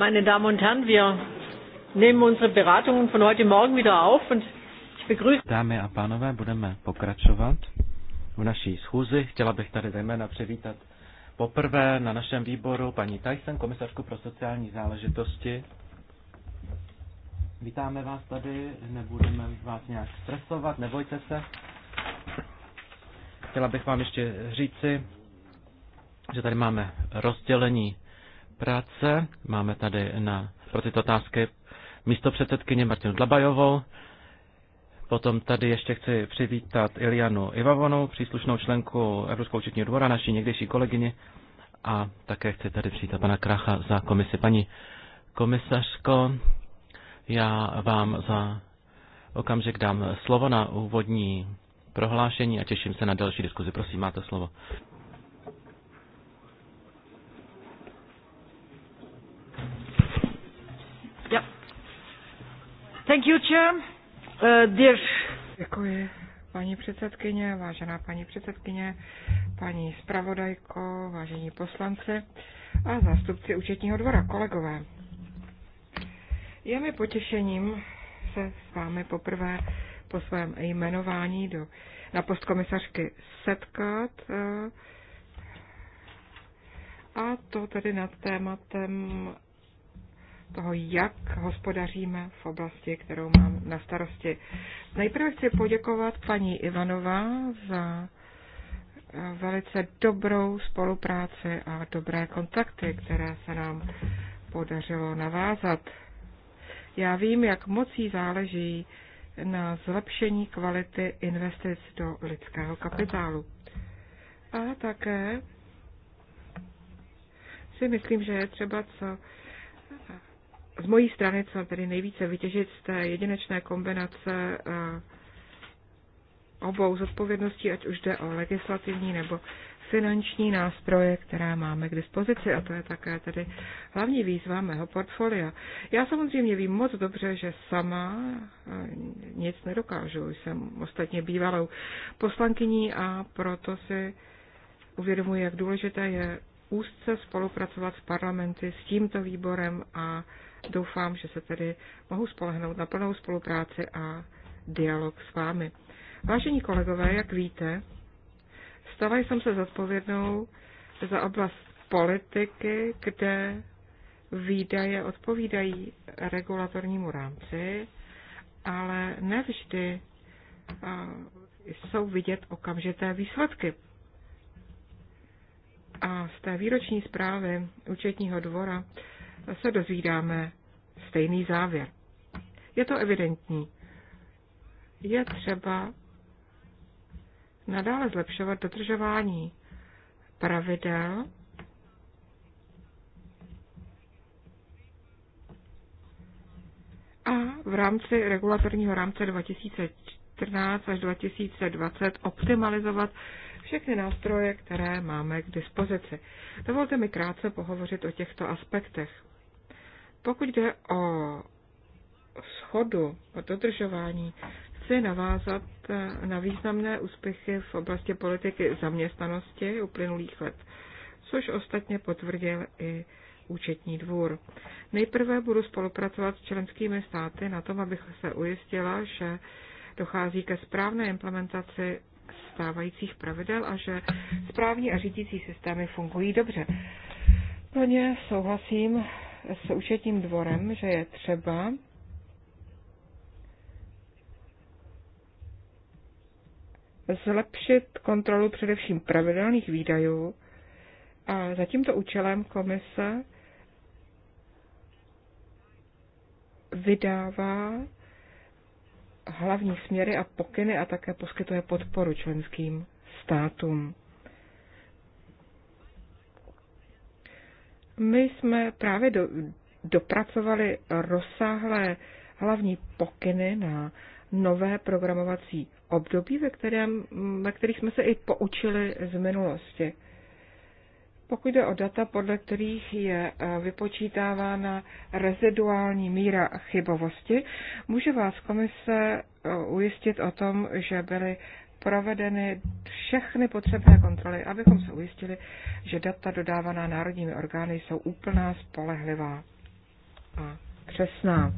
Meine Damen und Herren, wir nehmen unsere Beratungen von heute Morgen wieder auf und ich begrüße. Dámy a pánové, budeme pokračovat v naší schůzi. Chtěla bych tady zejména přivítat poprvé na našem výboru paní Tyson, komisařku pro sociální záležitosti. Vítáme vás tady, nebudeme vás nějak stresovat, nebojte se. Chtěla bych vám ještě říci, že tady máme rozdělení práce. Máme tady na, pro tyto otázky místo předsedkyně Martinu Dlabajovou. Potom tady ještě chci přivítat Ilianu Ivavonu, příslušnou členku Evropského účetního dvora, naší někdejší kolegyni. A také chci tady přivítat pana Kracha za komisi. Paní komisařko, já vám za okamžik dám slovo na úvodní prohlášení a těším se na další diskuzi. Prosím, máte slovo. Thank you, Chair. Uh, dear... Děkuji, paní předsedkyně, vážená paní předsedkyně, paní zpravodajko, vážení poslanci a zástupci účetního dvora, kolegové. Je mi potěšením se s vámi poprvé po svém jmenování do, na postkomisařky setkat. Eh, a to tedy nad tématem toho, jak hospodaříme v oblasti, kterou mám na starosti. Nejprve chci poděkovat paní Ivanová za eh, velice dobrou spolupráci a dobré kontakty, které se nám podařilo navázat. Já vím, jak moc jí záleží na zlepšení kvality investic do lidského kapitálu. A také si myslím, že je třeba co z mojí strany, co tedy nejvíce vytěžit z té jedinečné kombinace eh, obou zodpovědností, ať už jde o legislativní nebo finanční nástroje, které máme k dispozici a to je také tedy hlavní výzva mého portfolia. Já samozřejmě vím moc dobře, že sama eh, nic nedokážu, jsem ostatně bývalou poslankyní a proto si uvědomuji, jak důležité je úzce spolupracovat s parlamenty, s tímto výborem a Doufám, že se tedy mohu spolehnout na plnou spolupráci a dialog s vámi. Vážení kolegové, jak víte, stala jsem se zodpovědnou za oblast politiky, kde výdaje odpovídají regulatornímu rámci, ale nevždy jsou vidět okamžité výsledky. A z té výroční zprávy účetního dvora se dozvídáme stejný závěr. Je to evidentní. Je třeba nadále zlepšovat dodržování pravidel a v rámci regulatorního rámce 2014 až 2020 optimalizovat všechny nástroje, které máme k dispozici. Dovolte mi krátce pohovořit o těchto aspektech. Pokud jde o schodu, o dodržování, chci navázat eh, na významné úspěchy v oblasti politiky zaměstnanosti uplynulých let, což ostatně potvrdil i účetní dvůr. Nejprve budu spolupracovat s členskými státy na tom, abych se ujistila, že dochází ke správné implementaci stávajících pravidel a že správní a řídící systémy fungují dobře. Plně souhlasím s účetním dvorem, že je třeba zlepšit kontrolu především pravidelných výdajů a za tímto účelem komise vydává hlavní směry a pokyny a také poskytuje podporu členským státům. My jsme právě do, dopracovali rozsáhlé hlavní pokyny na nové programovací období, ve, kterém, ve kterých jsme se i poučili z minulosti. Pokud jde o data, podle kterých je eh, vypočítávána reziduální míra chybovosti, může vás komise eh, ujistit o tom, že byly provedeny všechny potřebné kontroly, abychom se ujistili, že data dodávaná národními orgány jsou úplná, spolehlivá a přesná.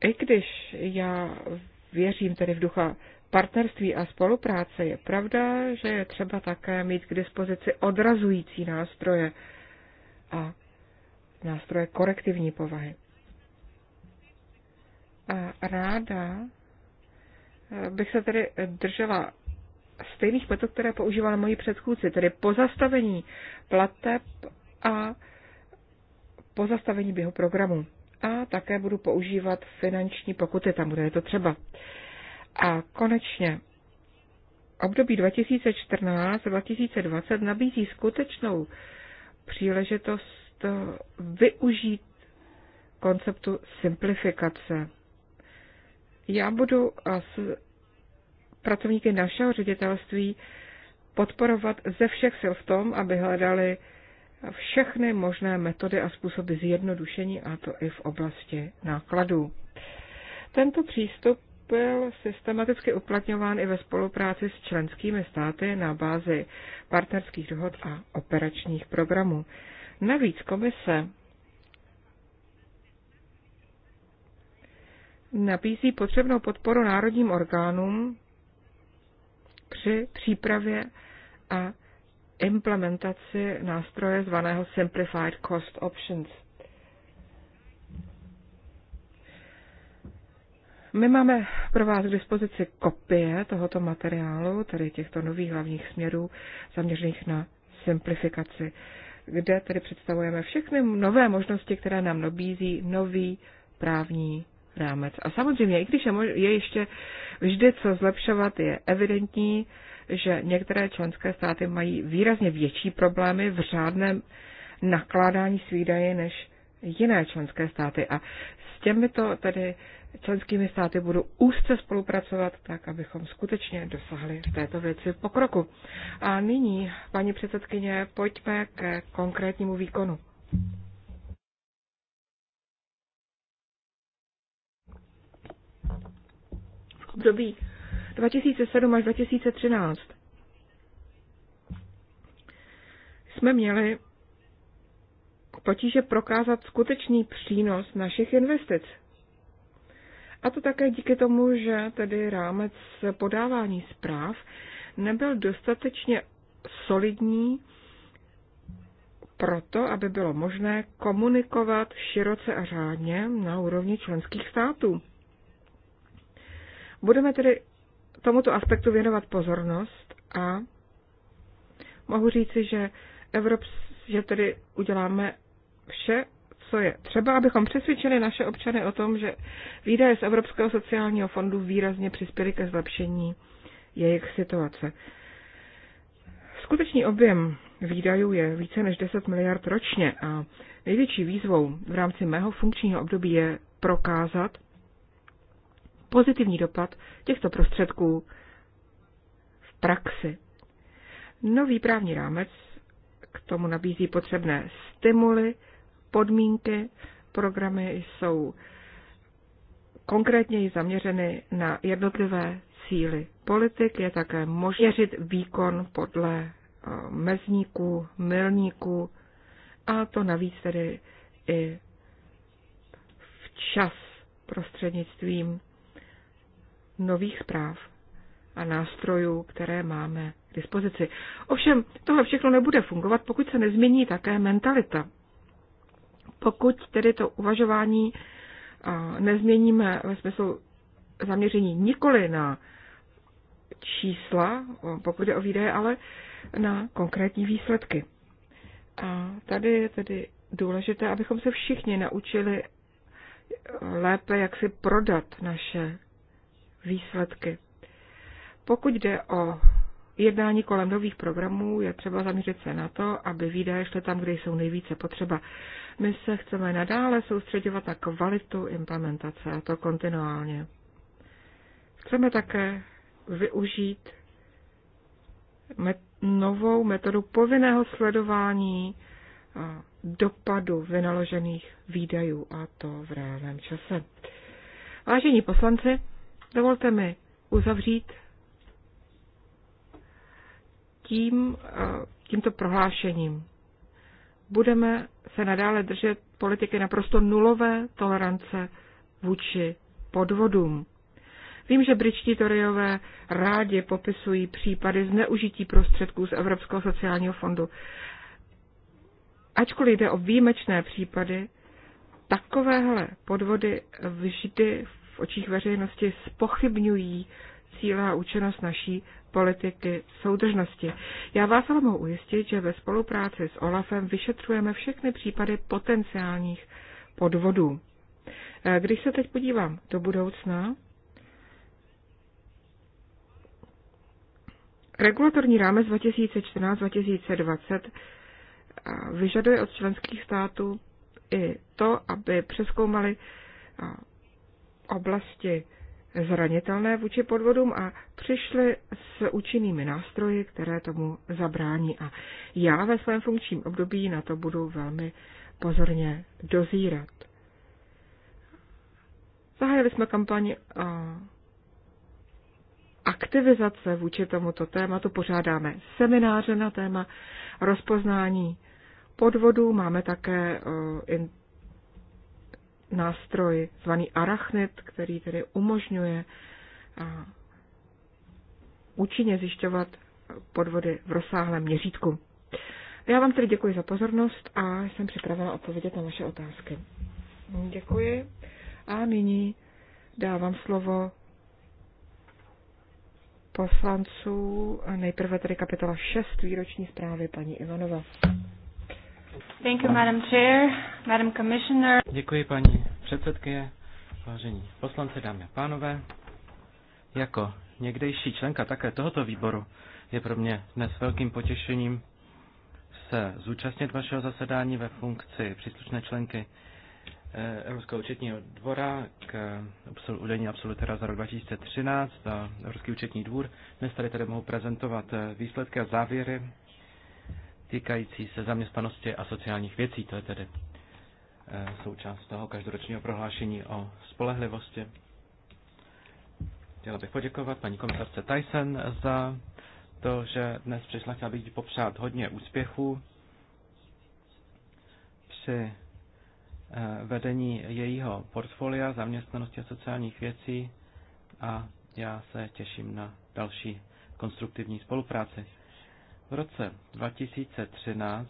I když já věřím tedy v ducha partnerství a spolupráce, je pravda, že je třeba také mít k dispozici odrazující nástroje a nástroje korektivní povahy. A ráda Eh, bych se tedy držela stejných metod, které používali moji předchůdci, tedy pozastavení plateb a pozastavení běhu programu. A také budu používat finanční pokuty, tam bude je to třeba. A konečně období 2014-2020 nabízí skutečnou příležitost využít konceptu simplifikace já budu eh, s pracovníky našeho ředitelství podporovat ze všech sil v tom, aby hledali všechny možné metody a způsoby zjednodušení, a to i v oblasti nákladů. Tento přístup byl systematicky uplatňován i ve spolupráci s členskými státy na bázi partnerských dohod a operačních programů. Navíc komise nabízí potřebnou podporu národním orgánům při přípravě a implementaci nástroje zvaného Simplified Cost Options. My máme pro vás k dispozici kopie tohoto materiálu, tedy těchto nových hlavních směrů zaměřených na simplifikaci, kde tedy představujeme všechny nové možnosti, které nám nabízí nový právní rámec. A samozřejmě, i když je, mož, je ještě vždy co zlepšovat, je evidentní, že některé členské státy mají výrazně větší problémy v řádném nakládání s výdaje než jiné členské státy. A s těmito tedy členskými státy budu úzce spolupracovat, tak abychom skutečně dosahli v této věci pokroku. A nyní, paní předsedkyně, pojďme ke konkrétnímu výkonu. období 2007 až 2013 jsme měli potíže prokázat skutečný přínos našich investic. A to také díky tomu, že tedy rámec podávání zpráv nebyl dostatečně solidní proto, aby bylo možné komunikovat široce a řádně na úrovni členských států. Budeme tedy tomuto aspektu věnovat pozornost a mohu říci, že, Evrop, že tedy uděláme vše, co je třeba, abychom přesvědčili naše občany o tom, že výdaje z Evropského sociálního fondu výrazně přispěly ke zlepšení jejich situace. Skutečný objem výdajů je více než 10 miliard ročně a největší výzvou v rámci mého funkčního období je prokázat, pozitivní dopad těchto prostředků v praxi. Nový právní rámec k tomu nabízí potřebné stimuly, podmínky, programy jsou konkrétněji zaměřeny na jednotlivé cíly politik, je také možné měřit výkon podle eh, mezníku, milníku a to navíc tedy i včas prostřednictvím nových zpráv a nástrojů, které máme k dispozici. Ovšem, tohle všechno nebude fungovat, pokud se nezmění také mentalita. Pokud tedy to uvažování nezměníme ve smyslu zaměření nikoli na čísla, pokud je o výdaje, ale na konkrétní výsledky. A tady je tedy důležité, abychom se všichni naučili lépe, jak si prodat naše výsledky. Pokud jde o jednání kolem nových programů, je třeba zaměřit se na to, aby výdaje šly tam, kde jsou nejvíce potřeba. My se chceme nadále soustředovat na kvalitu implementace, a to kontinuálně. Chceme také využít met- novou metodu povinného sledování dopadu vynaložených výdajů, a to v reálném čase. Vážení poslanci, Dovolte mi uzavřít tím, eh, tímto prohlášením. Budeme se nadále držet politiky naprosto nulové tolerance vůči podvodům. Vím, že britští Toryové rádi popisují případy zneužití prostředků z Evropského sociálního fondu. Ačkoliv jde o výjimečné případy, takovéhle podvody vždy v očích veřejnosti spochybňují cíle a účinnost naší politiky soudržnosti. Já vás ale mohu ujistit, že ve spolupráci s OLAFem vyšetřujeme všechny případy potenciálních podvodů. E, když se teď podívám do budoucna, regulatorní rámec 2014-2020 e, vyžaduje od členských států i to, aby přeskoumali oblasti zranitelné vůči podvodům a přišli s účinnými nástroji, které tomu zabrání. A já ve svém funkčním období na to budu velmi pozorně dozírat. Zahájili jsme kampaň eh, aktivizace vůči tomuto tématu. Pořádáme semináře na téma rozpoznání podvodů. Máme také eh, nástroj zvaný Arachnet, který tedy umožňuje účinně zjišťovat podvody v rozsáhlém měřítku. Já vám tedy děkuji za pozornost a jsem připravena odpovědět na vaše otázky. Děkuji. A nyní dávám slovo poslanců. Nejprve tedy kapitola 6 výroční zprávy paní Ivanova. Thank you, Madam Chair, Madam Commissioner. Děkuji, paní předsedkyně, vážení poslanci, dámy a pánové. Jako někdejší členka také tohoto výboru je pro mě dnes velkým potěšením se zúčastnit vašeho zasedání ve funkci příslušné členky eh, Evropského účetního dvora k udělení absolutera za rok 2013 a Evropský účetní dvůr. Dnes tady tedy mohu prezentovat eh, výsledky a závěry týkající se zaměstnanosti a sociálních věcí. To je tedy eh, součást toho každoročního prohlášení o spolehlivosti. Chtěla bych poděkovat paní komisarce Tyson za to, že dnes přišla. Chtěla bych popřát hodně úspěchů při eh, vedení jejího portfolia zaměstnanosti a sociálních věcí a já se těším na další konstruktivní spolupráci. V roce 2013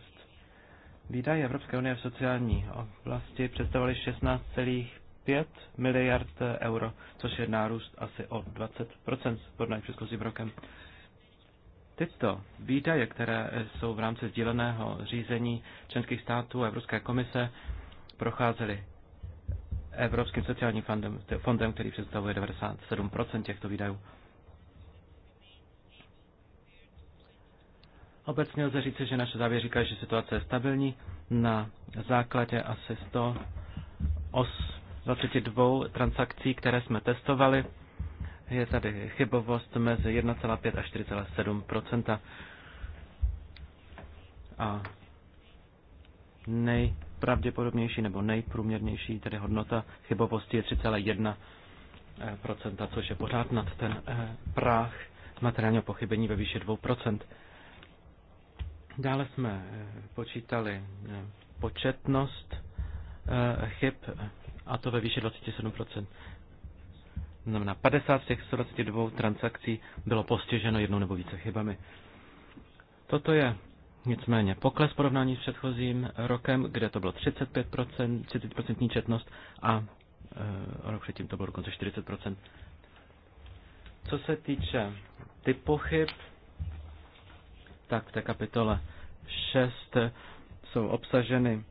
výdaje Evropské unie v sociální oblasti představovaly 16,5 miliard euro, což je nárůst asi o 20 porovnání s předchozím rokem. Tyto výdaje, které jsou v rámci sdíleného řízení členských států a Evropské komise, procházely Evropským sociálním fondem, fondem který představuje 97 těchto výdajů. Obecně lze říci, že naše závěr říká, že situace je stabilní na základě asi 122 transakcí, které jsme testovali. Je tady chybovost mezi 1,5 a 4,7 A nejpravděpodobnější nebo nejprůměrnější tedy hodnota chybovosti je 3,1 což je pořád nad ten eh, práh materiálního pochybení ve výši 2 Dále jsme eh, počítali eh, početnost eh, chyb, a to ve výši 27%. Znamená, 50 z těch 122 transakcí bylo postiženo jednou nebo více chybami. Toto je nicméně pokles porovnání s předchozím rokem, kde to bylo 35%, 30% četnost a e, rok předtím to bylo dokonce 40%. Co se týče typu chyb, tak v té kapitole 6 jsou obsaženy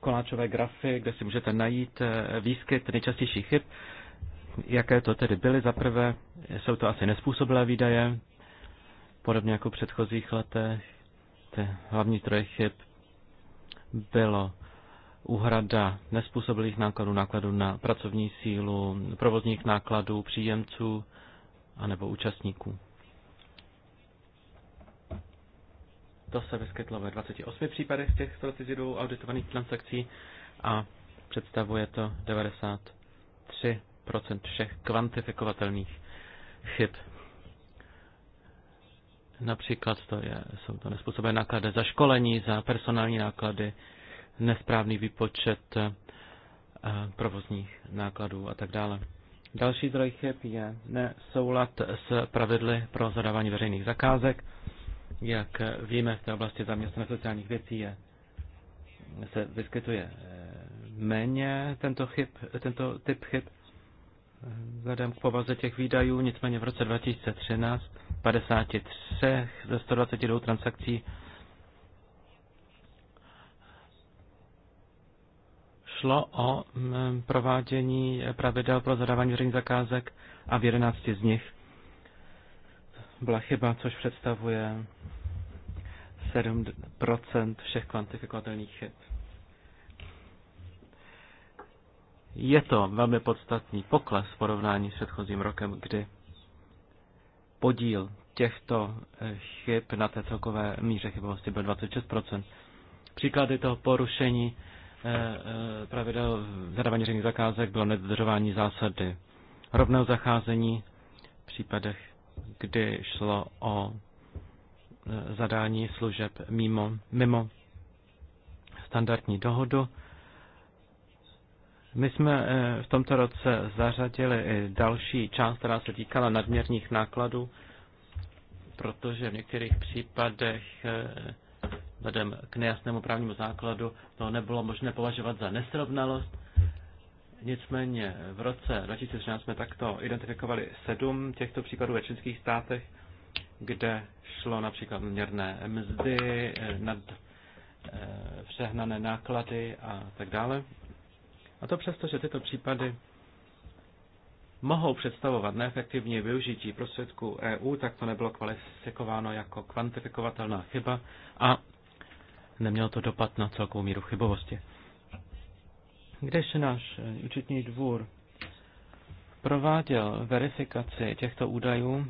koláčové grafy, kde si můžete najít eh, výskyt nejčastějších chyb. Jaké to tedy byly? Za prvé jsou to asi nespůsobilé výdaje, podobně jako v předchozích letech. Ty hlavní troje chyb bylo úhrada nespůsobilých nákladů, nákladů na pracovní sílu, provozních nákladů, příjemců anebo účastníků. To se vyskytlo ve 28 případech z těch 122 auditovaných transakcí a představuje to 93 všech kvantifikovatelných chyb. Například to je, jsou to nespůsobené náklady za školení, za personální náklady, nesprávný výpočet eh, provozních nákladů a tak dále. Další zdroj chyb je nesoulad s pravidly pro zadávání veřejných zakázek. Jak víme, v té oblasti zaměstnané sociálních věcí je, se vyskytuje eh, méně tento, chyb, tento typ chyb eh, vzhledem k povaze těch výdajů, nicméně v roce 2013 53 ze 122 transakcí šlo o mm, provádění pravidel pro zadávání veřejných zakázek a v 11 z nich byla chyba, což představuje 7 všech kvantifikovatelných chyb. Je to velmi podstatný pokles v porovnání s předchozím rokem, kdy podíl těchto eh, chyb na té celkové míře chybovosti byl 26%. Příklady toho porušení eh, eh, pravidel zadávání veřejných zakázek bylo nedodržování zásady rovného zacházení v případech kdy šlo o e, zadání služeb mimo, mimo standardní dohodu. My jsme e, v tomto roce zařadili i další část, která se týkala nadměrných nákladů, protože v některých případech e, vzhledem k nejasnému právnímu základu to nebylo možné považovat za nesrovnalost Nicméně v roce 2013 jsme takto identifikovali sedm těchto případů ve členských státech, kde šlo například měrné mzdy, eh, nad eh, přehnané náklady a tak dále. A to přesto, že tyto případy mohou představovat neefektivní využití prostředků EU, tak to nebylo kvalifikováno jako kvantifikovatelná chyba a nemělo to dopad na celkovou míru chybovosti se náš eh, účetní dvůr prováděl verifikaci těchto údajů,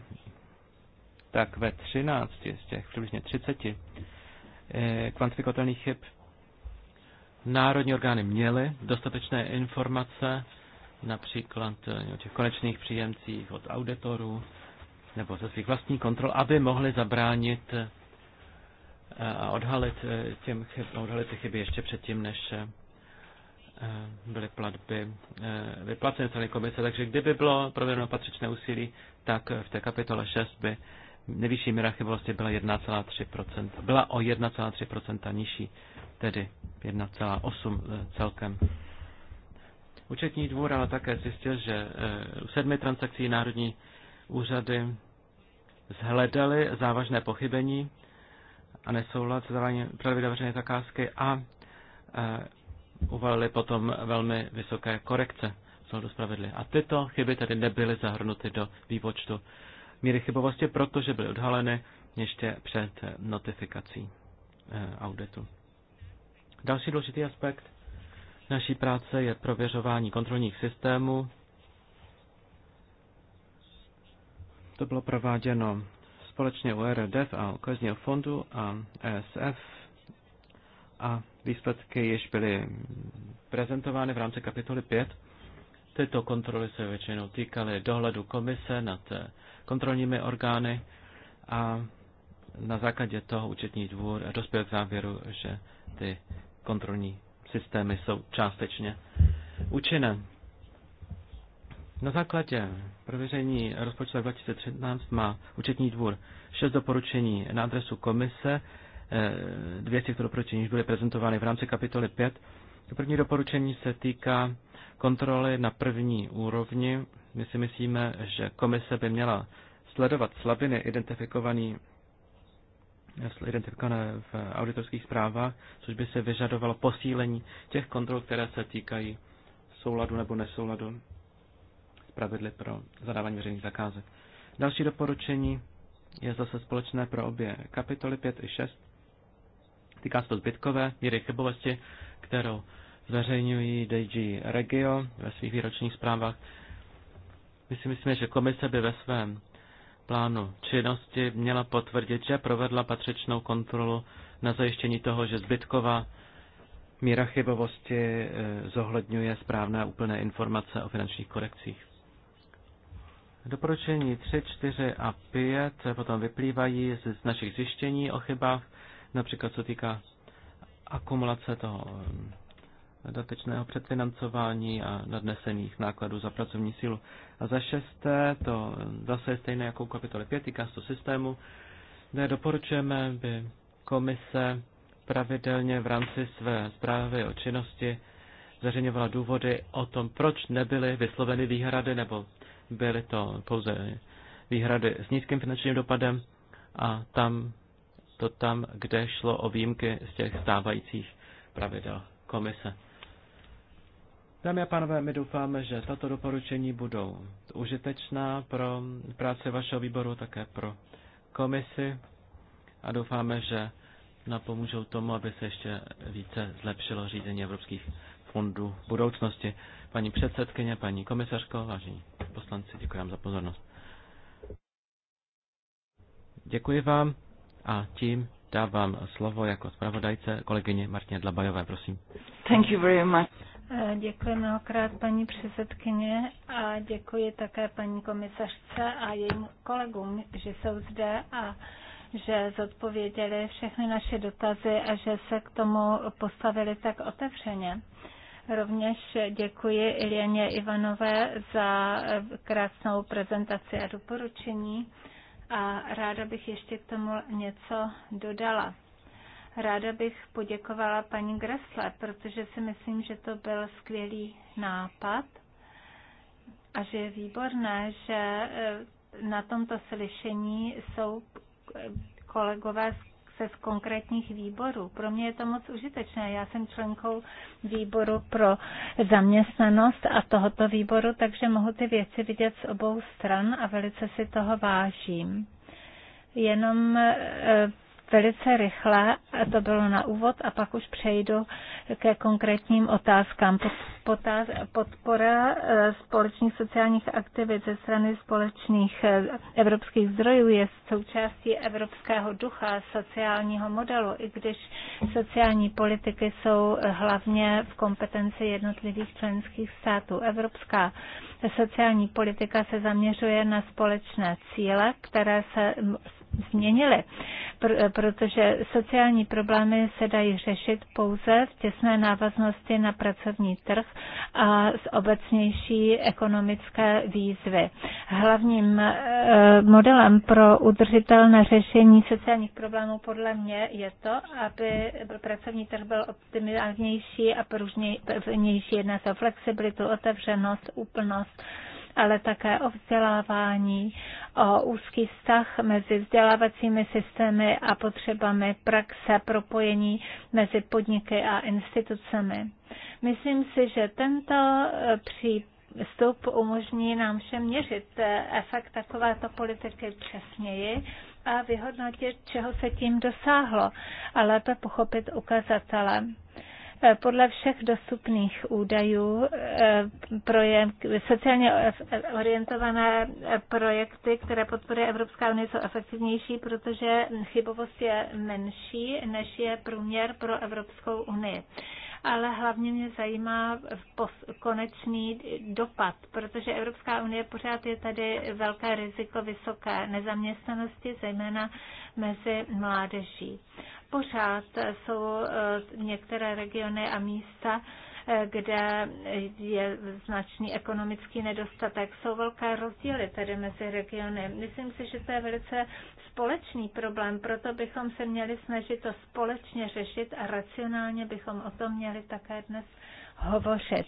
tak ve 13 z těch přibližně 30 eh, kvantifikovatelných chyb národní orgány měly dostatečné informace, například eh, o těch konečných příjemcích od auditorů nebo ze svých vlastních kontrol, aby mohli zabránit a odhalit, těm chyb, odhalit ty chyby ještě předtím, než Eh, byly platby eh, vyplaceny strany komise, takže kdyby bylo provedeno patřičné úsilí, tak v té kapitole 6 by nejvyšší míra chybovosti byla 1,3%. Byla o 1,3% nižší, tedy 1,8 eh, celkem. Účetní dvůr ale také zjistil, že u sedmi transakcí národní úřady zhledaly závažné pochybení a nesoulad s pravidel veřejné zakázky a uvalily potom velmi vysoké korekce soudu spravedli. A tyto chyby tedy nebyly zahrnuty do výpočtu míry chybovosti, protože byly odhaleny ještě před notifikací eh, auditu. Další důležitý aspekt naší práce je prověřování kontrolních systémů. To bylo prováděno společně u RDF a Okazního fondu a ESF a Výsledky již byly prezentovány v rámci kapitoly 5. Tyto kontroly se většinou týkaly dohledu komise nad eh, kontrolními orgány a na základě toho účetní dvůr dospěl k závěru, že ty kontrolní systémy jsou částečně účinné. Na základě prověření rozpočtu 2013 má účetní dvůr šest doporučení na adresu komise Eh, dvě z těchto doporučení už byly prezentovány v rámci kapitoly 5. To první doporučení se týká kontroly na první úrovni. My si myslíme, že komise by měla sledovat slabiny identifikované identifikované v auditorských zprávách, což by se vyžadovalo posílení těch kontrol, které se týkají souladu nebo nesouladu s pravidly pro zadávání veřejných zakázek. Další doporučení je zase společné pro obě kapitoly 5 i 6. Týká se to zbytkové míry chybovosti, kterou zveřejňují DG Regio ve svých výročních zprávách. My si myslíme, že komise by ve svém plánu činnosti měla potvrdit, že provedla patřičnou kontrolu na zajištění toho, že zbytková míra chybovosti eh, zohledňuje správné a úplné informace o finančních korekcích. Doporučení 3, 4 a 5 potom vyplývají z našich zjištění o chybách například co týká akumulace toho um, dodatečného předfinancování a nadnesených nákladů za pracovní sílu. A za šesté, to um, zase je stejné jako u kapitoly 5, týká se systému, kde doporučujeme, by komise pravidelně v rámci své zprávy o činnosti zveřejňovala důvody o tom, proč nebyly vysloveny výhrady, nebo byly to pouze výhrady s nízkým finančním dopadem a tam to tam, kde šlo o výjimky z těch stávajících pravidel komise. Dámy a pánové, my doufáme, že tato doporučení budou užitečná pro práci vašeho výboru, také pro komisi a doufáme, že napomůžou tomu, aby se ještě více zlepšilo řízení evropských fondů v budoucnosti. Paní předsedkyně, paní komisařko, vážení poslanci, děkuji vám za pozornost. Děkuji vám. A tím dávám slovo jako zpravodajce kolegyně Martině Dlabajové, prosím. Thank you very much. Děkuji mnohokrát paní předsedkyně a děkuji také paní komisařce a jejím kolegům, že jsou zde a že zodpověděli všechny naše dotazy a že se k tomu postavili tak otevřeně. Rovněž děkuji Iljeně Ivanové za krásnou prezentaci a doporučení a ráda bych ještě k tomu něco dodala. Ráda bych poděkovala paní Gressle, protože si myslím, že to byl skvělý nápad a že je výborné, že eh, na tomto slyšení jsou kolegové z se z konkrétních výborů. Pro mě je to moc užitečné. Já jsem členkou výboru pro zaměstnanost a tohoto výboru, takže mohu ty věci vidět z obou stran a velice si toho vážím. Jenom eh, velice rychle, to bylo na úvod a pak už přejdu ke konkrétním otázkám. Podpora eh, společných sociálních aktivit ze strany společných eh, evropských zdrojů je součástí evropského ducha sociálního modelu, i když sociální politiky jsou hlavně v kompetenci jednotlivých členských států. Evropská sociální politika se zaměřuje na společné cíle, které se změnily, protože sociální problémy se dají řešit pouze v těsné návaznosti na pracovní trh a z obecnější ekonomické výzvy. Hlavním e, modelem pro udržitelné řešení sociálních problémů podle mě je to, aby pracovní trh byl optimálnější a pružnější. Jedná se o flexibilitu, otevřenost, úplnost, ale také o vzdělávání, o úzký vztah mezi vzdělávacími systémy a potřebami praxe, propojení mezi podniky a institucemi. Myslím si, že tento eh, případ vstup umožní nám všem měřit eh, efekt takovéto politiky přesněji a vyhodnotit, čeho se tím dosáhlo a lépe pochopit ukazatele. Eh, podle všech dostupných údajů eh, projekt, sociálně eh, orientované projekty, které podporuje Evropská unie, jsou efektivnější, protože chybovost je menší, než je průměr pro Evropskou unii ale hlavně mě zajímá konečný dopad, protože Evropská unie pořád je tady velké riziko vysoké nezaměstnanosti, zejména mezi mládeží. Pořád jsou eh, některé regiony a místa, kde je značný ekonomický nedostatek. Jsou velké rozdíly tedy mezi regiony. Myslím si, že to je velice společný problém, proto bychom se měli snažit to společně řešit a racionálně bychom o tom měli také dnes hovořit.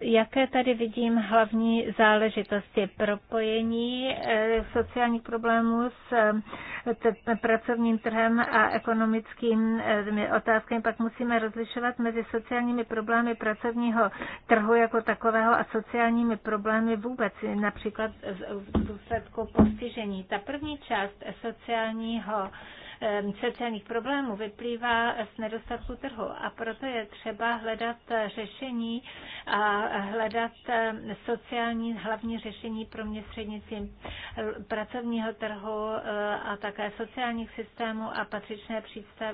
Jaké tady vidím hlavní záležitosti propojení eh, sociálních problémů s eh, pracovním trhem a ekonomickým eh, otázkami? Pak musíme rozlišovat mezi sociálními problémy pracovního trhu jako takového a sociálními problémy vůbec, například v důsledku postižení. Ta první část sociálního sociálních problémů vyplývá z nedostatku trhu a proto je třeba hledat řešení a hledat sociální hlavní řešení pro mě střednici pracovního trhu e, a také sociálních systémů a patřičné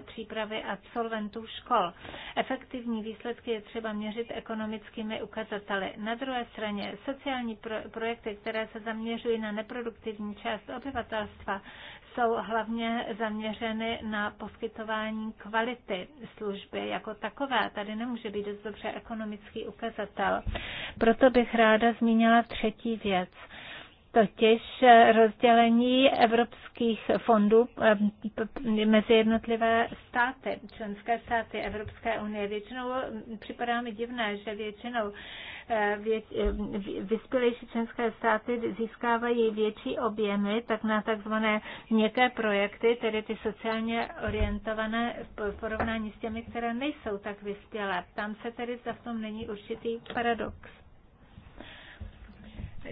přípravy absolventů škol. Efektivní výsledky je třeba měřit ekonomickými ukazateli. Na druhé straně sociální projekty, které se zaměřují na neproduktivní část obyvatelstva, jsou hlavně zaměřeny na poskytování kvality služby jako takové. Tady nemůže být dost dobře ekonomický ukazatel. Proto bych ráda zmínila třetí věc totiž rozdělení evropských fondů eh, mezi jednotlivé státy, členské státy Evropské unie. Většinou připadá mi divné, že většinou eh, eh, vyspělejší členské státy získávají větší objemy, tak na takzvané měkké projekty, tedy ty sociálně orientované v porovnání s těmi, které nejsou tak vyspělé. Tam se tedy za v tom není určitý paradox.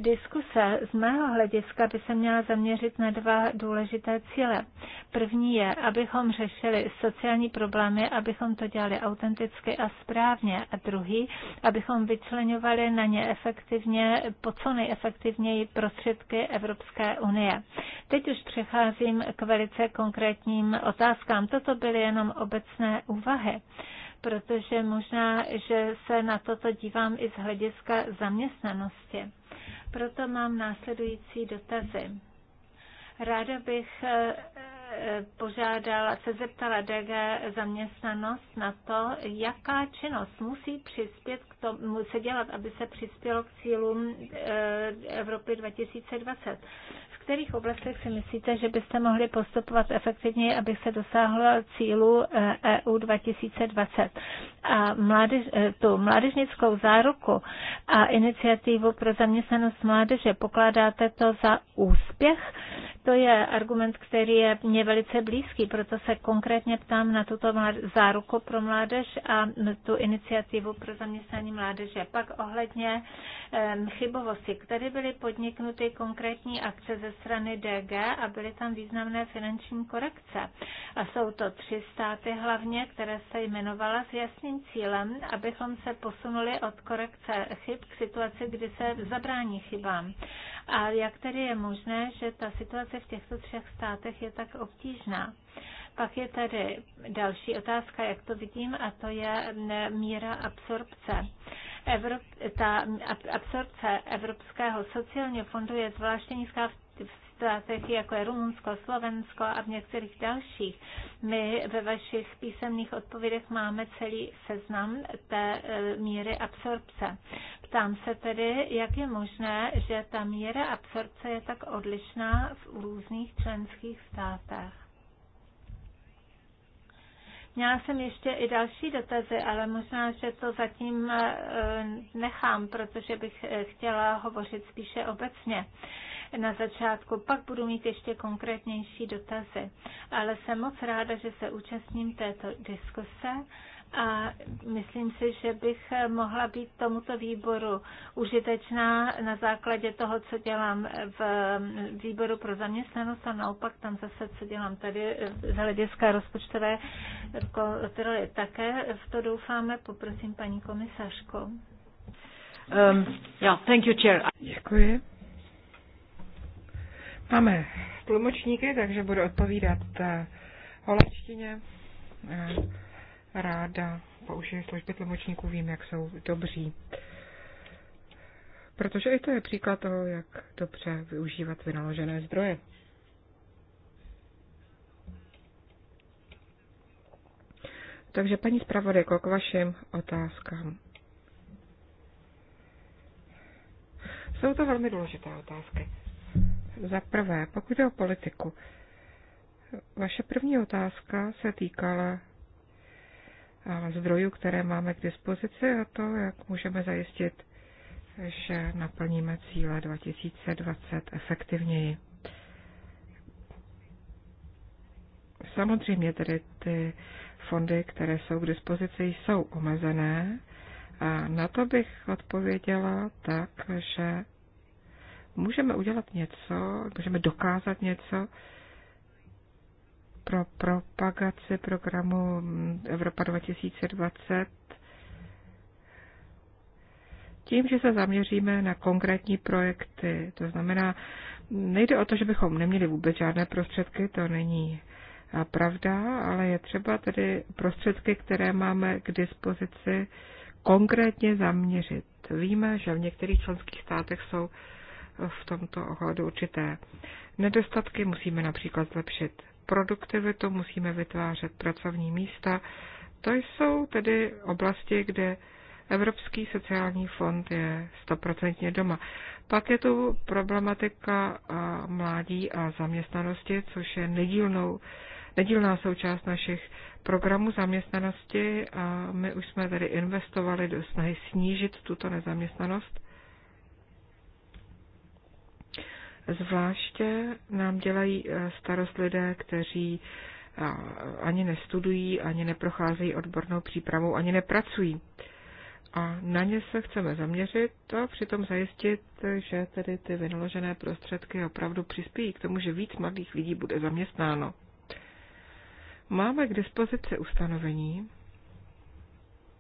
Diskuse z mého hlediska by se měla zaměřit na dva důležité cíle. První je, abychom řešili sociální problémy, abychom to dělali autenticky a správně. A druhý, abychom vyčlenovali na ně efektivně, po co nejefektivněji prostředky Evropské unie. Teď už přecházím k velice konkrétním otázkám. Toto byly jenom obecné úvahy protože možná, že se na toto dívám i z hlediska zaměstnanosti. Proto mám následující dotazy. Ráda bych eh, eh, požádala, se zeptala DG zaměstnanost na to, jaká činnost musí přispět k tomu, se dělat, aby se přispělo k cílům eh, Evropy 2020. V kterých oblastech si myslíte, že byste mohli postupovat efektivněji, aby se dosáhlo cílu EU e 2020? a mládež, eh, tu mládežnickou záruku a iniciativu pro zaměstnanost mládeže, pokládáte to za úspěch? To je argument, který je mně velice blízký, proto se konkrétně ptám na tuto záruku pro mládež a tu iniciativu pro zaměstnání mládeže. Pak ohledně ehm, chybovosti, které byly podniknuty konkrétní akce ze strany DG a byly tam významné finanční korekce. A jsou to tři státy hlavně, které se jmenovala s jasným naším cílem, abychom se posunuli od korekce chyb k situaci, kdy se zabrání chybám. A jak tedy je možné, že ta situace v těchto třech státech je tak obtížná? Pak je tady další otázka, jak to vidím, a to je míra absorpce. Evrop, ta absorpce Evropského sociálního fondu je zvláště nízká v státech, jako je Rumunsko, Slovensko a v některých dalších. My ve vašich písemných odpovědech máme celý seznam té e, míry absorpce. Ptám se tedy, jak je možné, že ta míra absorpce je tak odlišná v různých členských státech. Měla jsem ještě i další dotazy, ale možná, že to zatím e, nechám, protože bych e, chtěla hovořit spíše obecně na začátku. Pak budu mít ještě konkrétnější dotazy. Ale jsem moc ráda, že se účastním této diskuse a myslím si, že bych mohla být tomuto výboru užitečná na základě toho, co dělám v výboru pro zaměstnanost a naopak tam zase, co dělám tady z hlediska rozpočtové kontroly. Také v to doufáme, poprosím paní komisařku. Um, yeah, thank you, chair. Děkuji. Máme tlumočníky, takže budu odpovídat eh, holandštině. Eh, ráda použije služby tlumočníků, vím, jak jsou dobří. Protože i to je příklad toho, jak dobře využívat vynaložené zdroje. Takže paní zpravodajko, k vašim otázkám. Jsou to velmi důležité otázky. Za prvé, pokud je o politiku, vaše první otázka se týkala zdrojů, které máme k dispozici a to, jak můžeme zajistit, že naplníme cíle 2020 efektivněji. Samozřejmě tedy ty fondy, které jsou k dispozici, jsou omezené. A na to bych odpověděla tak, že můžeme udělat něco, můžeme dokázat něco pro propagaci programu Evropa 2020 tím, že se zaměříme na konkrétní projekty. To znamená, nejde o to, že bychom neměli vůbec žádné prostředky, to není pravda, ale je třeba tedy prostředky, které máme k dispozici, konkrétně zaměřit. Víme, že v některých členských státech jsou v tomto ohledu určité nedostatky. Musíme například zlepšit produktivitu, musíme vytvářet pracovní místa. To jsou tedy oblasti, kde Evropský sociální fond je stoprocentně doma. Pak je tu problematika mládí a zaměstnanosti, což je nedílnou, nedílná součást našich programů zaměstnanosti. A my už jsme tady investovali do snahy snížit tuto nezaměstnanost. Zvláště nám dělají eh, starost lidé, kteří eh, ani nestudují, ani neprocházejí odbornou přípravou, ani nepracují. A na ně se chceme zaměřit a přitom zajistit, že tedy ty vynaložené prostředky opravdu přispějí k tomu, že víc mladých lidí bude zaměstnáno. Máme k dispozici ustanovení,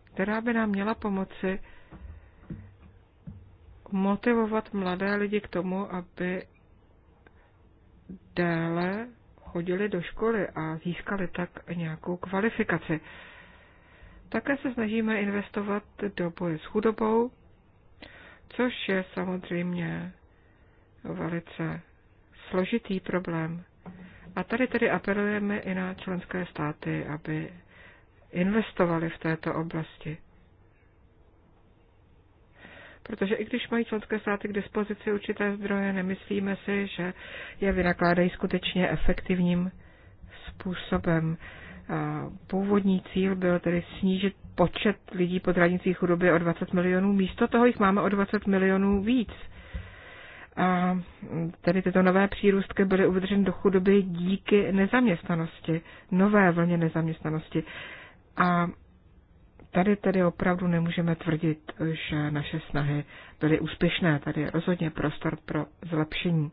která by nám měla pomoci motivovat mladé lidi k tomu, aby déle chodili do školy a získali tak nějakou kvalifikaci. Také se snažíme investovat do boje s chudobou, což je samozřejmě velice složitý problém. A tady tedy apelujeme i na členské státy, aby investovali v této oblasti. Protože i když mají členské státy k dispozici určité zdroje, nemyslíme si, že je vynakládají skutečně efektivním způsobem. Původní cíl byl tedy snížit počet lidí pod hranicí chudoby o 20 milionů. Místo toho jich máme o 20 milionů víc. A tedy tyto nové přírůstky byly uvedřeny do chudoby díky nezaměstnanosti, nové vlně nezaměstnanosti. A Tady tedy opravdu nemůžeme tvrdit, že naše snahy byly úspěšné. Tady je rozhodně prostor pro zlepšení.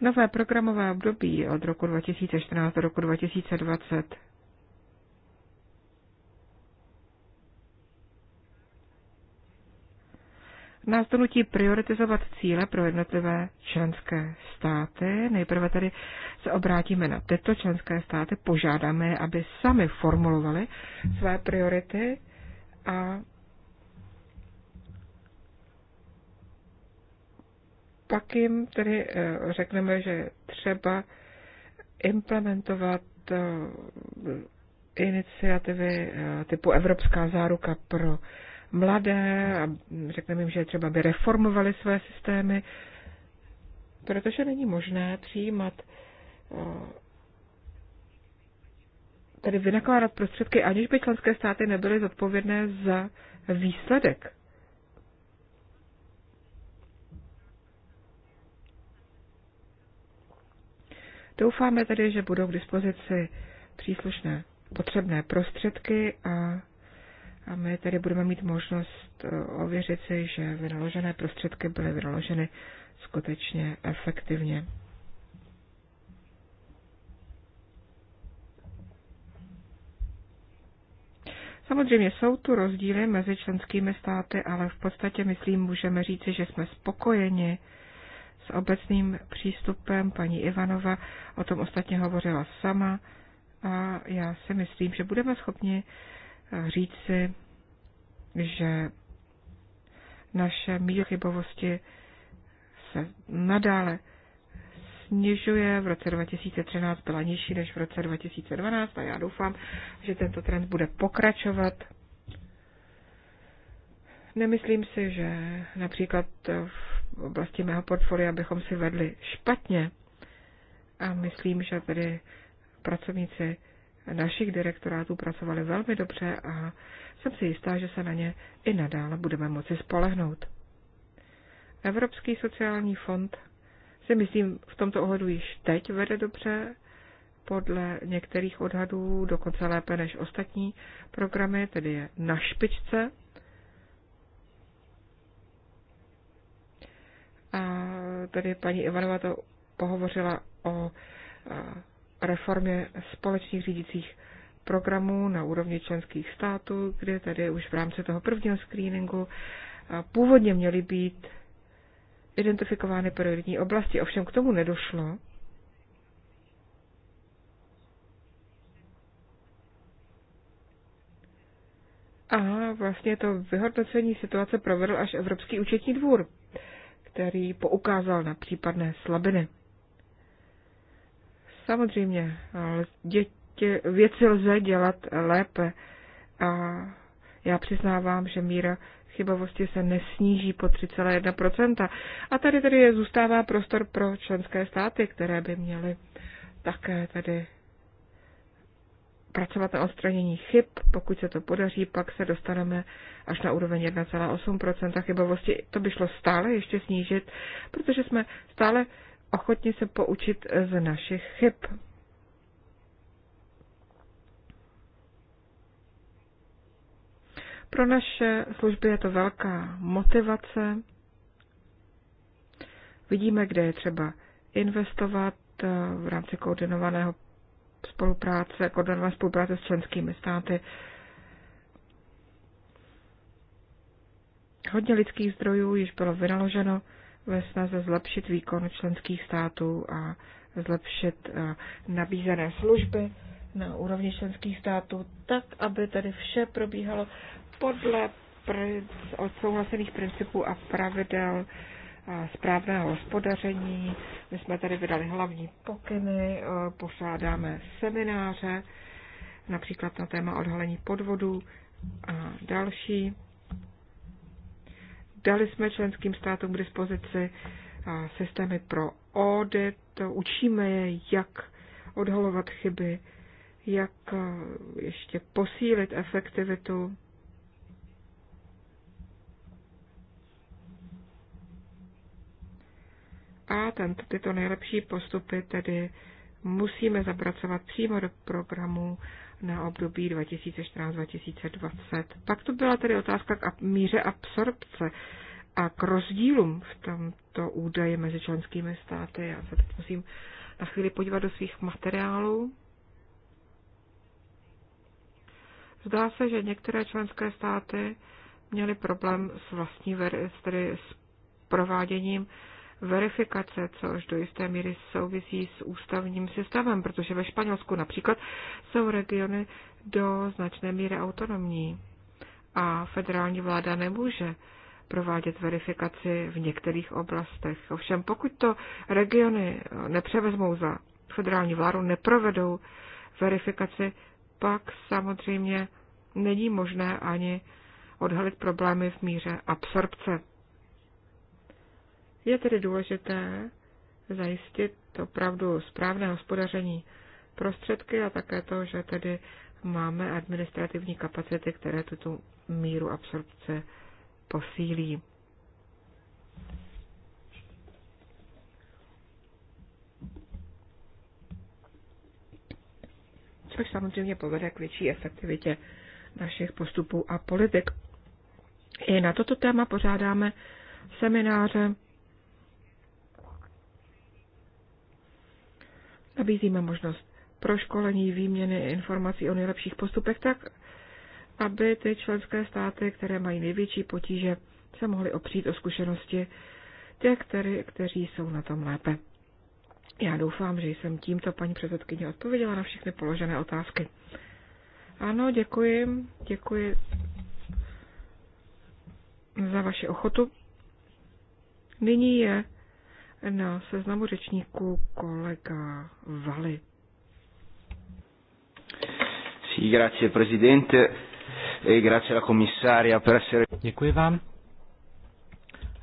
Nové programové období od roku 2014 do roku 2020 nás donutí prioritizovat cíle pro jednotlivé členské státy. Nejprve tedy se obrátíme na tyto členské státy, požádáme aby sami formulovali své priority a pak jim tedy eh, řekneme, že třeba implementovat eh, iniciativy eh, typu Evropská záruka pro mladé a řekneme jim, že třeba by reformovali své systémy, protože není možné přijímat eh, tedy vynakládat prostředky, aniž by členské státy nebyly zodpovědné za výsledek. Doufáme tedy, že budou k dispozici příslušné potřebné prostředky a a my tedy budeme mít možnost eh, ověřit si, že vynaložené prostředky byly vynaloženy skutečně efektivně. Samozřejmě jsou tu rozdíly mezi členskými státy, ale v podstatě, myslím, můžeme říci, že jsme spokojeni s obecným přístupem. Paní Ivanova o tom ostatně hovořila sama a já si myslím, že budeme schopni říci, že naše míra chybovosti se nadále snižuje. V roce 2013 byla nižší než v roce 2012 a já doufám, že tento trend bude pokračovat. Nemyslím si, že například v oblasti mého portfolia bychom si vedli špatně a myslím, že tedy pracovníci našich direktorátů pracovali velmi dobře a jsem si jistá, že se na ně i nadále budeme moci spolehnout. Evropský sociální fond si myslím v tomto ohledu již teď vede dobře, podle některých odhadů dokonce lépe než ostatní programy, tedy je na špičce. A tady paní Ivanova to pohovořila o reformě společných řídících programů na úrovni členských států, kde tady už v rámci toho prvního screeningu původně měly být identifikovány prioritní oblasti. Ovšem k tomu nedošlo. A vlastně to vyhodnocení situace provedl až Evropský účetní dvůr, který poukázal na případné slabiny. Samozřejmě, ale věci lze dělat lépe. A já přiznávám, že míra chybovosti se nesníží po 3,1%. A tady tedy je, zůstává prostor pro členské státy, které by měly také tady pracovat na odstranění chyb. Pokud se to podaří, pak se dostaneme až na úroveň 1,8% chybovosti. To by šlo stále ještě snížit, protože jsme stále ochotni se poučit z našich chyb. Pro naše služby je to velká motivace. Vidíme, kde je třeba investovat eh, v rámci koordinovaného spolupráce, koordinované spolupráce s členskými státy. Hodně lidských zdrojů již bylo vynaloženo ve snaze zlepšit výkon členských států a zlepšit eh, nabízené služby na úrovni členských států, tak aby tedy vše probíhalo podle odsouhlasených principů a pravidel eh, správného hospodaření. My jsme tady vydali hlavní pokyny, eh, pořádáme semináře, například na téma odhalení podvodů a další. Dali jsme členským státům k dispozici systémy pro audit, učíme je, jak odhalovat chyby, jak ještě posílit efektivitu. A tento, tyto nejlepší postupy tedy musíme zapracovat přímo do programu na období 2014-2020. Pak to byla tedy otázka k míře absorpce a k rozdílům v tomto údaji mezi členskými státy. Já se teď musím na chvíli podívat do svých materiálů. Zdá se, že některé členské státy měly problém s vlastní tedy s prováděním verifikace, což do jisté míry souvisí s ústavním systémem, protože ve Španělsku například jsou regiony do značné míry autonomní a federální vláda nemůže provádět verifikaci v některých oblastech. Ovšem, pokud to regiony nepřevezmou za federální vládu, neprovedou verifikaci, pak samozřejmě není možné ani odhalit problémy v míře absorpce. Je tedy důležité zajistit opravdu správné hospodaření prostředky a také to, že tedy máme administrativní kapacity, které tuto míru absorpce posílí. což samozřejmě povede k větší efektivitě našich postupů a politik. I na toto téma pořádáme semináře Nabízíme možnost pro školení výměny informací o nejlepších postupech tak, aby ty členské státy, které mají největší potíže, se mohly opřít o zkušenosti těch, který, kteří jsou na tom lépe. Já doufám, že jsem tímto paní předsedkyně odpověděla na všechny položené otázky. Ano, děkuji, děkuji za vaši ochotu. Nyní je na seznamu řečníků kolega Vali. Sí, grazie Presidente e grazie alla commissaria per essere... Děkuji vám.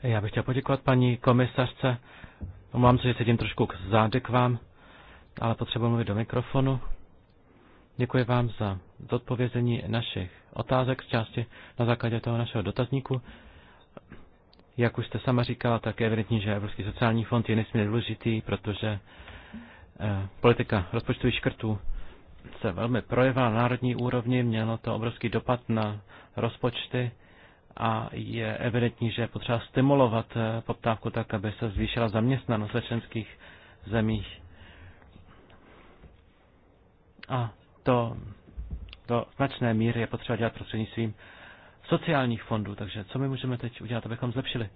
Já bych chtěl poděkovat paní komisařce. Omlouvám se, že sedím trošku k zády k vám, ale potřebuji mluvit do mikrofonu. Děkuji vám za zodpovězení našich otázek z části na základě toho našeho dotazníku. Jak už jste sama říkala, tak je evidentní, že Evropský sociální fond je nesmírně důležitý, protože eh, politika rozpočtových škrtů se velmi projevá na národní úrovni, mělo to obrovský dopad na rozpočty a je evidentní, že je potřeba stimulovat eh, poptávku tak, aby se zvýšila zaměstnanost ve členských zemích. A to do značné míry je potřeba dělat prostřednictvím sociálních fondů. Takže co my můžeme teď udělat, abychom zlepšili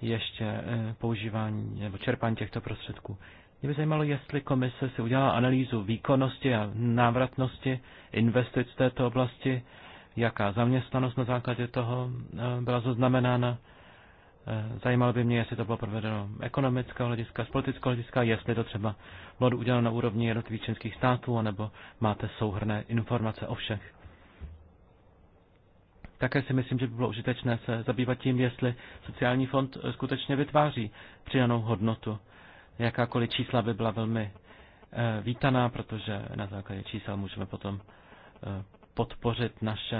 ještě eh, používání nebo čerpání těchto prostředků? Mě by zajímalo, jestli komise si udělala analýzu výkonnosti a návratnosti investic v této oblasti, jaká zaměstnanost na základě toho eh, byla zaznamenána. Eh, zajímalo by mě, jestli to bylo provedeno ekonomického hlediska, z politického hlediska, jestli to třeba bylo uděláno na úrovni jednotlivých členských států, anebo máte souhrné informace o všech. Také si myslím, že by bylo užitečné se zabývat tím, jestli sociální fond eh, skutečně vytváří přidanou hodnotu. Jakákoliv čísla by byla velmi eh, vítaná, protože na základě čísel můžeme potom eh, podpořit naše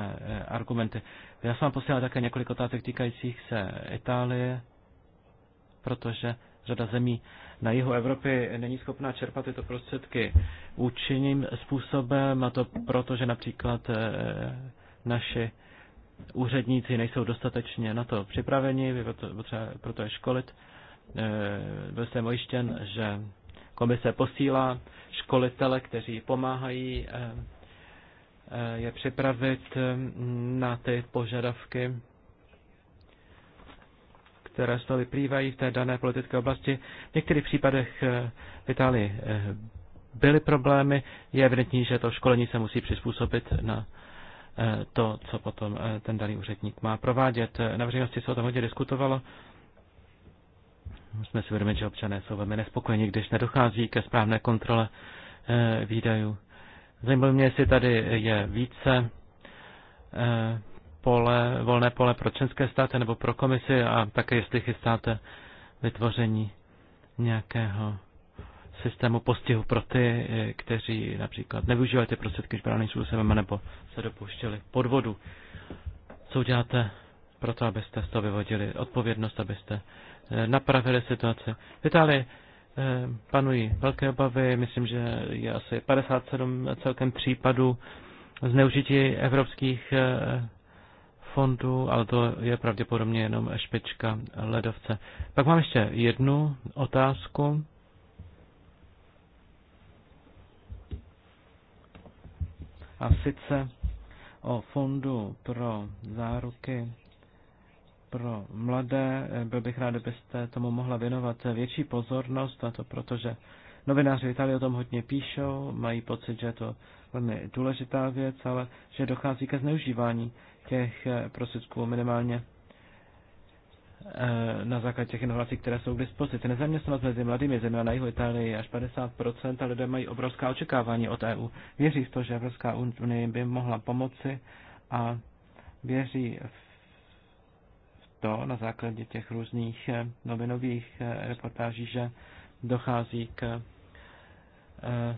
argumenty. Já jsem vám posílal také několik otázek týkajících se Itálie, protože řada zemí na jihu Evropy není schopná čerpat tyto prostředky účinným způsobem, a to proto, že například naši úředníci nejsou dostatečně na to připraveni, proto je školit. Eh, byl jsem ojištěn, že komise posílá školitele, kteří pomáhají eh, eh, je připravit mm, na ty požadavky, které z toho vyplývají v té dané politické oblasti. V některých případech v Itálii byly problémy. Je evidentní, že to školení se musí přizpůsobit na Eh, to, co potom eh, ten daný úředník má provádět. Eh, na veřejnosti se o tom hodně diskutovalo. Musíme si uvědomit, že občané jsou velmi nespokojeni, když nedochází ke správné kontrole výdajů. Zajímalo mě, jestli tady je více pole, volné pole pro členské státy nebo pro komisi a také jestli chystáte vytvoření nějakého systému postihu pro ty, eh, kteří například nevyužívají ty prostředky správným způsobem nebo se dopouštěli podvodu. Co uděláte pro to, abyste z toho vyvodili odpovědnost, abyste eh, napravili situaci? V Itálii eh, panují velké obavy, myslím, že je asi 57 celkem případů zneužití evropských fondů, ale to je pravděpodobně jenom špička ledovce. Pak mám ještě jednu otázku. a sice o fondu pro záruky pro mladé. Byl bych rád, kdybyste tomu mohla věnovat větší pozornost, a to protože novináři v Itálii o tom hodně píšou, mají pocit, že je to velmi důležitá věc, ale že dochází ke zneužívání těch prostředků minimálně Eh, na základě těch informací, které jsou k dispozici. Nezaměstnanost mezi mladými zeměmi na jihu Itálie je až 50% a lidé mají obrovská očekávání od EU. Věří v to, že Evropská unie by mohla pomoci a věří v to na základě těch různých eh, novinových eh, reportáží, že dochází k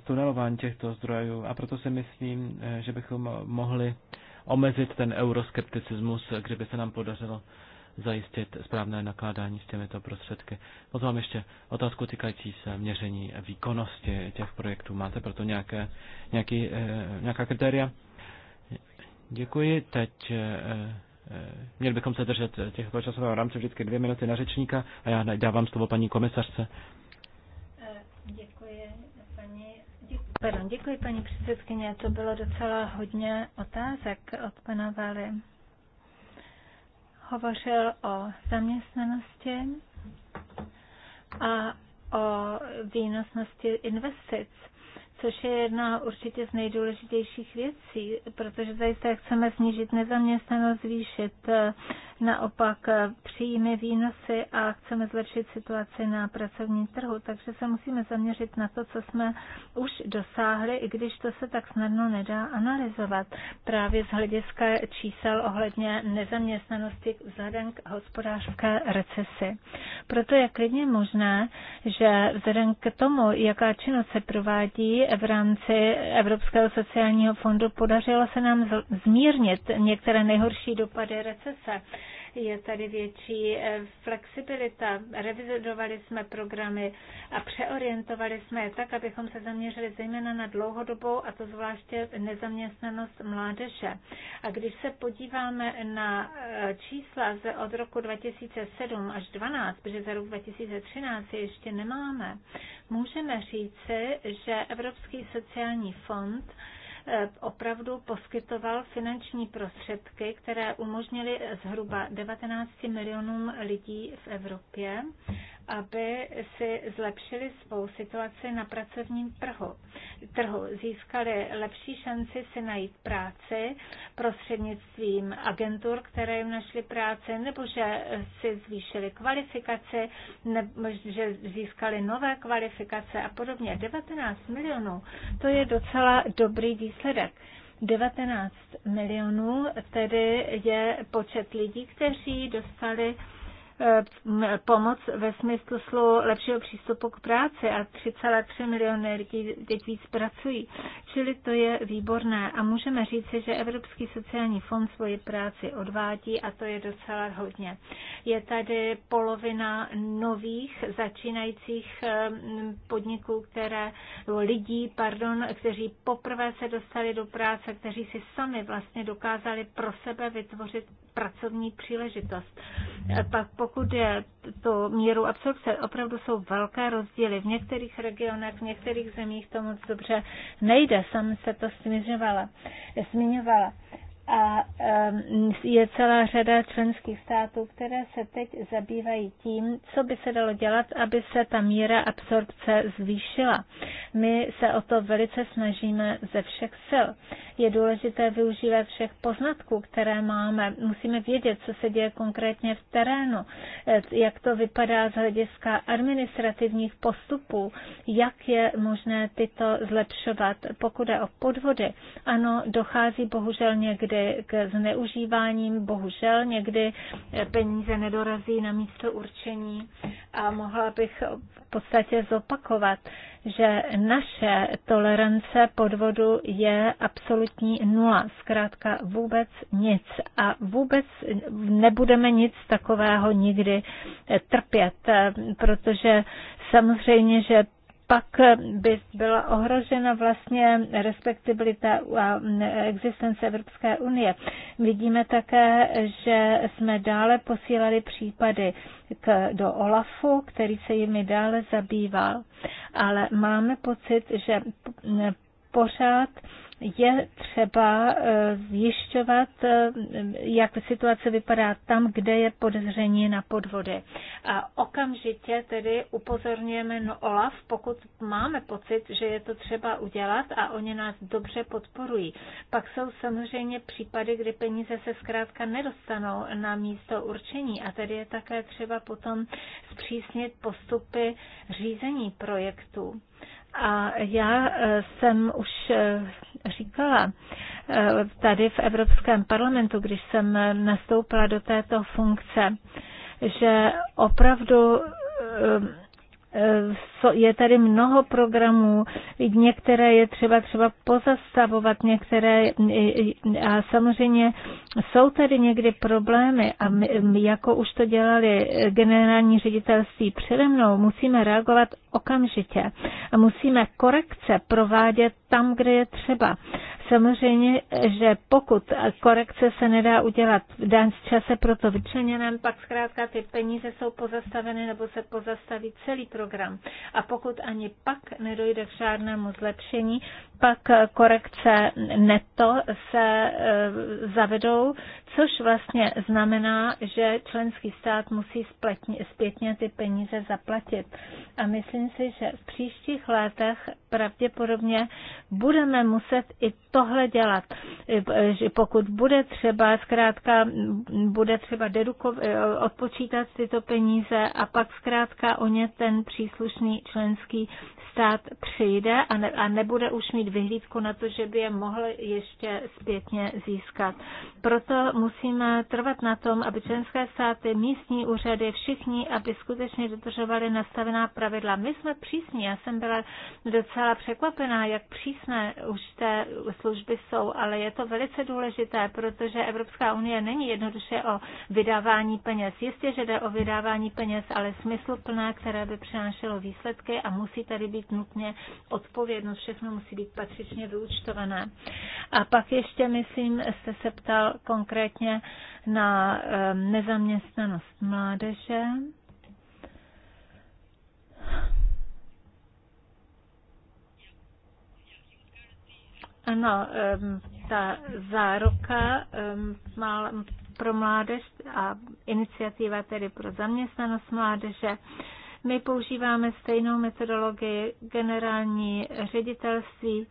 tunelování těchto zdrojů a proto si myslím, že bychom mohli omezit ten euroskepticismus, kdyby se nám podařilo zajistit správné nakládání s těmito prostředky. Potom mám ještě otázku týkající se měření výkonnosti těch projektů. Máte proto nějaké, nějaký, eh, nějaká kritéria? Děkuji. Teď eh, eh, měli bychom se držet těch časového rámce vždycky dvě minuty na řečníka a já dávám slovo paní komisařce. paní, pardon, děkuji paní předsedkyně, to bylo docela hodně otázek od pana Vály hovořil o zaměstnanosti a o výnosnosti investic, což je jedna určitě z nejdůležitějších věcí, protože zajisté chceme snížit nezaměstnanost, zvýšit eh, naopak eh, příjmy, výnosy a chceme zlepšit situaci na pracovním trhu. Takže se musíme zaměřit na to, co jsme už dosáhli, i když to se tak snadno nedá analyzovat právě z hlediska čísel ohledně nezaměstnanosti vzhledem k hospodářské recesi. Proto je klidně možné, že vzhledem k tomu, jaká činnost se provádí v rámci Evropského sociálního fondu, podařilo se nám zmírnit některé nejhorší dopady recese je tady větší eh, flexibilita. Revizovali jsme programy a přeorientovali jsme je tak, abychom se zaměřili zejména na dlouhodobou a to zvláště nezaměstnanost mládeže. A když se podíváme na eh, čísla ze od roku 2007 až 2012, protože za rok 2013 je ještě nemáme, můžeme říci, že Evropský sociální fond opravdu poskytoval finanční prostředky, které umožnily zhruba 19 milionům lidí v Evropě, aby si zlepšili svou situaci na pracovním trhu. trhu. Získali lepší šanci si najít práci prostřednictvím agentur, které jim našly práci, nebo že si zvýšili kvalifikaci, nebo že získali nové kvalifikace a podobně. 19 milionů, to je docela dobrý výsledek. 19 milionů tedy je počet lidí, kteří dostali Eh, pomoc ve smyslu lepšího přístupu k práci a 3,3 miliony lidí teď víc pracují. Čili to je výborné a můžeme říci, že Evropský sociální fond svoji práci odvádí a to je docela hodně. Je tady polovina nových začínajících eh, podniků, které, nebo lidí, pardon, kteří poprvé se dostali do práce, kteří si sami vlastně dokázali pro sebe vytvořit pracovní příležitost. E, pak pokud je to míru absorpce, opravdu jsou velké rozdíly. V některých regionech, v některých zemích to moc dobře nejde. Sam se to zmiňovala. zmiňovala. A je celá řada členských států, které se teď zabývají tím, co by se dalo dělat, aby se ta míra absorpce zvýšila. My se o to velice snažíme ze všech sil. Je důležité využívat všech poznatků, které máme. Musíme vědět, co se děje konkrétně v terénu, e, jak to vypadá z hlediska administrativních postupů, jak je možné tyto zlepšovat. Pokud je o podvody, ano, dochází bohužel někdy dochází k zneužíváním, bohužel někdy peníze nedorazí na místo určení a mohla bych v podstatě zopakovat, že naše tolerance podvodu je absolutní nula, zkrátka vůbec nic a vůbec nebudeme nic takového nikdy trpět, protože samozřejmě, že pak by byla ohrožena vlastně respektibilita a existence Evropské unie. Vidíme také, že jsme dále posílali případy k, do OLAFu, který se jimi dále zabýval, ale máme pocit, že pořád je třeba eh, zjišťovat, eh, jak situace vypadá tam, kde je podezření na podvody. A okamžitě tedy upozorňujeme no OLAF, pokud máme pocit, že je to třeba udělat a oni nás dobře podporují. Pak jsou samozřejmě případy, kdy peníze se zkrátka nedostanou na místo určení a tedy je také třeba potom zpřísnit postupy řízení projektů. A já eh, jsem už eh, říkala eh, tady v Evropském parlamentu, když jsem nastoupila do této funkce, že opravdu Eh, je tady mnoho programů, některé je třeba třeba pozastavovat, některé a samozřejmě jsou tady někdy problémy a my, jako už to dělali generální ředitelství přede mnou, musíme reagovat okamžitě a musíme korekce provádět tam, kde je třeba. Samozřejmě, že pokud korekce se nedá udělat v dan z čase pro to vyčleněném, pak zkrátka ty peníze jsou pozastaveny nebo se pozastaví celý program. A pokud ani pak nedojde k žádnému zlepšení, pak korekce neto se e, zavedou, což vlastně znamená, že členský stát musí zpětně ty peníze zaplatit. A myslím si, že v příštích letech pravděpodobně budeme muset i tohle dělat. E, že pokud bude třeba, zkrátka, bude třeba deduko, e, odpočítat tyto peníze a pak zkrátka o ně ten příslušný členský stát přijde a, ne, a nebude už mít vyhlídku na to, že by je mohl ještě zpětně získat. Proto musíme trvat na tom, aby členské státy, místní úřady, všichni, aby skutečně dodržovali nastavená pravidla. My jsme přísní, já jsem byla docela překvapená, jak přísné už té služby jsou, ale je to velice důležité, protože Evropská unie není jednoduše o vydávání peněz. Jistě, že jde o vydávání peněz, ale smysluplné, které by přinášelo výsledky a musí tady být být nutně odpovědnost, všechno musí být patřičně vyúčtované. A pak ještě, myslím, jste se ptal konkrétně na ehm, nezaměstnanost mládeže. Ano, ehm, ta záruka ehm, pro mládež a iniciativa tedy pro zaměstnanost mládeže my používáme stejnou metodologii, generální ředitelství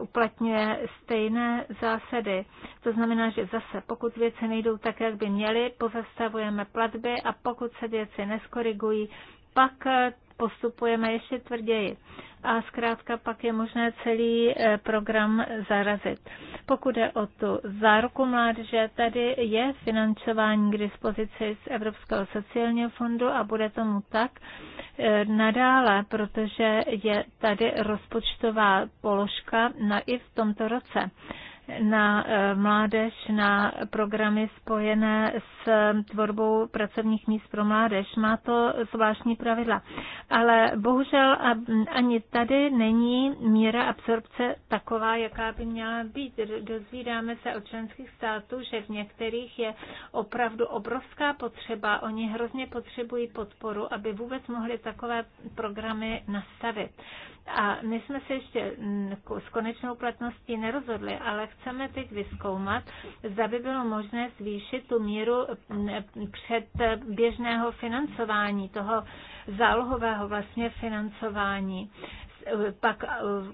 uplatňuje stejné zásady. To znamená, že zase, pokud věci nejdou tak, jak by měly, pozastavujeme platby a pokud se věci neskorigují, pak postupujeme ještě tvrději. A zkrátka pak je možné celý eh, program zarazit. Pokud je o tu záruku mládeže, tady je financování k dispozici z Evropského sociálního fondu a bude tomu tak eh, nadále, protože je tady rozpočtová položka na i v tomto roce na eh, mládež, na programy spojené s eh, tvorbou pracovních míst pro mládež. Má to zvláštní pravidla. Ale bohužel ani tady není míra absorpce taková, jaká by měla být. Dozvídáme se od členských států, že v některých je opravdu obrovská potřeba. Oni hrozně potřebují podporu, aby vůbec mohli takové programy nastavit. A my jsme se ještě s konečnou platností nerozhodli, ale chceme teď vyskoumat, zda by bylo možné zvýšit tu míru předběžného financování, toho zálohového vlastně financování pak e,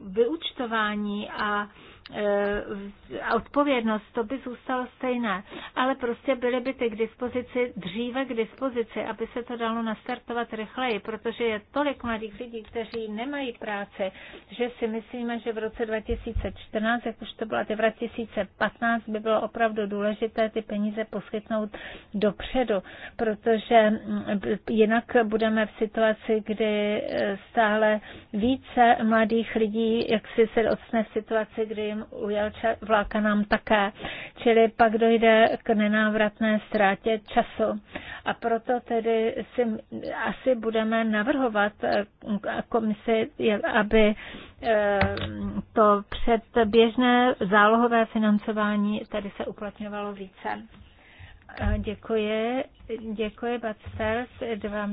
vyučtování a Eh, odpovědnost, to by zůstalo stejné. Ale prostě byly by ty k dispozici, dříve k dispozici, aby se to dalo nastartovat rychleji, protože je tolik mladých lidí, kteří nemají práce, že si myslíme, že v roce 2014, jak už to bylo 2015, by bylo opravdu důležité ty peníze poskytnout dopředu, protože mm, jinak budeme v situaci, kdy eh, stále více mladých lidí, jak si se odstne v situaci, kdy jim pan Ujelče Vláka nám také, čili pak dojde k nenávratné ztrátě času. A proto tedy si asi budeme navrhovat eh, komisi, aby eh, to předběžné zálohové financování tady se uplatňovalo více. Děkuji, děkuji, Bad Stars,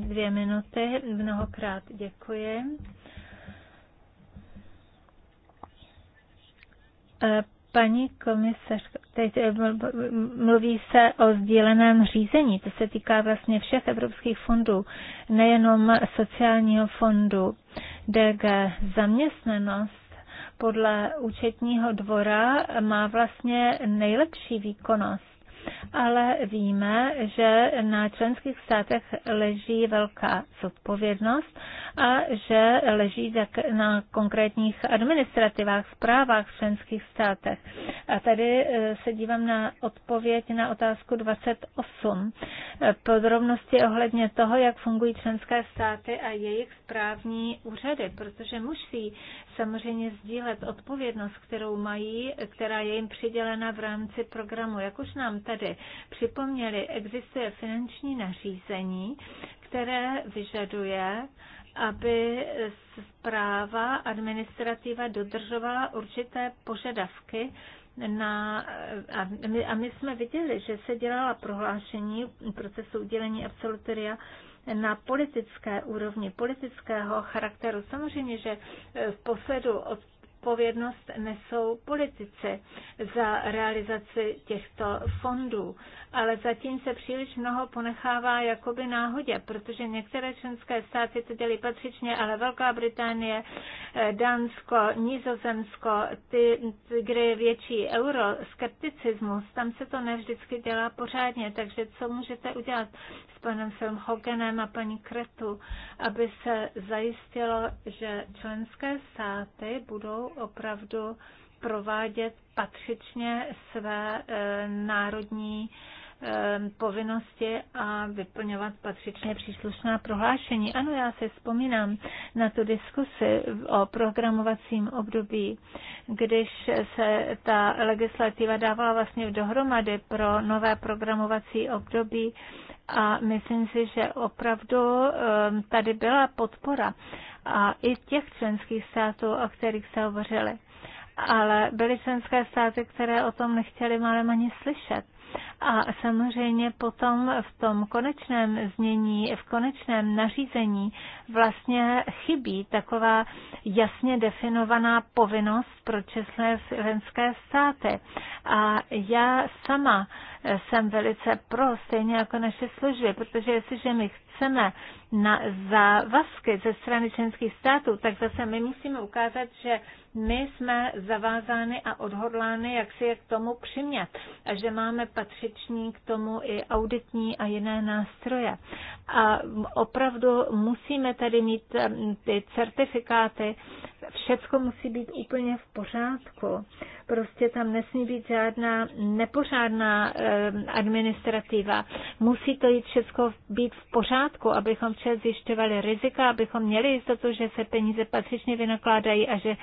dvě minuty, mnohokrát děkuji. Eh, paní komisařka, teď eh, mluví se o sdíleném řízení, to se týká vlastně všech evropských fondů, nejenom sociálního fondu. DG zaměstnanost podle účetního dvora má vlastně nejlepší výkonnost ale víme, že na členských státech leží velká zodpovědnost a že leží na konkrétních administrativách, zprávách v členských státech. A tady e, se dívám na odpověď na otázku 28. E, podrobnosti ohledně toho, jak fungují členské státy a jejich správní úřady, protože musí samozřejmě sdílet odpovědnost, kterou mají, která je jim přidělena v rámci programu. Jak už nám tady připomněli, existuje finanční nařízení, které vyžaduje, aby zpráva administrativa dodržovala určité požadavky na, a, my, a my jsme viděli, že se dělala prohlášení procesu udělení absolutoria na politické úrovni, politického charakteru. Samozřejmě, že v posledu od odpovědnost nesou politici za realizaci těchto fondů, ale zatím se příliš mnoho ponechává jakoby náhodě, protože některé členské státy to dělí patřičně, ale Velká Británie, eh, Dánsko, Nizozemsko, ty, ty kde je větší euroskepticismus, tam se to nevždycky dělá pořádně, takže co můžete udělat s panem Sam Hogenem a paní Kretu, aby se zajistilo, že členské státy budou opravdu provádět patřičně své e, národní e, povinnosti a vyplňovat patřičně příslušná prohlášení. Ano, já se vzpomínám na tu diskusi o programovacím období, když se ta legislativa dávala vlastně dohromady pro nové programovací období a myslím si, že opravdu e, tady byla podpora a i těch členských států, o kterých se hovořili. Ale byly členské státy, které o tom nechtěli málem ani slyšet. A samozřejmě potom v tom konečném znění, v konečném nařízení vlastně chybí taková jasně definovaná povinnost pro české slovenské státy. A já sama jsem velice pro, stejně jako naše služby, protože jestliže my chceme na závazky ze strany členských států, tak zase my musíme ukázat, že my jsme zavázány a odhodlány, jak si je k tomu přimět a že máme patřiční k tomu i auditní a jiné nástroje. A opravdu musíme tady mít eh, ty certifikáty, všecko musí být úplně v pořádku. Prostě tam nesmí být žádná nepořádná eh, administrativa. Musí to jít všecko být v pořádku, abychom vše zjišťovali rizika, abychom měli jistotu, že se peníze patřičně vynakládají a že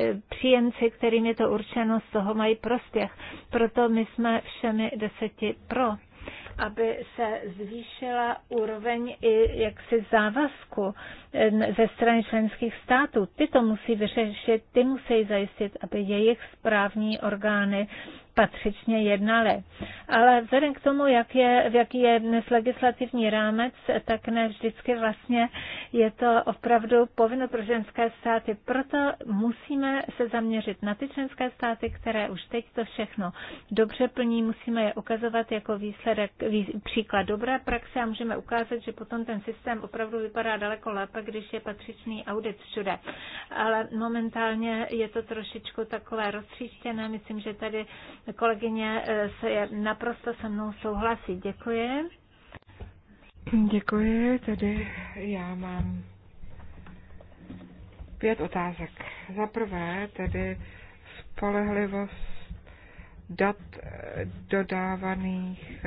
E, příjemci, kterým je to určeno, z toho mají prospěch. Proto my jsme všemi deseti pro aby se zvýšila úroveň i jaksi závazku e, ze strany členských států. Ty to musí vyřešit, ty musí zajistit, aby jejich správní orgány patřičně jednali. Ale vzhledem k tomu, jak je, v jaký je dnes legislativní rámec, tak ne vždycky vlastně je to opravdu povinno pro ženské státy. Proto musíme se zaměřit na ty ženské státy, které už teď to všechno dobře plní. Musíme je ukazovat jako výsledek, příklad dobré praxe a můžeme ukázat, že potom ten systém opravdu vypadá daleko lépe, když je patřičný audit všude. Ale momentálně je to trošičku takové roztříštěné. Myslím, že tady Kolegyně eh, se je naprosto se mnou souhlasí. Děkuji. Děkuji, tedy já mám pět otázek. Za prvé, tedy spolehlivost dat eh, dodávaných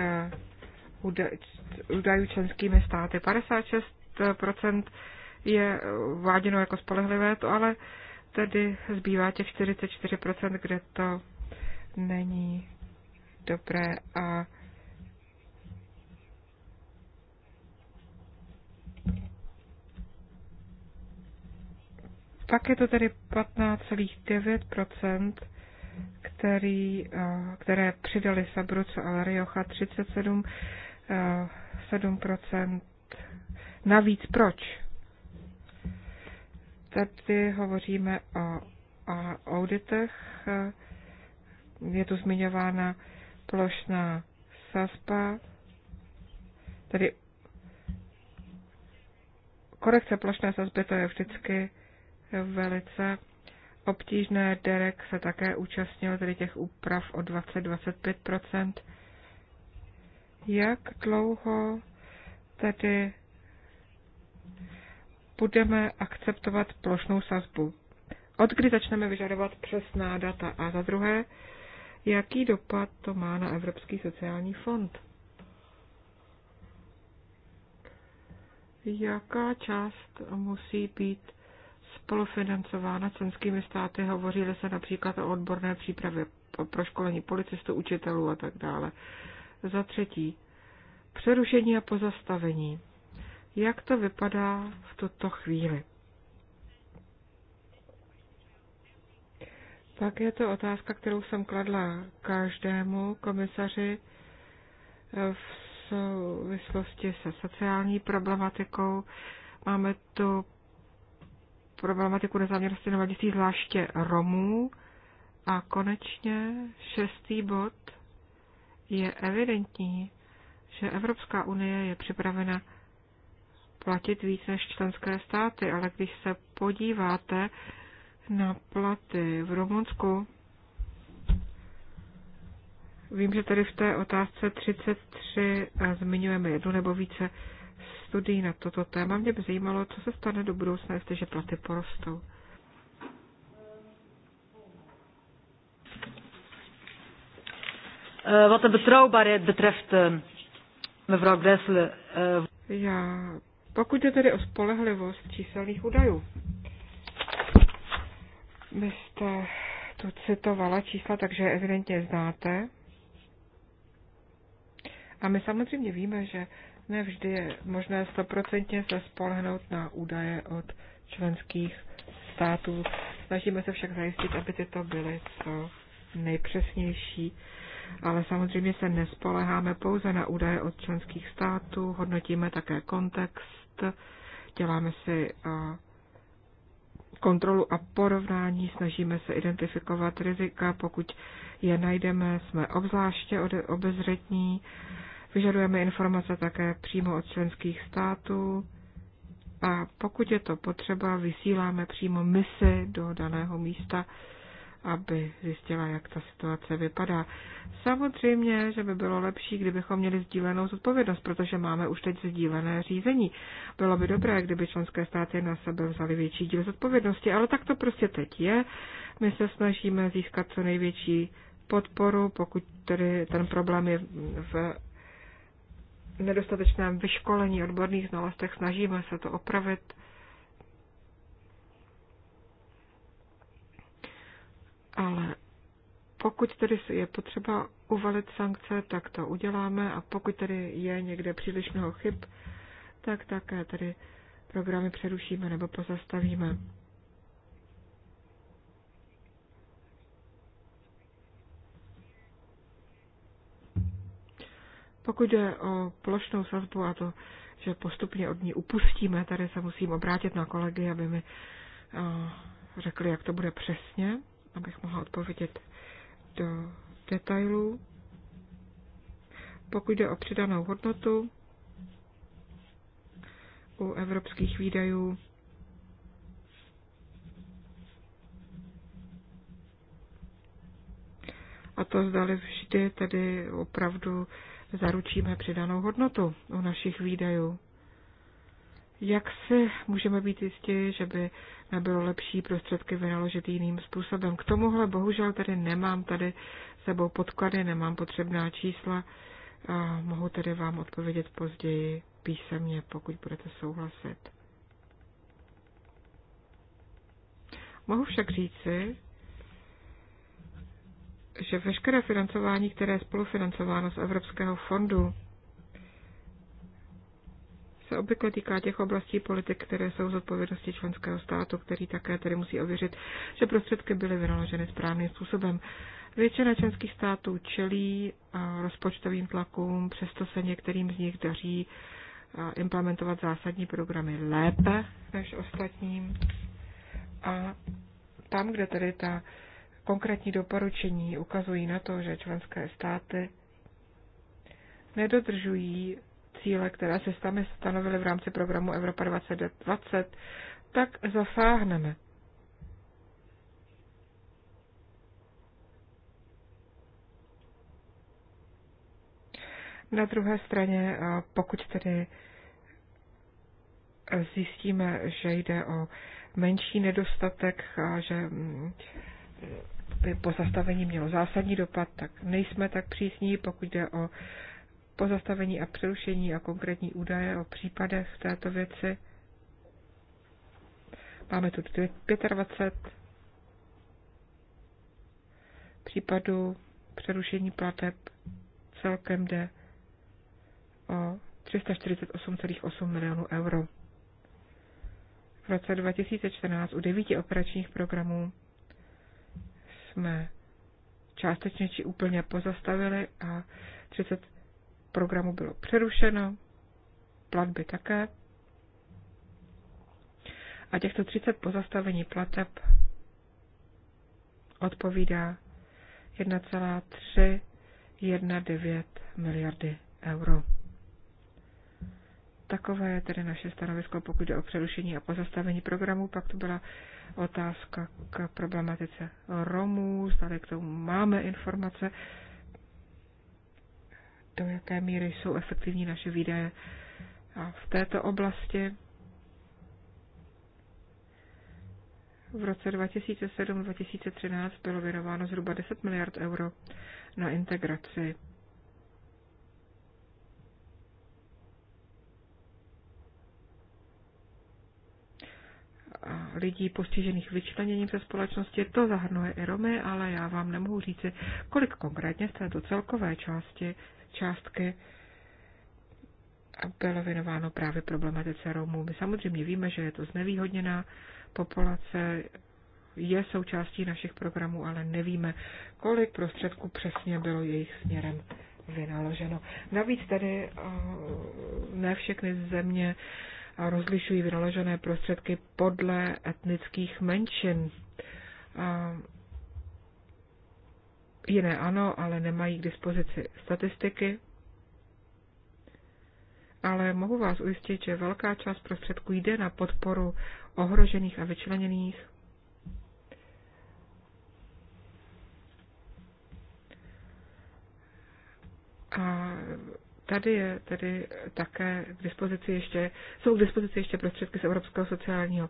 údajů eh, členskými státy. 56% je váděno jako spolehlivé, to ale tedy zbývá těch 44%, kde to není dobré a pak je to tedy 15,9%, který, eh, které přidali Sabruco a Rioja 37, eh, Navíc proč? Tady hovoříme o, o auditech eh, je tu zmiňována plošná sazba, tedy korekce plošné sazby, to je vždycky velice obtížné. Derek se také účastnil tedy těch úprav o 20-25%. Jak dlouho tedy budeme akceptovat plošnou sazbu? Od kdy začneme vyžadovat přesná data? A za druhé, jaký dopad to má na Evropský sociální fond. Jaká část musí být spolufinancována členskými státy? Hovořili se například o odborné přípravě pro školení policistů, učitelů a tak dále. Za třetí, přerušení a pozastavení. Jak to vypadá v tuto chvíli? Pak je to otázka, kterou jsem kladla každému komisaři v souvislosti se sociální problematikou. Máme tu problematiku nezaměrnosti na mladiství, zvláště Romů. A konečně šestý bod je evidentní, že Evropská unie je připravena platit víc než členské státy, ale když se podíváte na platy v Rumunsku. Vím, že tady v té otázce 33 eh, zmiňujeme jednu nebo více studií na toto téma. Mě by zajímalo, co se stane do budoucna, jestliže platy porostou. Eh, wat de betrouwbaarheid betreft, eh, mevrouw Gressle. Já, pokud je tedy o spolehlivost číselných údajů. Vy jste tu citovala čísla, takže evidentně znáte. A my samozřejmě víme, že nevždy je možné stoprocentně se spolehnout na údaje od členských států. Snažíme se však zajistit, aby tyto byly co nejpřesnější. Ale samozřejmě se nespoleháme pouze na údaje od členských států, hodnotíme také kontext, děláme si kontrolu a porovnání, snažíme se identifikovat rizika, pokud je najdeme, jsme obzvláště obezřetní, vyžadujeme informace také přímo od členských států a pokud je to potřeba, vysíláme přímo misi do daného místa, aby zjistila, jak ta situace vypadá. Samozřejmě, že by bylo lepší, kdybychom měli sdílenou zodpovědnost, protože máme už teď sdílené řízení. Bylo by dobré, kdyby členské státy na sebe vzali větší díl zodpovědnosti, ale tak to prostě teď je. My se snažíme získat co největší podporu, pokud tedy ten problém je v nedostatečném vyškolení odborných znalostech, snažíme se to opravit Ale pokud tedy je potřeba uvalit sankce, tak to uděláme a pokud tedy je někde příliš mnoho chyb, tak také tedy programy přerušíme nebo pozastavíme. Pokud jde o plošnou sazbu a to, že postupně od ní upustíme, tady se musím obrátit na kolegy, aby mi eh, řekli, jak to bude přesně abych mohla odpovědět do detailů. Pokud jde o přidanou hodnotu u evropských výdajů, a to zdali vždy tedy opravdu zaručíme přidanou hodnotu u našich výdajů. Jak si můžeme být jistí, že by nebylo lepší prostředky vynaložit jiným způsobem? K tomuhle bohužel tady nemám tady sebou podklady, nemám potřebná čísla. A mohu tedy vám odpovědět později písemně, pokud budete souhlasit. Mohu však říci, že veškeré financování, které je spolufinancováno z Evropského fondu se obvykle týká těch oblastí politik, které jsou z odpovědnosti členského státu, který také tedy musí ověřit, že prostředky byly vynaloženy správným způsobem. Většina členských států čelí rozpočtovým tlakům, přesto se některým z nich daří implementovat zásadní programy lépe než ostatním. A tam, kde tedy ta konkrétní doporučení ukazují na to, že členské státy nedodržují cíle, které se sami stanovily v rámci programu Evropa 2020, tak zasáhneme. Na druhé straně, pokud tedy zjistíme, že jde o menší nedostatek a že mm, by pozastavení mělo zásadní dopad, tak nejsme tak přísní, pokud jde o pozastavení a přerušení a konkrétní údaje o případech v této věci. Máme tu 25 případů přerušení plateb celkem jde o 348,8 milionů euro. V roce 2014 u devíti operačních programů jsme částečně či úplně pozastavili a 30 programu bylo přerušeno, platby také. A těchto 30 pozastavení plateb odpovídá 1,319 miliardy euro. Takové je tedy naše stanovisko, pokud jde o přerušení a pozastavení programu. Pak to byla otázka k problematice Romů, zdali k tomu máme informace do jaké míry jsou efektivní naše výdaje a v této oblasti. V roce 2007-2013 bylo věnováno zhruba 10 miliard euro na integraci lidí postižených vyčleněním ze společnosti. To zahrnuje i Romy, ale já vám nemohu říci, kolik konkrétně z této celkové části částky bylo věnováno právě problematice Romů. My samozřejmě víme, že je to znevýhodněná populace, je součástí našich programů, ale nevíme, kolik prostředků přesně bylo jejich směrem vynaloženo. Navíc tady eh, ne všechny země rozlišují vynaložené prostředky podle etnických menšin. Eh, jiné ano, ale nemají k dispozici statistiky. Ale mohu vás ujistit, že velká část prostředků jde na podporu ohrožených a vyčleněných. A tady je tedy také k dispozici ještě, jsou k dispozici ještě prostředky z Evropského sociálního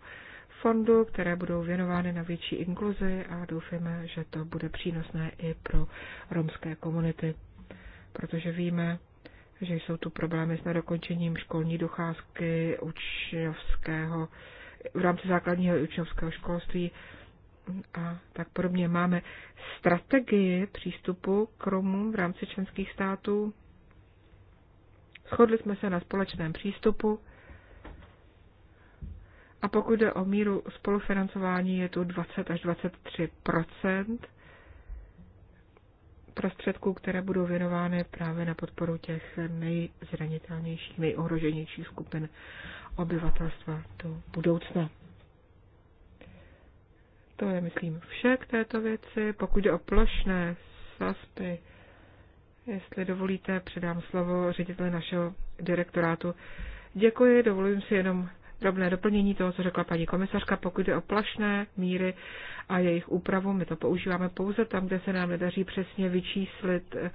fondů, které budou věnovány na větší inkluzi a doufáme, že to bude přínosné i pro romské komunity, protože víme, že jsou tu problémy s nedokončením školní docházky, učňovského, v rámci základního učňovského školství a tak podobně. Máme strategii přístupu k Romům v rámci členských států. Shodli jsme se na společném přístupu a pokud jde o míru spolufinancování, je tu 20 až 23 prostředků, které budou věnovány právě na podporu těch nejzranitelnějších, nejohroženějších skupin obyvatelstva do budoucna. To je, myslím, vše k této věci. Pokud jde o plošné sazby, jestli dovolíte, předám slovo řediteli našeho direktorátu. Děkuji, dovolím si jenom drobné doplnění toho, co řekla paní komisařka, pokud je o plašné míry a jejich úpravu. My to používáme pouze tam, kde se nám nedaří přesně vyčíslit eh,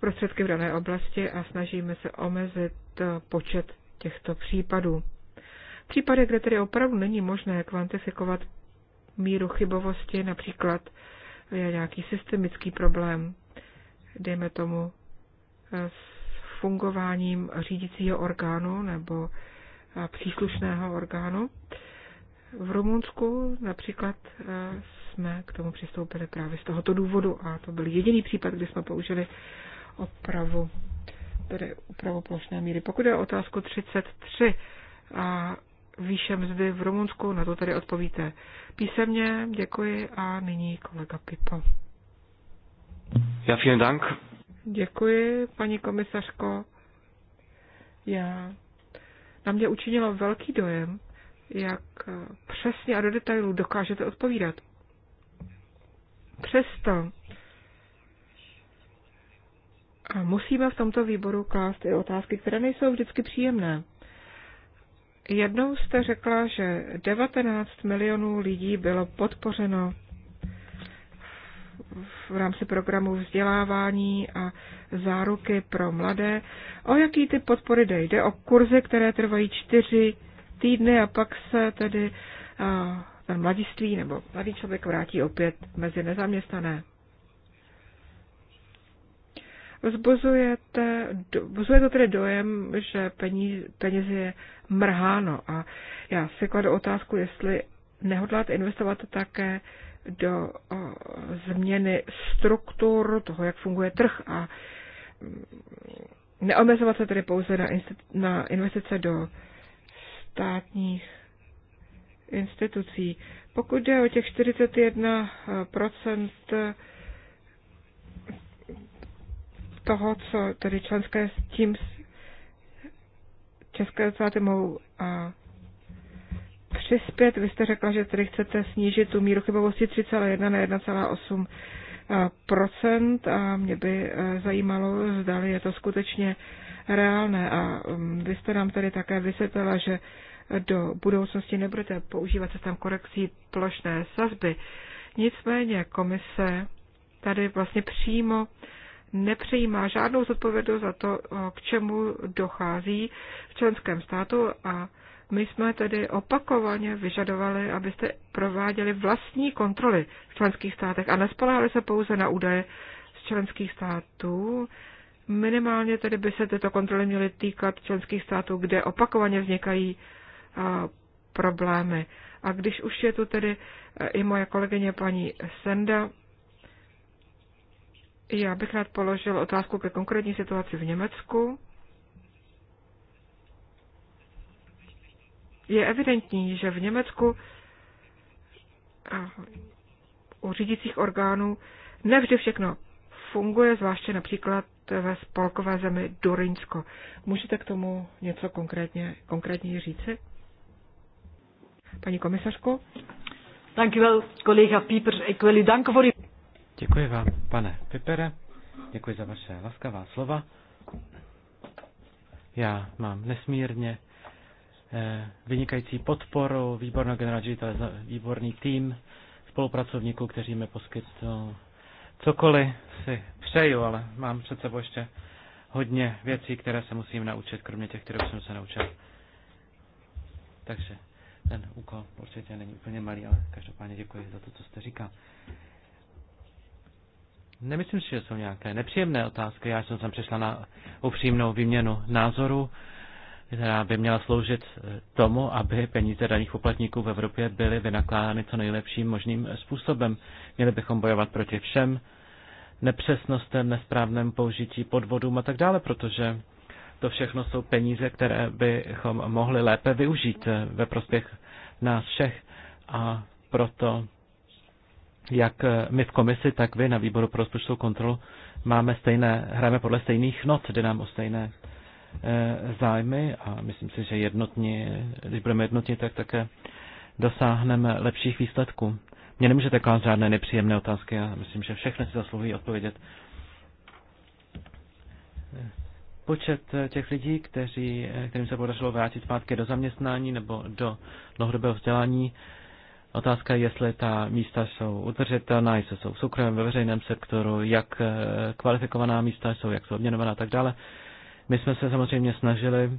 prostředky v dané oblasti a snažíme se omezit eh, počet těchto případů. V případech, kde tedy opravdu není možné kvantifikovat míru chybovosti, například eh, je nějaký systemický problém, dejme tomu s fungováním řídícího orgánu nebo příslušného orgánu. V Rumunsku například eh, jsme k tomu přistoupili právě z tohoto důvodu a to byl jediný případ, kdy jsme použili opravu, tedy opravu plošné míry. Pokud je o otázku 33 a výše mzdy v Rumunsku, na to tady odpovíte písemně. Děkuji a nyní kolega Pipo. Já vielen Dank. Děkuji, paní komisařko. Já na mě učinilo velký dojem, jak eh, přesně a do detailů dokážete odpovídat. Přesto a musíme v tomto výboru klást i otázky, které nejsou vždycky příjemné. Jednou jste řekla, že 19 milionů lidí bylo podpořeno v rámci programu vzdělávání a záruky pro mladé. O jaký typ podpory jde? Jde o kurzy, které trvají čtyři týdny a pak se tedy ten mladiství nebo mladý člověk vrátí opět mezi nezaměstnané. Vzbuzujete, vzbuzuje to tedy dojem, že peníz, peněz je mrháno a já si kladu otázku, jestli nehodláte investovat také do změny struktur, toho, jak funguje trh a mm, neomezovat se tedy pouze na, na investice do státních institucí. Pokud jde o těch 41% e, e, toho, co tedy členské s tím české státy mohou a, přispět. Vy jste řekla, že tedy chcete snížit tu míru chybovosti 3,1 na 1,8 procent a mě by eh, zajímalo, zda je to skutečně reálné a mm, vy jste nám tady také vysvětlila, že do budoucnosti nebudete používat se tam korekcí plošné sazby. Nicméně komise tady vlastně přímo nepřijímá žádnou zodpovědnost za to, eh, k čemu dochází v členském státu a my jsme tedy opakovaně vyžadovali, abyste prováděli vlastní kontroly v členských státech a nespoléhali se pouze na údaje z členských států. Minimálně tedy by se tyto kontroly měly týkat členských států, kde opakovaně vznikají problémy. A když už je tu tedy e, i moje kolegyně paní Senda, já bych rád položil otázku ke konkrétní situaci v Německu. je evidentní, že v Německu u řídících orgánů nevždy všechno funguje, zvláště například ve spolkové zemi Durinsko. Můžete k tomu něco konkrétně, konkrétně říci? Paní komisařko? Pieper. Děkuji vám, pane Pipere. Děkuji za vaše laskavá slova. Já mám nesmírně Eh, vynikající podporu, výborného generální ředitele, výborný tým spolupracovníků, kteří mi poskytnou cokoliv si přeju, ale mám před sebou ještě hodně věcí, které se musím naučit, kromě těch, které jsem se naučil. Takže ten úkol určitě není úplně malý, ale každopádně děkuji za to, co jste říkal. Nemyslím si, že jsou nějaké nepříjemné otázky. Já jsem sem přišla na upřímnou výměnu názoru která by měla sloužit eh, tomu, aby peníze daných poplatníků v Evropě byly vynakládány co nejlepším možným způsobem. Měli bychom bojovat proti všem nepřesnostem, nesprávném použití, podvodům a tak dále, protože to všechno jsou peníze, které bychom mohli lépe využít eh, ve prospěch nás všech a proto jak eh, my v komisi, tak vy na výboru pro rozpočtovou kontrolu máme stejné, hrajeme podle stejných not, jde nám o stejné Eh, zájmy a myslím si, že jednotně, když budeme jednotně, tak také dosáhneme lepších výsledků. Mě nemůžete klást žádné nepříjemné otázky, já myslím, že všechny si zasluhují odpovědět. Počet eh, těch lidí, kteří, eh, kterým se podařilo vrátit zpátky do zaměstnání nebo do dlouhodobého vzdělání, Otázka je, jestli ta místa jsou udržitelná, jestli jsou v soukromém, ve veřejném sektoru, jak kvalifikovaná místa jsou, jak jsou obměnovaná a tak dále. My jsme se samozřejmě snažili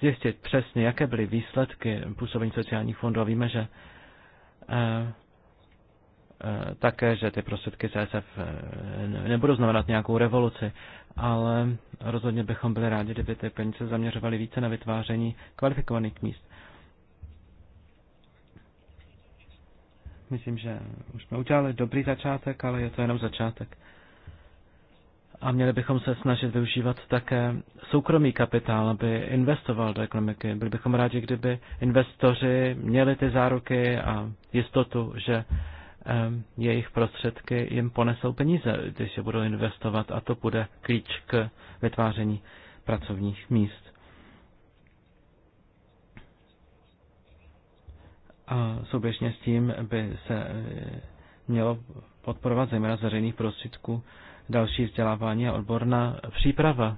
zjistit přesně, jaké byly výsledky působení sociálních fondů a víme, že eh, eh, také, že ty prostředky CSF eh, nebudou znamenat nějakou revoluci, ale rozhodně bychom byli rádi, kdyby ty peníze zaměřovaly více na vytváření kvalifikovaných míst. Myslím, že už jsme udělali dobrý začátek, ale je to jenom začátek. A měli bychom se snažit využívat také soukromý kapitál, aby investoval do ekonomiky. Byli bychom rádi, kdyby investoři měli ty záruky a jistotu, že jejich prostředky jim ponesou peníze, když je budou investovat a to bude klíč k vytváření pracovních míst. A souběžně s tím by se eh, mělo podporovat zejména z veřejných prostředků další vzdělávání a odborná příprava,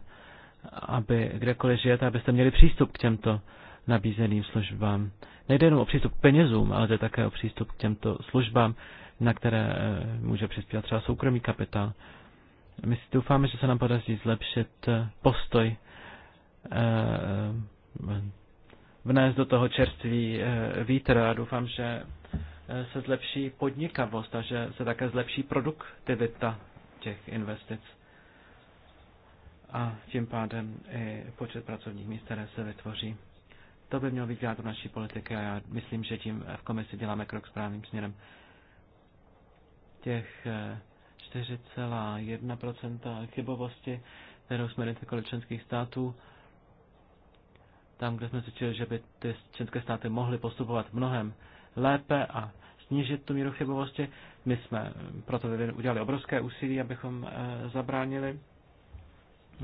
aby kdekoliv žijete, abyste měli přístup k těmto nabízeným službám. Nejde jenom o přístup k penězům, ale jde také o přístup k těmto službám, na které eh, může přispět třeba soukromý kapitál. My si doufáme, že se nám podaří zlepšit eh, postoj, eh, vnést do toho čerstvý vítr a doufám, že se zlepší podnikavost a že se také zlepší produktivita těch investic. A tím pádem i počet pracovních míst, které se vytvoří. To by mělo být jádro naší politiky a já myslím, že tím v komisi děláme krok správným směrem. Těch 4,1% eh, chybovosti, kterou jsme identifikovali členských států, tam, kde jsme zjistili, že by ty členské státy mohly postupovat mnohem lépe a snížit tu míru chybovosti. My jsme proto udělali obrovské úsilí, abychom eh, zabránili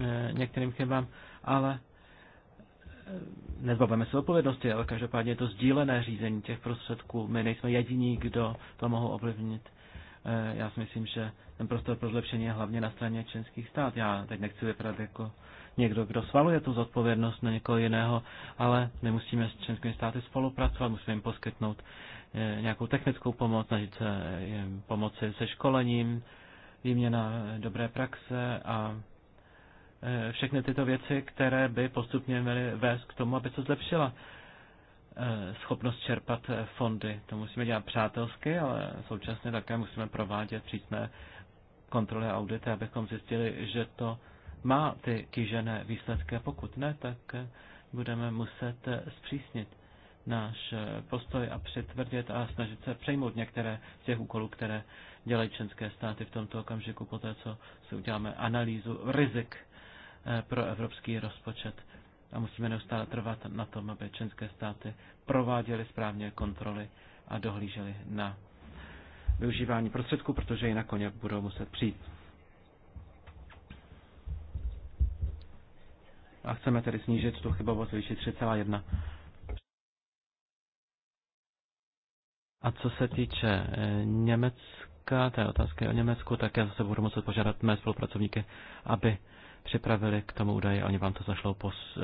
eh, některým chybám, ale eh, nezbavíme se odpovědnosti, ale každopádně je to sdílené řízení těch prostředků. My nejsme jediní, kdo to mohou ovlivnit. Já si myslím, že ten prostor pro zlepšení je hlavně na straně členských stát. Já teď nechci vypadat jako někdo, kdo svaluje tu zodpovědnost na někoho jiného, ale my musíme s členskými státy spolupracovat, musíme jim poskytnout Eh, nějakou technickou pomoc, snažit se eh, jim pomoci se školením, výměna eh, dobré praxe a všechny tyto věci, které by postupně měly vést k tomu, aby se zlepšila schopnost čerpat fondy. To musíme dělat přátelsky, ale současně také musíme provádět přísné kontroly a audity, abychom zjistili, že to má ty kýžené výsledky. Pokud ne, tak budeme muset zpřísnit náš eh, postoj a přetvrdit a snažit se přejmout některé z těch úkolů, které dělají členské státy v tomto okamžiku, poté co si uděláme analýzu rizik eh, pro evropský rozpočet. A musíme neustále trvat na tom, aby členské státy prováděly správně kontroly a dohlížely na využívání prostředků, protože jinak koně budou muset přijít. A chceme tedy snížit tu chybovost výši 3,1 A co se týče eh, Německa, té otázky o Německu, tak já zase budu muset požádat mé spolupracovníky, aby připravili k tomu údaje. Oni vám to zašlou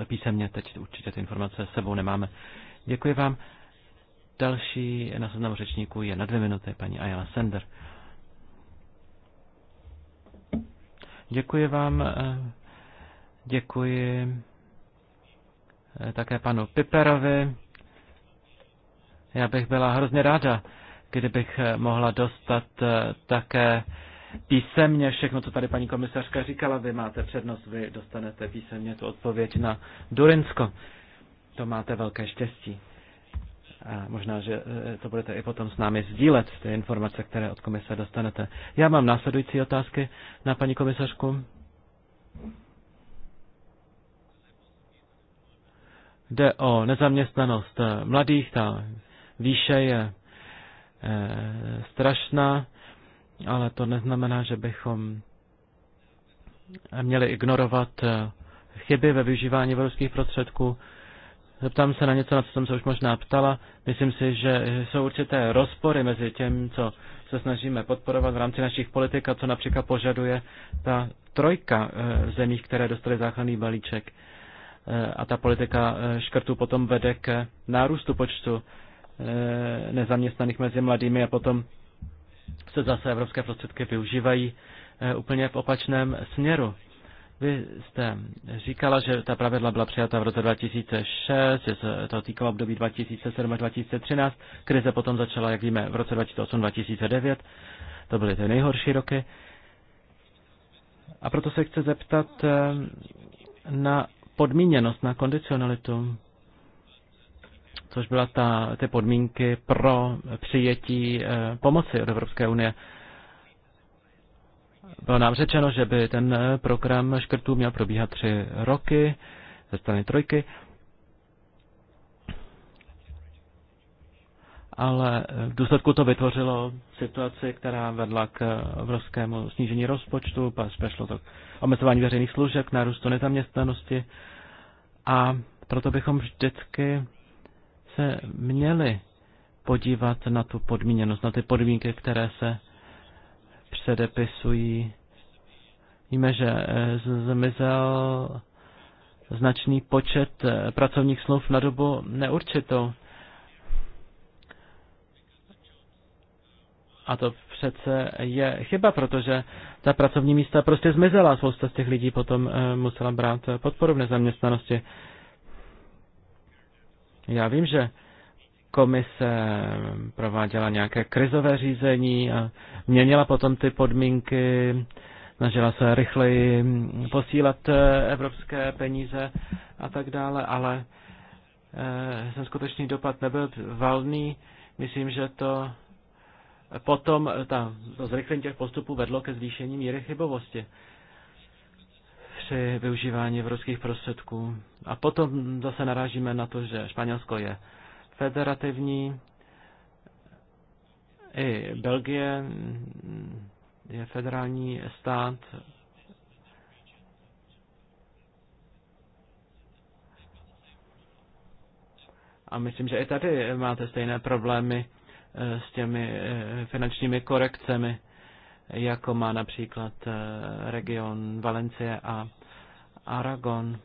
písemně, teď určitě ty informace s sebou nemáme. Děkuji vám. Další na seznamu řečníků je na dvě minuty paní Ayala Sender. Děkuji vám. Eh, děkuji eh, také panu Piperovi. Já bych byla hrozně ráda, kdybych mohla dostat eh, také písemně všechno, co tady paní komisařka říkala. Vy máte přednost, vy dostanete písemně tu odpověď na Durinsko. To máte velké štěstí. A možná, že eh, to budete i potom s námi sdílet, ty informace, které od komise dostanete. Já mám následující otázky na paní komisařku. Jde o nezaměstnanost eh, mladých, ta výše je eh, strašná, ale to neznamená, že bychom měli ignorovat eh, chyby ve využívání evropských prostředků. Zeptám se na něco, na co jsem se už možná ptala. Myslím si, že jsou určité rozpory mezi tím, co se snažíme podporovat v rámci našich politik a co například požaduje ta trojka eh, zemí, které dostaly záchranný balíček. A ta politika škrtů potom vede k nárůstu počtu Eh, nezaměstnaných mezi mladými a potom se zase evropské prostředky využívají eh, úplně v opačném směru. Vy jste říkala, že ta pravidla byla přijata v roce 2006, že se to týkalo období 2007 až 2013. Krize potom začala, jak víme, v roce 2008-2009. To byly ty nejhorší roky. A proto se chci zeptat eh, na podmíněnost, na kondicionalitu což byla ta, ty podmínky pro přijetí eh, pomoci od Evropské unie. Bylo nám řečeno, že by ten eh, program škrtů měl probíhat tři roky ze strany trojky, ale eh, v důsledku to vytvořilo situaci, která vedla k obrovskému snížení rozpočtu, přešlo to k omezování veřejných služeb, k nárůstu nezaměstnanosti a proto bychom vždycky se měli podívat na tu podmíněnost, na ty podmínky, které se předepisují. Víme, že eh, zmizel značný počet eh, pracovních smluv na dobu neurčitou. A to přece je chyba, protože ta pracovní místa prostě zmizela. Spousta z těch lidí potom eh, musela brát podporu v nezaměstnanosti. Já vím, že komise prováděla nějaké krizové řízení a měnila potom ty podmínky, snažila se rychleji posílat eh, evropské peníze a tak dále, ale eh, ten skutečný dopad nebyl valný. Myslím, že to potom ta, to zrychlení těch postupů vedlo ke zvýšení míry chybovosti při využívání evropských prostředků. A potom zase narážíme na to, že Španělsko je federativní, i Belgie je federální stát. A myslím, že i tady máte stejné problémy eh, s těmi eh, finančními korekcemi, jako má například eh, region Valencie a Aragon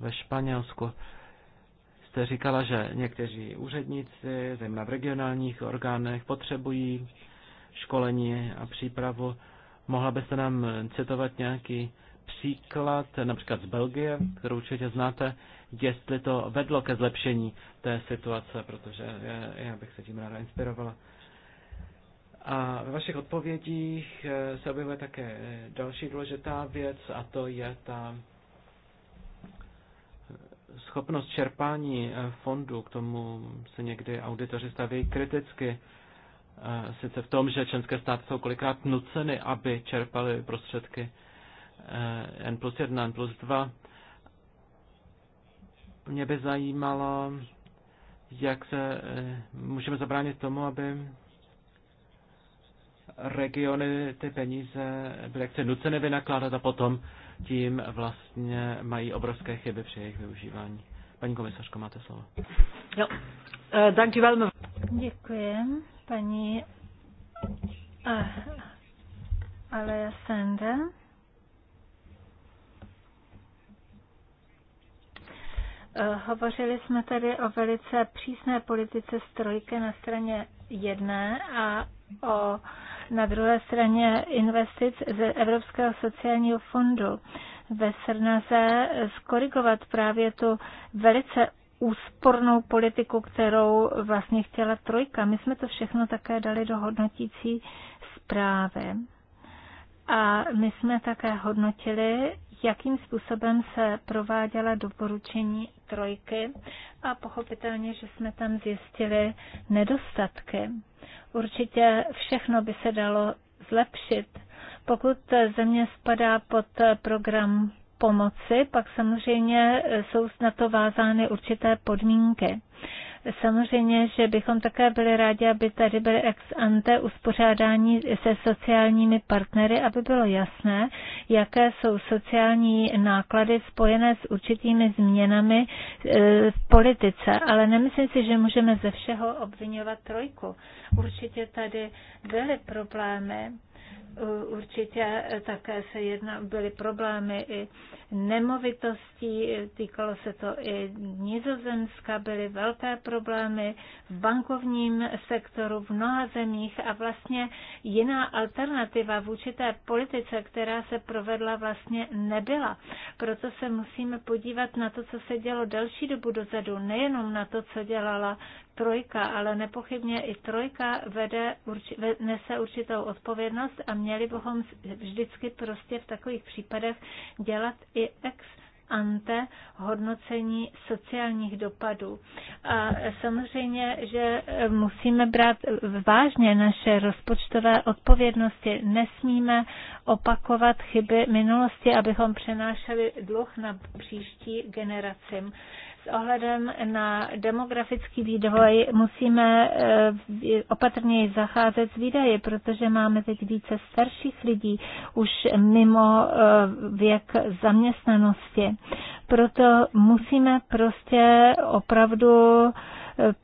ve Španělsku jste říkala, že někteří úředníci, zejména v regionálních orgánech, potřebují školení a přípravu. Mohla byste nám citovat nějaký příklad, například z Belgie, kterou určitě znáte, jestli to vedlo ke zlepšení té situace, protože já, já bych se tím ráda inspirovala. A ve vašich odpovědích eh, se objevuje také eh, další důležitá věc a to je ta eh, schopnost čerpání fondu. K tomu se někdy auditoři staví kriticky. Sice v tom, že členské státy jsou kolikrát nuceny, aby čerpali prostředky N plus 1, N plus 2. Mě by zajímalo, jak se můžeme zabránit tomu, aby regiony ty peníze byly jaksi nuceny vynakládat a potom tím vlastně mají obrovské chyby při jejich využívání. Paní komisařko, máte slovo. Jo, děkuji eh, velmi. Děkuji, paní uh, eh, Alea Sende. Eh, hovořili jsme tady o velice přísné politice strojky na straně jedné a o na druhé straně investic z Evropského sociálního fondu ve snaze skorigovat právě tu velice úspornou politiku, kterou vlastně chtěla trojka. My jsme to všechno také dali do hodnotící zprávy. A my jsme také hodnotili, jakým způsobem se prováděla doporučení trojky a pochopitelně, že jsme tam zjistili nedostatky. Určitě všechno by se dalo zlepšit. Pokud země spadá pod program pomoci, pak samozřejmě jsou na to vázány určité podmínky. Samozřejmě, že bychom také byli rádi, aby tady byly ex ante uspořádání se sociálními partnery, aby bylo jasné, jaké jsou sociální náklady spojené s určitými změnami e, v politice. Ale nemyslím si, že můžeme ze všeho obvinovat trojku. Určitě tady byly problémy určitě e, také se jedná, byly problémy i nemovitostí, týkalo se to i Nizozemska, byly velké problémy v bankovním sektoru v mnoha zemích a vlastně jiná alternativa vůči té politice, která se provedla, vlastně nebyla. Proto se musíme podívat na to, co se dělo delší dobu dozadu, nejenom na to, co dělala trojka, ale nepochybně i trojka vede, nese určitou odpovědnost a měli bychom vždycky prostě v takových případech dělat i ex ante hodnocení sociálních dopadů. A samozřejmě, že eh, musíme brát vážně naše rozpočtové odpovědnosti. Nesmíme opakovat chyby minulosti, abychom přenášeli dluh na příští generacím ohledem na demografický vývoj musíme eh, opatrněji zacházet s výdaje, protože máme teď více starších lidí už mimo eh, věk zaměstnanosti. Proto musíme prostě opravdu eh,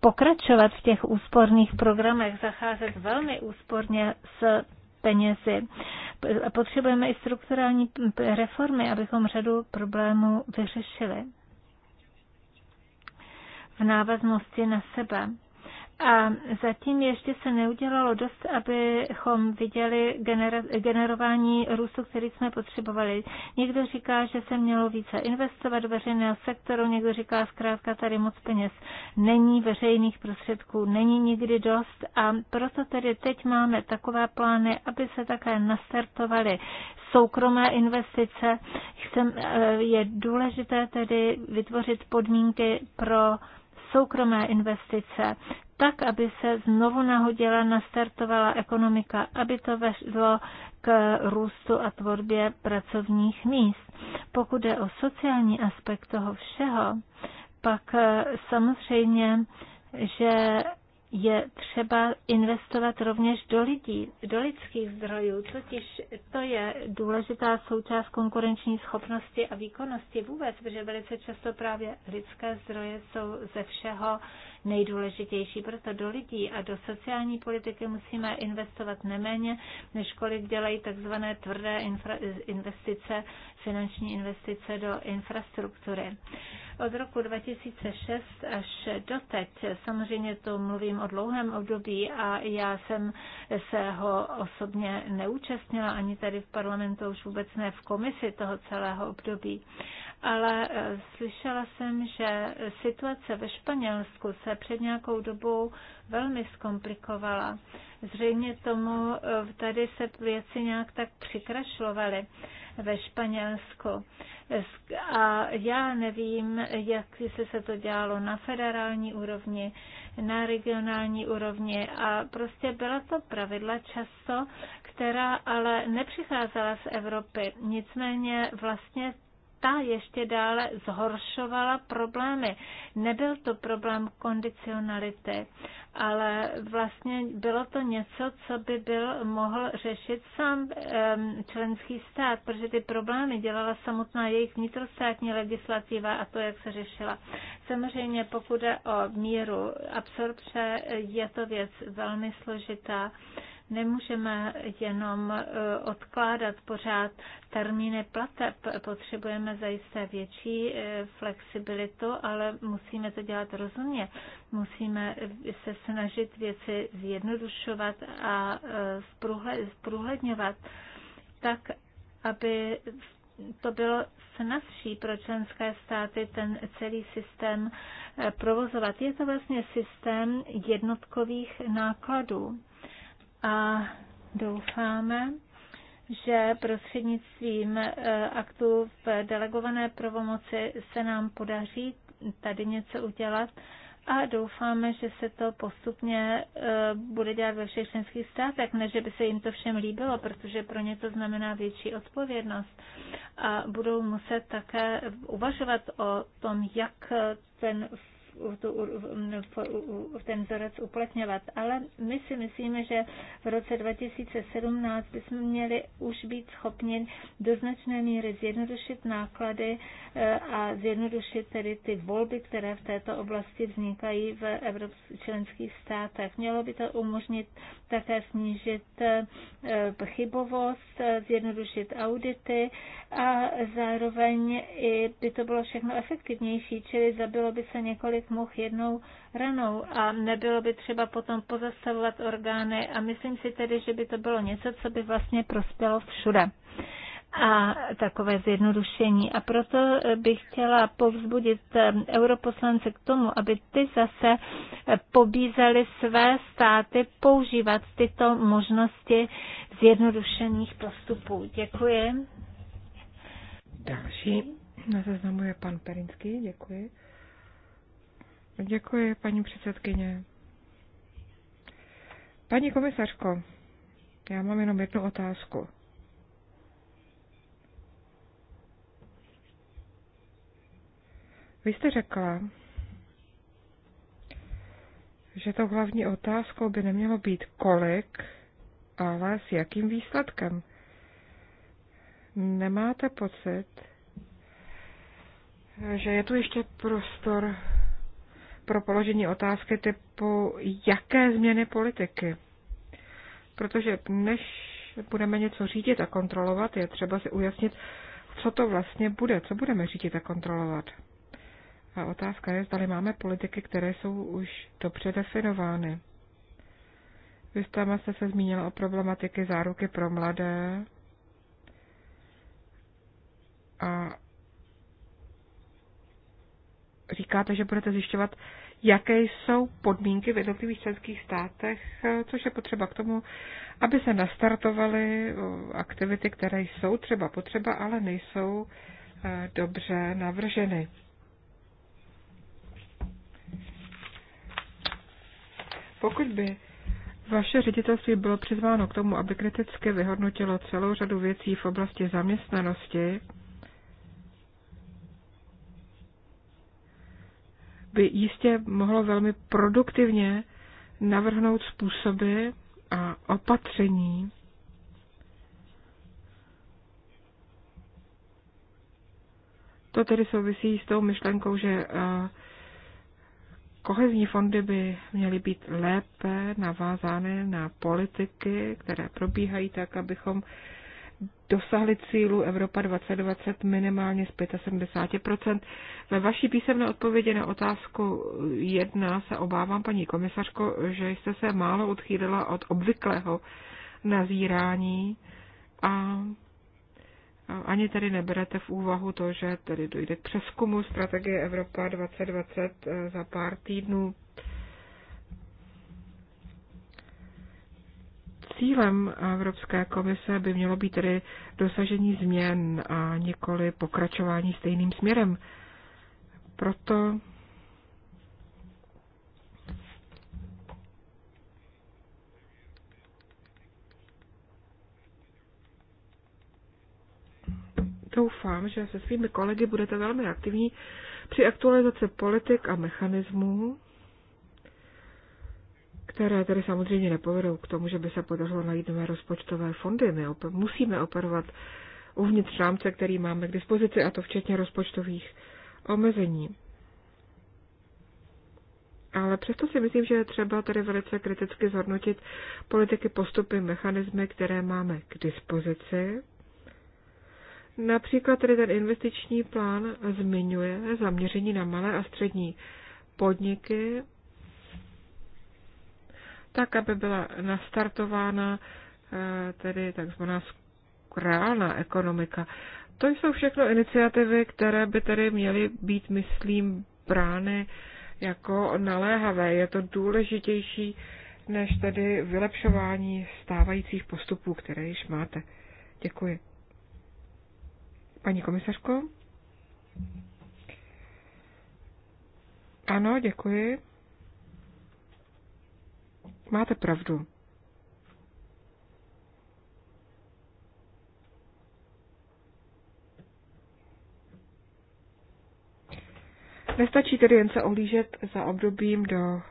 pokračovat v těch úsporných programech, zacházet velmi úsporně s penězi. Potřebujeme i strukturální reformy, abychom řadu problémů vyřešili v návaznosti na sebe. A zatím ještě se neudělalo dost, abychom viděli gener- generování růstu, který jsme potřebovali. Někdo říká, že se mělo více investovat do veřejného sektoru, někdo říká zkrátka tady moc peněz. Není veřejných prostředků, není nikdy dost a proto tedy teď máme takové plány, aby se také nastartovaly soukromé investice. Chcem, eh, je důležité tedy vytvořit podmínky pro soukromé investice, tak, aby se znovu nahodila, nastartovala ekonomika, aby to vedlo k růstu a tvorbě pracovních míst. Pokud je o sociální aspekt toho všeho, pak eh, samozřejmě, že je třeba investovat rovněž do lidí, do lidských zdrojů, totiž to je důležitá součást konkurenční schopnosti a výkonnosti vůbec, protože velice často právě lidské zdroje jsou ze všeho nejdůležitější. Proto do lidí a do sociální politiky musíme investovat neméně, než kolik dělají takzvané tvrdé investice, finanční investice do infrastruktury. Od roku 2006 až doteď, samozřejmě to mluvím o dlouhém období a já jsem se ho osobně neúčastnila ani tady v parlamentu, už vůbec ne v komisi toho celého období ale eh, slyšela jsem, že situace ve Španělsku se před nějakou dobou velmi zkomplikovala. Zřejmě tomu eh, tady se věci nějak tak přikrašlovaly ve Španělsku. Eh, a já nevím, jak se se to dělalo na federální úrovni, na regionální úrovni a prostě byla to pravidla často, která ale nepřicházela z Evropy. Nicméně vlastně ta ještě dále zhoršovala problémy. Nebyl to problém kondicionality, ale vlastně bylo to něco, co by byl mohl řešit sám členský stát, protože ty problémy dělala samotná jejich vnitrostátní legislativa a to, jak se řešila. Samozřejmě, pokud jde o míru absorpce, je to věc velmi složitá Nemůžeme jenom e, odkládat pořád termíny plateb. Potřebujeme zajisté větší e, flexibilitu, ale musíme to dělat rozumně. Musíme se snažit věci zjednodušovat a e, zprůhledňovat tak, aby to bylo snazší pro členské státy ten celý systém provozovat. Je to vlastně systém jednotkových nákladů a doufáme, že prostřednictvím e, aktů v delegované pravomoci se nám podaří tady něco udělat a doufáme, že se to postupně e, bude dělat ve všech členských státech, ne že by se jim to všem líbilo, protože pro ně to znamená větší odpovědnost a budou muset také uvažovat o tom, jak ten ten vzorec uplatňovat. Ale my si myslíme, že v roce 2017 bychom měli už být schopni do značné míry zjednodušit náklady e, a zjednodušit tedy ty volby, které v této oblasti vznikají v evropských členských státech. Mělo by to umožnit také snížit e, chybovost, e, zjednodušit audity a zároveň i by to bylo všechno efektivnější, čili zabilo by se několik několik mohl jednou ranou a nebylo by třeba potom pozastavovat orgány a myslím si tedy, že by to bylo něco, co by vlastně prospělo všude a takové zjednodušení. A proto bych chtěla povzbudit eh, europoslance k tomu, aby ty zase eh, pobízeli své státy používat tyto možnosti zjednodušených postupů. Děkuji. Další na seznamu je pan Perinský, děkuji. Děkuji, paní předsedkyně. Paní komisařko, já mám jenom jednu otázku. Vy jste řekla, že to hlavní otázkou by nemělo být kolik, ale s jakým výsledkem. Nemáte pocit, že je tu ještě prostor pro položení otázky typu, jaké změny politiky. Protože než budeme něco řídit a kontrolovat, je třeba si ujasnit, co to vlastně bude, co budeme řídit a kontrolovat. A otázka je, zda máme politiky, které jsou už dobře definovány. Vy jste se zmínila o problematiky záruky pro mladé a říkáte, že budete zjišťovat, jaké jsou podmínky v jednotlivých členských státech, eh, což je potřeba k tomu, aby se nastartovaly eh, aktivity, které jsou třeba potřeba, ale nejsou eh, dobře navrženy. Pokud by vaše ředitelství bylo přizváno k tomu, aby kriticky vyhodnotilo celou řadu věcí v oblasti zaměstnanosti, by jistě mohlo velmi produktivně navrhnout způsoby a opatření, To tedy souvisí s tou myšlenkou, že eh, kohezní fondy by měly být lépe navázány na politiky, které probíhají tak, abychom dosáhli cílu Evropa 2020 minimálně z 75%. Ve vaší písemné odpovědi na otázku 1 se obávám, paní komisařko, že jste se málo odchýlila od obvyklého nazírání a ani tedy neberete v úvahu to, že tedy dojde k přeskumu strategie Evropa 2020 eh, za pár týdnů. Cílem Evropské komise by mělo být tedy dosažení změn a nikoli pokračování stejným směrem. Proto doufám, že se svými kolegy budete velmi aktivní při aktualizaci politik a mechanismů, které tedy samozřejmě nepovedou k tomu, že by se podařilo najít nové rozpočtové fondy. My op- musíme operovat uvnitř rámce, který máme k dispozici, a to včetně rozpočtových omezení. Ale přesto si myslím, že je třeba tedy velice kriticky zhodnotit politiky, postupy, mechanismy, které máme k dispozici. Například tedy ten investiční plán zmiňuje zaměření na malé a střední podniky tak aby byla nastartována eh, tedy takzvaná reálná ekonomika. To jsou všechno iniciativy, které by tedy měly být, myslím, brány jako naléhavé. Je to důležitější než tedy vylepšování stávajících postupů, které již máte. Děkuji. Paní komisařko? Ano, děkuji. Máte pravdu. Nestačí tedy jen se ohlížet za obdobím do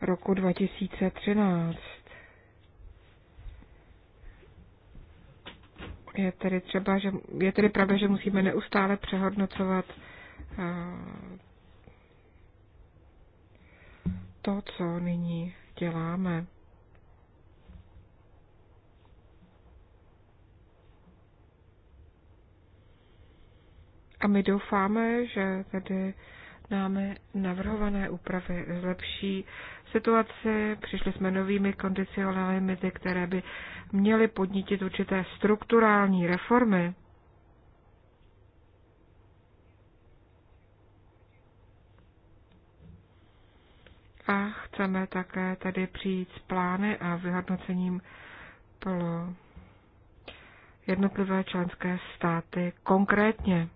roku 2013. Je tedy, třeba, že, je tedy pravda, že musíme neustále přehodnocovat eh, to, co nyní děláme. A my doufáme, že tedy námi navrhované úpravy zlepší situaci. Přišli jsme novými kondicionálními, které by měly podnítit určité strukturální reformy. a chceme také tady přijít s plány a vyhodnocením pro jednotlivé členské státy konkrétně.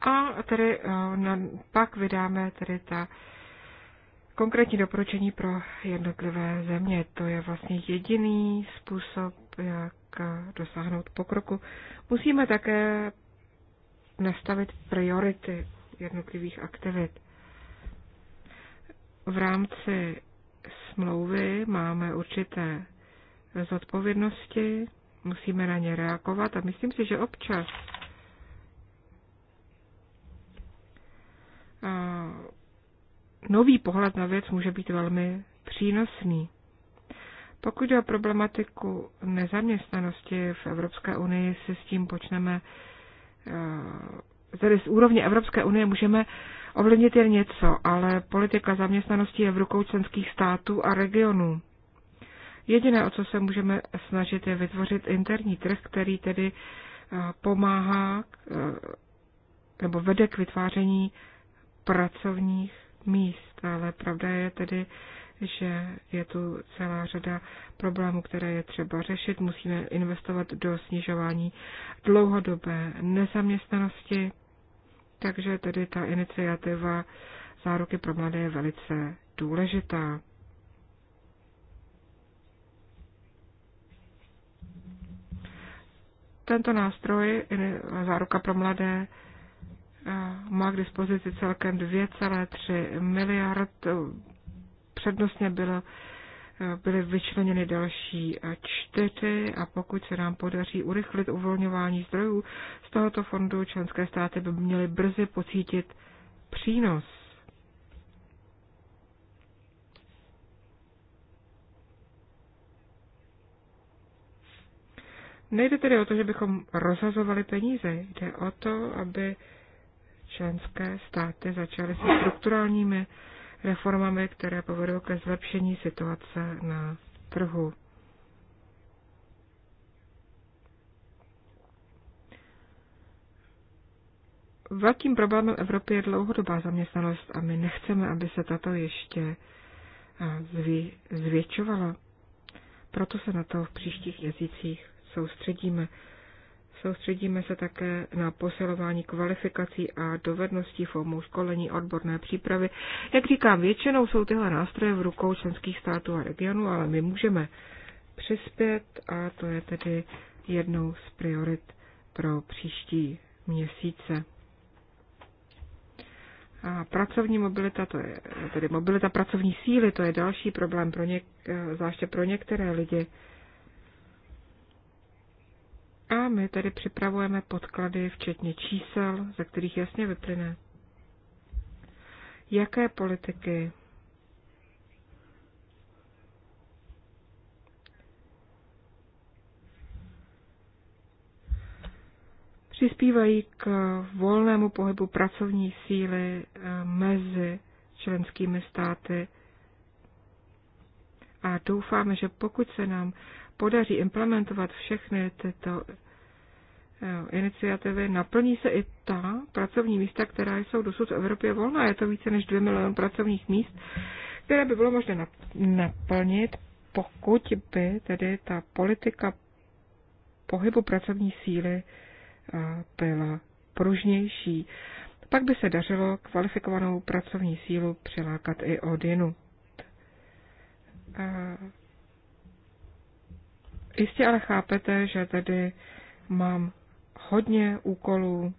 A tedy no, pak vydáme tedy ta konkrétní doporučení pro jednotlivé země. To je vlastně jediný způsob, jak dosáhnout pokroku. Musíme také nastavit priority jednotlivých aktivit. V rámci smlouvy máme určité zodpovědnosti, musíme na ně reagovat a myslím si, že občas nový pohled na věc může být velmi přínosný. Pokud jde o problematiku nezaměstnanosti v Evropské unii, se s tím počneme, eh, tedy z úrovně Evropské unie můžeme ovlivnit jen něco, ale politika zaměstnanosti je v rukou členských států a regionů. Jediné, o co se můžeme snažit, je vytvořit interní trh, který tedy eh, pomáhá eh, nebo vede k vytváření pracovních míst. Ale pravda je tedy, že je tu celá řada problémů, které je třeba řešit. Musíme investovat do snižování dlouhodobé nezaměstnanosti, takže tedy ta iniciativa záruky pro mladé je velice důležitá. Tento nástroj, eh, záruka pro mladé, eh, má k dispozici celkem 2,3 miliard přednostně byla, eh, byly vyčleněny další eh, čtyři a pokud se nám podaří urychlit uvolňování zdrojů z tohoto fondu, členské státy by měly brzy pocítit přínos. Nejde tedy o to, že bychom rozhazovali peníze, jde o to, aby členské státy začaly se strukturálními reformami, které povedou ke zlepšení situace na trhu. Velkým problémem Evropy je dlouhodobá zaměstnanost a my nechceme, aby se tato ještě zvětšovala. Proto se na to v příštích měsících soustředíme. Soustředíme se také na posilování kvalifikací a dovedností formou školení odborné přípravy. Jak říkám, většinou jsou tyhle nástroje v rukou členských států a regionů, ale my můžeme přispět a to je tedy jednou z priorit pro příští měsíce. A pracovní mobilita, to je tedy mobilita pracovní síly, to je další problém, pro něk, eh, zvláště pro některé lidi. A my tedy připravujeme podklady, včetně čísel, ze kterých jasně vyplyne, jaké politiky přispívají k volnému pohybu pracovní síly eh, mezi členskými státy. A doufáme, že pokud se nám podaří implementovat všechny tyto eh, iniciativy, naplní se i ta pracovní místa, která jsou dosud v Evropě volná. Je to více než 2 milion pracovních míst, které by bylo možné naplnit, pokud by tedy ta politika pohybu pracovní síly eh, byla pružnější. Pak by se dařilo kvalifikovanou pracovní sílu přilákat i od jinu. Eh, Jistě ale chápete, že tedy mám hodně úkolů.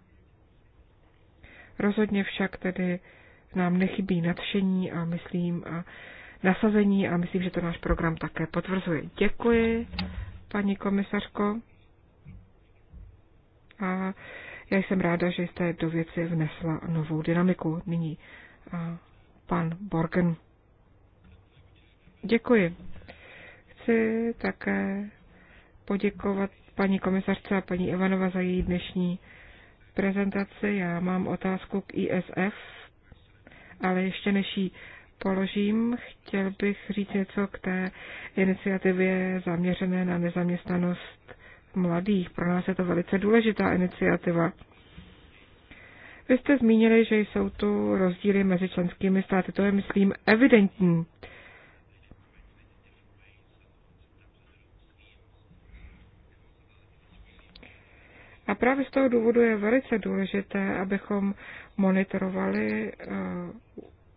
Rozhodně však tedy nám nechybí nadšení a myslím a nasazení a myslím, že to náš program také potvrzuje. Děkuji, paní komisařko. A já jsem ráda, že jste do věci vnesla novou dynamiku. Nyní pan Borgen. Děkuji. Chci také poděkovat paní komisařce a paní Ivanova za její dnešní prezentaci. Já mám otázku k ISF, ale ještě než ji položím, chtěl bych říct něco k té iniciativě zaměřené na nezaměstnanost mladých. Pro nás je to velice důležitá iniciativa. Vy jste zmínili, že jsou tu rozdíly mezi členskými státy. To je, myslím, evidentní. A právě z toho důvodu je velice důležité, abychom monitorovali eh,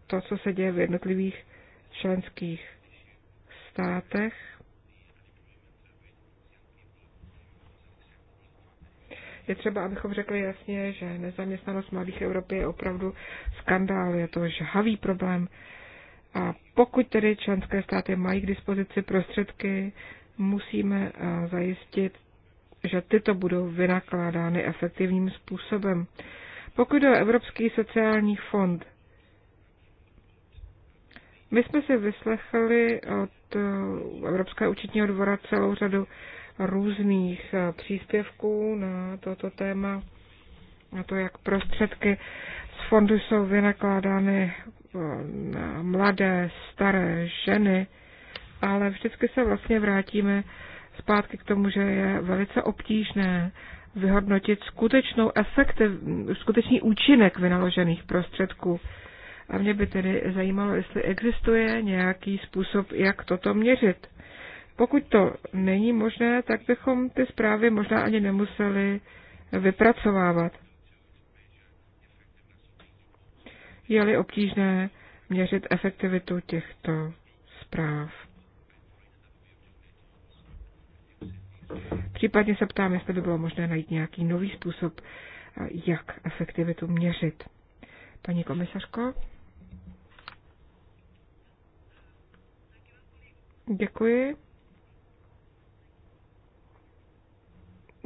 to, co se děje v jednotlivých členských státech. Je třeba, abychom řekli jasně, že nezaměstnanost mladých Evropy je opravdu skandál, je to žhavý problém. A pokud tedy členské státy mají k dispozici prostředky, musíme eh, zajistit že tyto budou vynakládány efektivním způsobem. Pokud o Evropský sociální fond, my jsme si vyslechli od eh, Evropského účetního dvora celou řadu různých eh, příspěvků na toto téma, na to, jak prostředky z fondu jsou vynakládány eh, na mladé, staré ženy, ale vždycky se vlastně vrátíme zpátky k tomu, že je velice obtížné vyhodnotit skutečnou efektiv, skutečný účinek vynaložených prostředků. A mě by tedy zajímalo, jestli existuje nějaký způsob, jak toto měřit. Pokud to není možné, tak bychom ty zprávy možná ani nemuseli vypracovávat. Je-li obtížné měřit efektivitu těchto zpráv. Případně se ptám, jestli by bylo možné najít nějaký nový způsob, eh, jak efektivitu měřit. Paní komisařko? Děkuji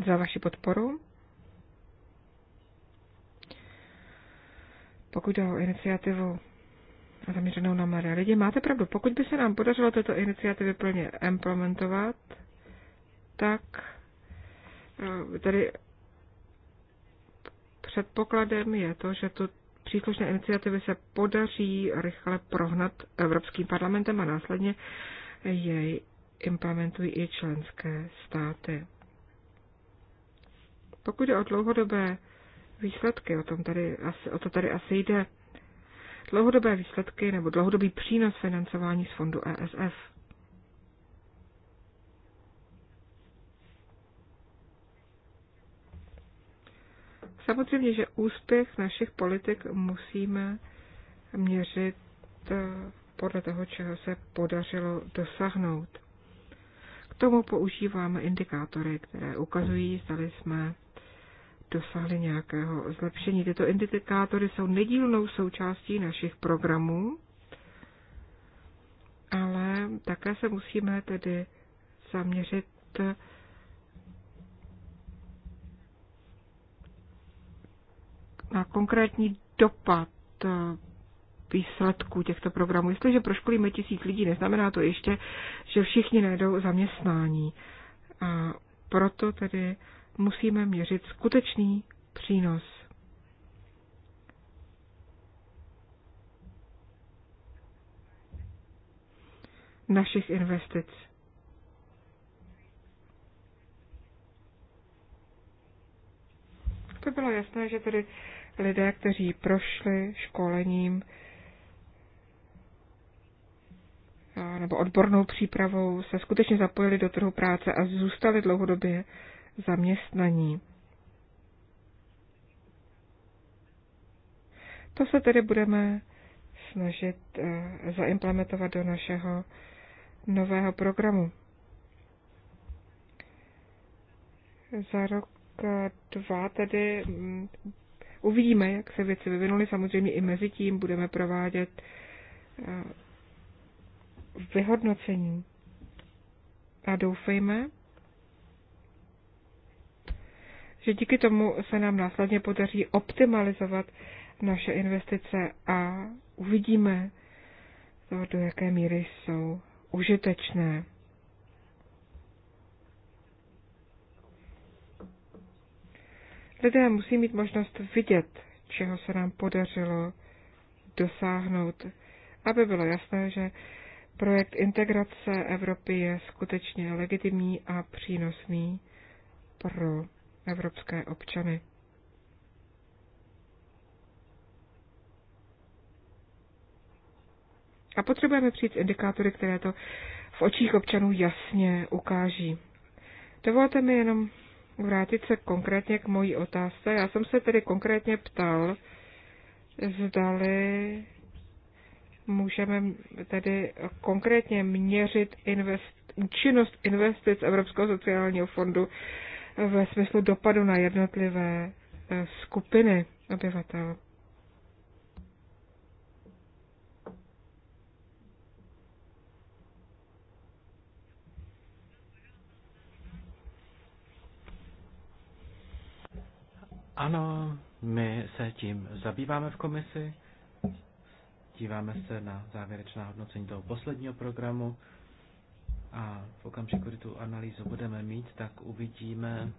za vaši podporu. Pokud jde o iniciativu zaměřenou na mladé lidi, máte pravdu, pokud by se nám podařilo tyto iniciativy plně implementovat, tak eh, tady předpokladem je to, že to příslušné iniciativy se podaří rychle prohnat Evropským parlamentem a následně jej implementují i členské státy. Pokud je o dlouhodobé výsledky, o, tom tady, o to tady asi jde, dlouhodobé výsledky nebo dlouhodobý přínos financování z fondu ESF. Samozřejmě, že úspěch našich politik musíme měřit eh, podle toho, čeho se podařilo dosáhnout. K tomu používáme indikátory, které ukazují, zda jsme dosáhli nějakého zlepšení. Tyto indikátory jsou nedílnou součástí našich programů, ale také se musíme tedy zaměřit na konkrétní dopad eh, výsledků těchto programů. Jestliže proškolíme tisíc lidí, neznamená to ještě, že všichni najdou zaměstnání. A proto tedy musíme měřit skutečný přínos. našich investic. To bylo jasné, že tedy lidé, kteří prošli školením nebo odbornou přípravou, se skutečně zapojili do trhu práce a zůstali dlouhodobě zaměstnaní. To se tedy budeme snažit e, zaimplementovat do našeho nového programu. Za rok e, dva tedy Uvidíme, jak se věci vyvinuly. Samozřejmě i mezi tím budeme provádět eh, vyhodnocení. A doufejme, že díky tomu se nám následně podaří optimalizovat naše investice a uvidíme to, do jaké míry jsou užitečné. Lidé musí mít možnost vidět, čeho se nám podařilo dosáhnout, aby bylo jasné, že projekt integrace Evropy je skutečně legitimní a přínosný pro evropské občany. A potřebujeme přijít s indikátory, které to v očích občanů jasně ukáží. Dovolte mi jenom vrátit se konkrétně k mojí otázce. Já jsem se tedy konkrétně ptal, zdali můžeme tedy konkrétně měřit invest, účinnost investic Evropského sociálního fondu ve smyslu dopadu na jednotlivé eh, skupiny obyvatel. Ano, my se tím zabýváme v komisi, díváme se na závěrečná hodnocení toho posledního programu a v okamžiku, kdy tu analýzu budeme mít, tak uvidíme,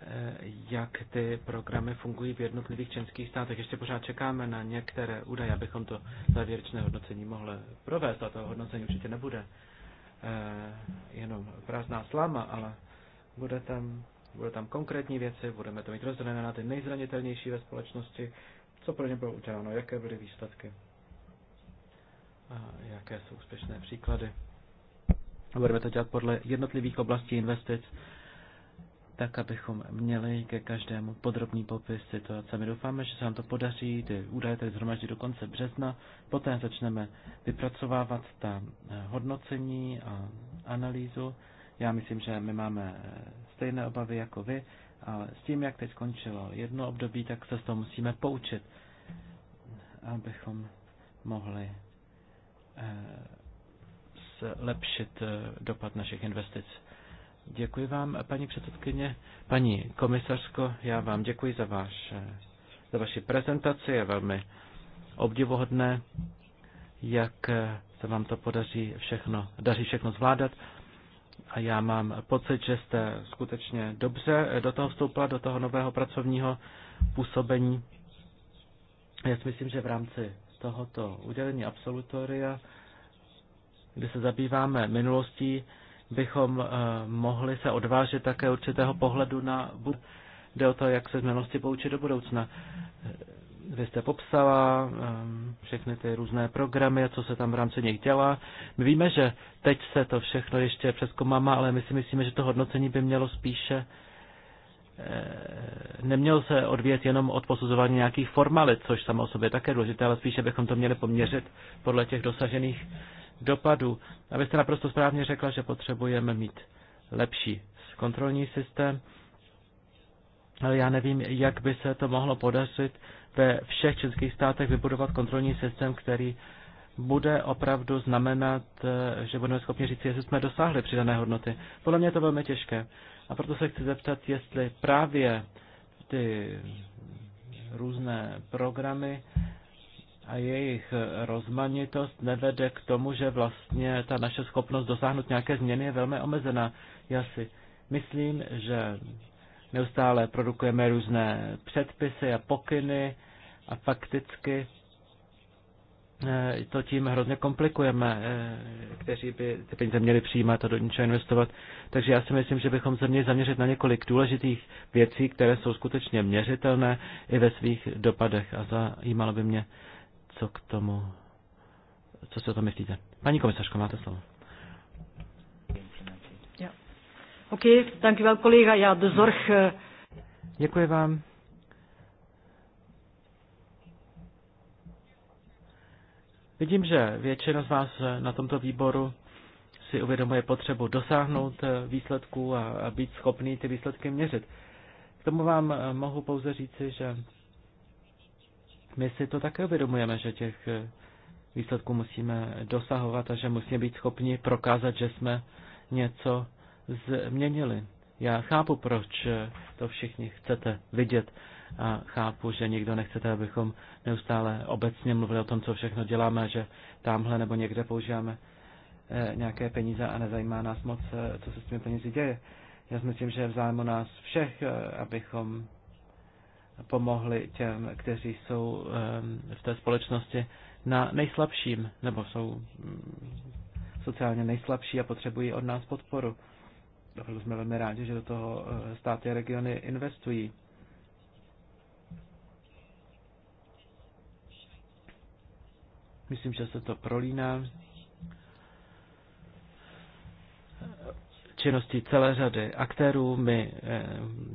eh, jak ty programy fungují v jednotlivých členských státech. Ještě pořád čekáme na některé údaje, abychom to závěrečné hodnocení mohli provést a to hodnocení určitě nebude eh, jenom prázdná slama, ale bude tam bude tam konkrétní věci, budeme to mít rozdělené na ty nejzranitelnější ve společnosti, co pro ně bylo uděláno, jaké byly výsledky a jaké jsou úspěšné příklady. Budeme to dělat podle jednotlivých oblastí investic, tak abychom měli ke každému podrobný popis situace. My doufáme, že se nám to podaří, ty údaje tady zhromaždí do konce března, poté začneme vypracovávat ta eh, hodnocení a analýzu já myslím, že my máme eh, stejné obavy jako vy, ale s tím, jak teď skončilo jedno období, tak se z toho musíme poučit, abychom mohli eh, zlepšit eh, dopad našich investic. Děkuji vám, paní předsedkyně, paní komisařko, já vám děkuji za, váš, za vaši prezentaci, je velmi obdivuhodné, jak se vám to podaří všechno, daří všechno zvládat. A já mám pocit, že jste skutečně dobře do toho vstoupila, do toho nového pracovního působení. Já si myslím, že v rámci tohoto udělení absolutoria, kdy se zabýváme minulostí, bychom eh, mohli se odvážit také určitého pohledu na Jde o to, jak se z minulosti poučit do budoucna vy jste popsala, ehm, všechny ty různé programy a co se tam v rámci nich dělá. My víme, že teď se to všechno ještě přeskoumáme, ale my si myslíme, že to hodnocení by mělo spíše eh, nemělo se odvíjet jenom od posuzování nějakých formalit, což samo o sobě také důležité, ale spíše bychom to měli poměřit podle těch dosažených dopadů. Abyste naprosto správně řekla, že potřebujeme mít lepší kontrolní systém, ale já nevím, jak by se to mohlo podařit ve všech českých státech vybudovat kontrolní systém, který bude opravdu znamenat, eh, že budeme schopni říct, jestli jsme dosáhli přidané hodnoty. Podle mě je to velmi těžké. A proto se chci zeptat, jestli právě ty různé programy a jejich rozmanitost nevede k tomu, že vlastně ta naše schopnost dosáhnout nějaké změny je velmi omezená. Já si myslím, že Neustále produkujeme různé předpisy a pokyny a fakticky eh, to tím hrozně komplikujeme, eh, kteří by ty peníze měli přijímat a do něčeho investovat. Takže já si myslím, že bychom se měli zaměřit na několik důležitých věcí, které jsou skutečně měřitelné i ve svých dopadech. A zajímalo by mě, co k tomu, co si o tom myslíte. Paní komisařko, máte slovo. Oké, dank u wel collega. Ja, de zorg... Uh... Děkuji vám. Vidím, že většina z vás na tomto výboru si uvědomuje potřebu dosáhnout eh, výsledků a být schopný ty výsledky měřit. K tomu vám eh, mohu pouze říci, že my si to také uvědomujeme, že těch eh, výsledků musíme dosahovat a že musíme být schopni prokázat, že jsme něco změnili. Já chápu, proč to všichni chcete vidět a chápu, že nikdo nechcete, abychom neustále obecně mluvili o tom, co všechno děláme, že tamhle nebo někde používáme eh, nějaké peníze a nezajímá nás moc, eh, co se s těmi penězi děje. Já si myslím, že je v zájmu nás všech, eh, abychom pomohli těm, kteří jsou ehm, v té společnosti na nejslabším, nebo jsou mm, sociálně nejslabší a potřebují od nás podporu opravdu jsme velmi rádi, že do toho eh, státy a regiony investují. Myslím, že se to prolíná činnosti celé řady aktérů. My eh,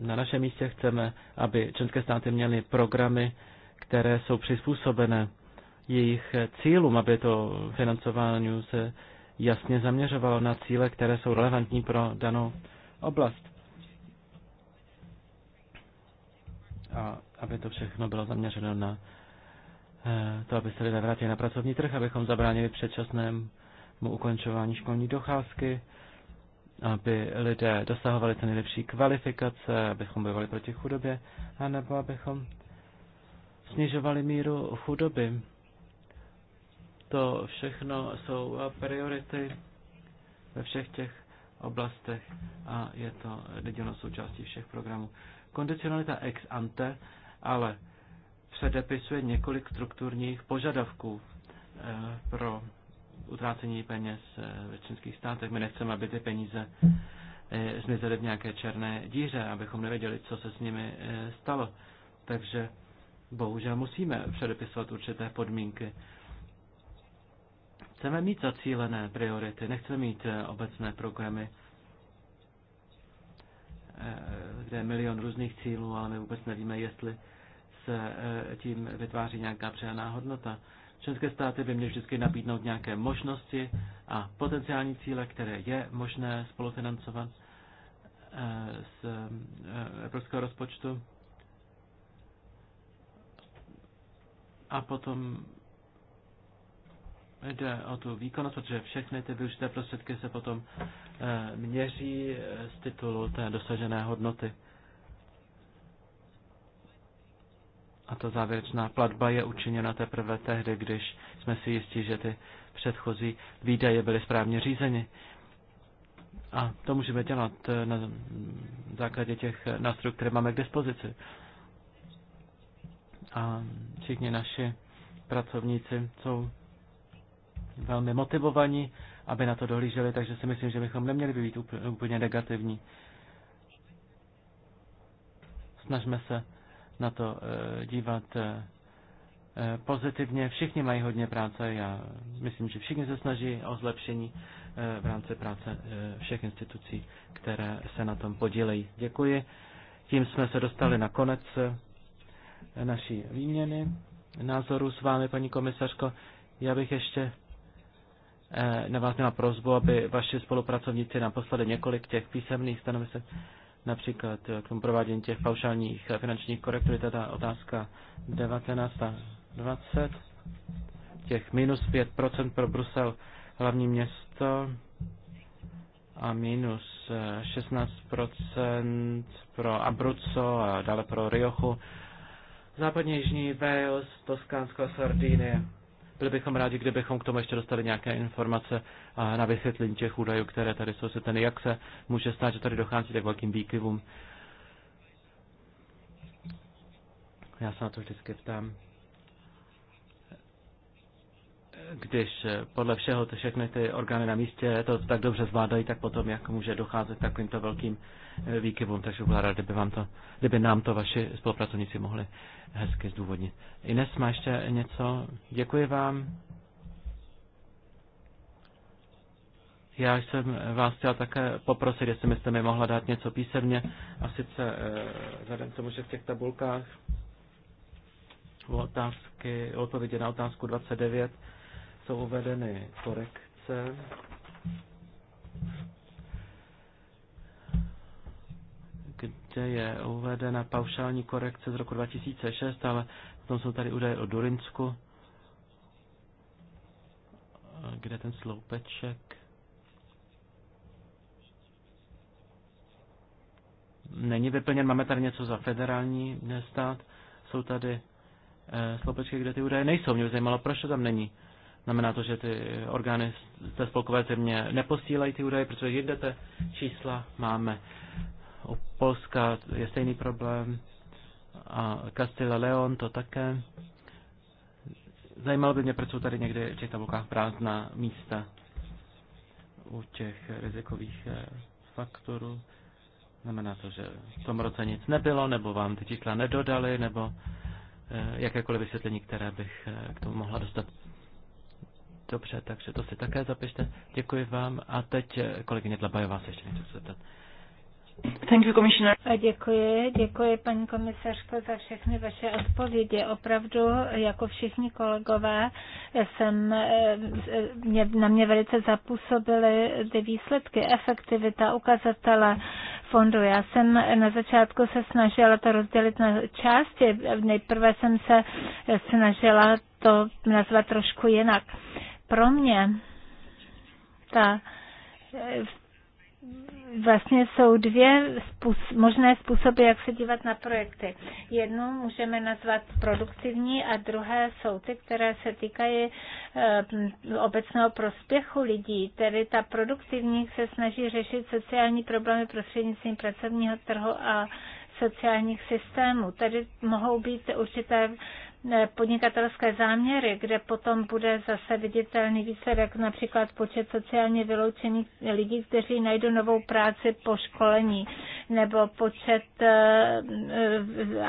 na našem místě chceme, aby členské státy měly programy, které jsou přizpůsobené jejich eh, cílům, aby to financování se jasně zaměřovalo na cíle, které jsou relevantní pro danou oblast. A aby to všechno bylo zaměřeno na eh, to, aby se lidé vrátili na pracovní trh, abychom zabránili předčasnému ukončování školní docházky, aby lidé dosahovali co nejlepší kvalifikace, abychom bojovali proti chudobě, anebo abychom snižovali míru chudoby. To všechno jsou priority ve všech těch oblastech a je to nedělnou součástí všech programů. Kondicionalita ex ante ale předepisuje několik strukturních požadavků eh, pro utrácení peněz eh, ve členských státech. My nechceme, aby ty peníze eh, zmizely v nějaké černé díře, abychom nevěděli, co se s nimi stalo. Takže bohužel musíme předepisovat určité podmínky Chceme mít zacílené priority, nechceme mít eh, obecné programy, eh, kde je milion různých cílů, ale my vůbec nevíme, jestli se eh, tím vytváří nějaká přidaná hodnota. Členské státy by měly vždycky nabídnout nějaké možnosti a potenciální cíle, které je možné spolufinancovat z evropského rozpočtu. A potom jde o tu výkonnost, protože všechny ty využité prostředky se potom eh, měří eh, z titulu té dosažené hodnoty. A ta závěrečná platba je učiněna teprve tehdy, když jsme si jistí, že ty předchozí výdaje byly správně řízeny. A to můžeme dělat eh, na základě těch nástrojů, které máme k dispozici. A všichni naši pracovníci jsou velmi motivovaní, aby na to dohlíželi, takže si myslím, že bychom neměli být úplně negativní. Snažme se na to eh, dívat eh, eh, pozitivně. Všichni mají hodně práce, já myslím, že všichni se snaží o zlepšení v rámci práce všech institucí, které se na tom podílejí. Děkuji. Tím jsme se dostali na konec naší výměny názoru s vámi, paní komisařko. Já bych ještě Eh, na vás měla prozbu, aby vaši spolupracovníci naposledy několik těch písemných stanovisek, například eh, k tomu provádění těch paušálních eh, finančních korektur, to je ta otázka 19 20, těch minus 5% pro Brusel hlavní město a minus 16% pro Abruzzo a dále pro Riochu, západně jižní Wales, Toskánsko a Sardinie byli bychom rádi, kdybychom k tomu ještě dostali nějaké informace na vysvětlení těch údajů, které tady jsou ten jak se může stát, že tady dochází tak velkým výkyvům. Já se na to vždycky ptám když eh, podle všeho to všechny ty orgány na místě to tak dobře zvládají, tak potom jak může docházet k takovýmto velkým eh, výkyvům. Takže byla rád, kdyby, vám to, kdyby nám to vaši spolupracovníci mohli hezky zdůvodnit. Ines má ještě něco? Děkuji vám. Já jsem vás chtěl také poprosit, jestli byste mi mohla dát něco písemně, a sice eh, vzhledem k tomu, že v těch tabulkách otázky, odpovědi na otázku 29 jsou uvedeny korekce. kde je uvedena paušální korekce z roku 2006, ale potom jsou tady údaje o Durinsku, kde ten sloupeček není vyplněn. Máme tady něco za federální stát. Jsou tady eh, sloupečky, kde ty údaje nejsou. Mě by zajímalo, proč to tam není. Znamená to, že ty orgány z té spolkové země neposílají ty údaje, protože jinde ty čísla máme. U Polska je stejný problém a Castilla Leon to také. Zajímalo by mě, proč jsou tady někdy v těch tabulkách prázdná místa u těch rizikových eh, faktorů. Znamená to, že v tom roce nic nebylo, nebo vám ty čísla nedodali, nebo eh, jakékoliv vysvětlení, které bych eh, k tomu mohla dostat. Dobře, takže to si také zapište. Děkuji vám. A teď eh, kolegyně Dlabajová se ještě něco zeptat. Thank you, commissioner. A děkuji, děkuji paní komisařko za všechny vaše odpovědi. Opravdu, jako všichni kolegové, jsem, eh, mě, na mě velice zapůsobily ty výsledky, efektivita, ukazatele fondu. Já jsem na začátku se snažila to rozdělit na části. Nejprve jsem se snažila to nazvat trošku jinak pro mě ta vlastně jsou dvě možné způsoby, jak se dívat na projekty. Jednu můžeme nazvat produktivní a druhé jsou ty, které se týkají eh, obecného prospěchu lidí. Tedy ta produktivní se snaží řešit sociální problémy prostřednictvím pracovního trhu a sociálních systémů. Tady mohou být určité Eh, podnikatelské záměry, kde potom bude zase viditelný výsledek, například počet sociálně vyloučených lidí, kteří najdou novou práci po školení, nebo počet eh,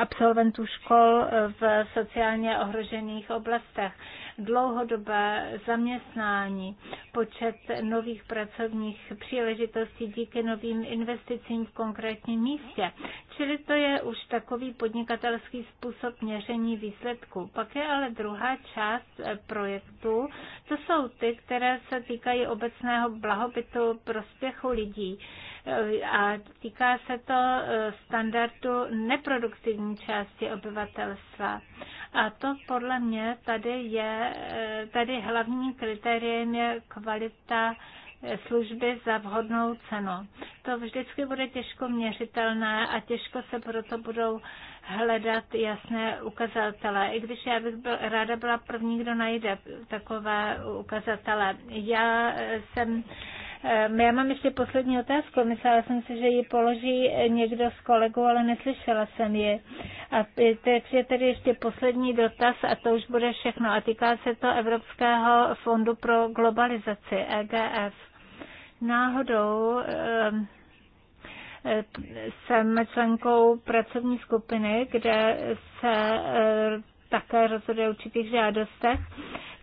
absolventů škol eh, v sociálně ohrožených oblastech, dlouhodobé zaměstnání, počet nových pracovních příležitostí díky novým investicím v konkrétním místě. Čili to je už takový podnikatelský způsob měření výsledků. Pak je ale druhá část eh, projektu, to jsou ty, které se týkají obecného blahobytu prospěchu lidí eh, a týká se to eh, standardu neproduktivní části obyvatelstva. A to podle mě tady je, tady hlavní kritériem je kvalita služby za vhodnou cenu. To vždycky bude těžko měřitelné a těžko se proto budou hledat jasné ukazatele. I když já bych byl, ráda byla první, kdo najde takové ukazatele. Já jsem eh, já mám ještě poslední otázku. Myslela jsem si, že ji položí někdo z kolegů, ale neslyšela jsem ji. A je tady ještě poslední dotaz a to už bude všechno. A týká se to Evropského fondu pro globalizaci, EGF náhodou ehm, jsem členkou pracovní skupiny, kde se eh, také rozhoduje o určitých žádostech.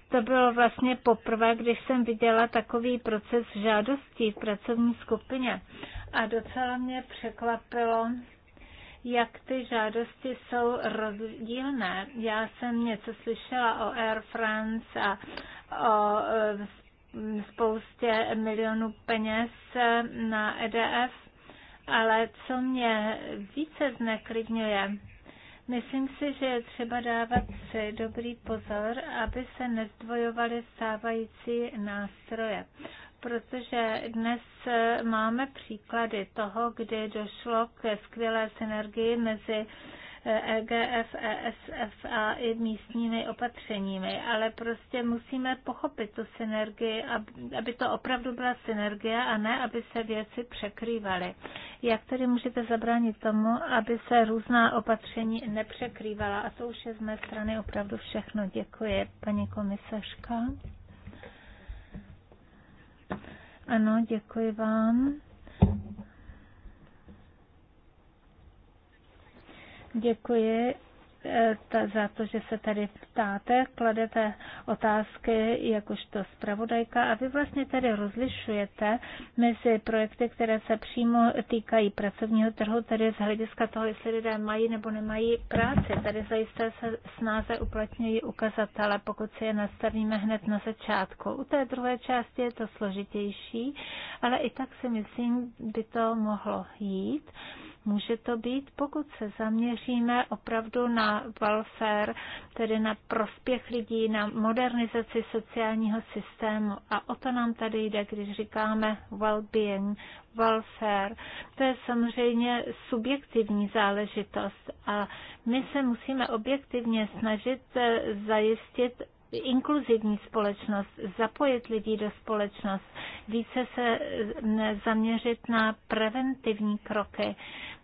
To bylo vlastně poprvé, když jsem viděla takový proces žádostí v pracovní skupině. A docela mě překvapilo, jak ty žádosti jsou rozdílné. Já jsem něco slyšela o Air France a o eh, spoustě milionů peněz na EDF, ale co mě více zneklidňuje, myslím si, že je třeba dávat si dobrý pozor, aby se nezdvojovaly stávající nástroje protože dnes máme příklady toho, kdy došlo k skvělé synergii mezi EGF, ESF a i místními opatřeními, ale prostě musíme pochopit tu synergii, aby to opravdu byla synergie a ne, aby se věci překrývaly. Jak tedy můžete zabránit tomu, aby se různá opatření nepřekrývala? A to už je z mé strany opravdu všechno. Děkuji, paní komisařka. Ano, děkuji vám. Děkuji eh, za to, že se tady ptáte, kladete otázky jakožto zpravodajka a vy vlastně tady rozlišujete mezi projekty, které se přímo týkají pracovního trhu, tedy z hlediska toho, jestli lidé mají nebo nemají práci. Tady zajisté se snáze uplatňují ukazatele, pokud si je nastavíme hned na začátku. U té druhé části je to složitější, ale i tak si myslím, by to mohlo jít. Může to být, pokud se zaměříme opravdu na welfare, tedy na prospěch lidí, na modernizaci sociálního systému. A o to nám tady jde, když říkáme well-being, welfare. To je samozřejmě subjektivní záležitost a my se musíme objektivně snažit eh, zajistit inkluzivní společnost, zapojit lidi do společnost, více se zaměřit na preventivní kroky,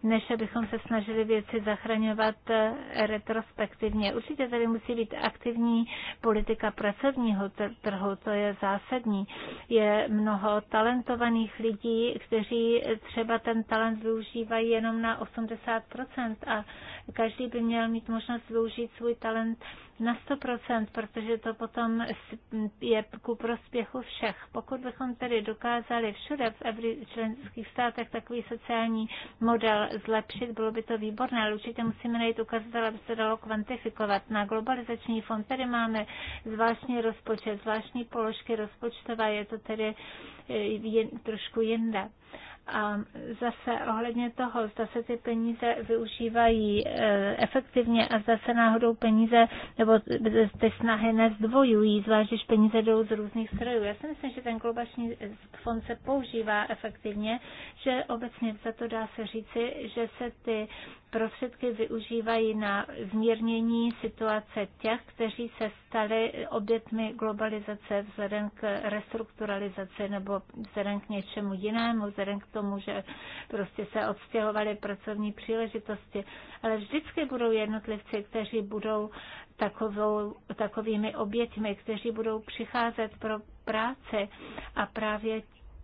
než abychom se snažili věci zachraňovat e, retrospektivně. Určitě tady musí být aktivní politika pracovního trhu, to je zásadní. Je mnoho talentovaných lidí, kteří třeba ten talent využívají jenom na 80% a každý by měl mít možnost využít svůj talent na 100%, protože to potom je ku prospěchu všech. Pokud bychom tedy dokázali všude v every členských státech takový sociální model zlepšit, bylo by to výborné, ale určitě musíme najít ukazatel, aby se dalo kvantifikovat. Na globalizační fond tedy máme zvláštní rozpočet, zvláštní položky rozpočtové, je to tedy eh, je, trošku jinde. A zase ohledně toho, zda se ty peníze využívají eh, efektivně a zda se náhodou peníze nebo ty snahy nezdvojují, zvlášť když peníze jdou z různých strojů. Já si myslím, že ten globační fond se používá efektivně, že obecně za to dá se říci, že se ty prostředky využívají na zmírnění situace těch, kteří se stali obětmi globalizace vzhledem k restrukturalizaci nebo vzhledem k něčemu jinému, vzhledem k tomu, že prostě se odstěhovaly pracovní příležitosti. Ale vždycky budou jednotlivci, kteří budou takovou, takovými oběťmi, kteří budou přicházet pro práci a právě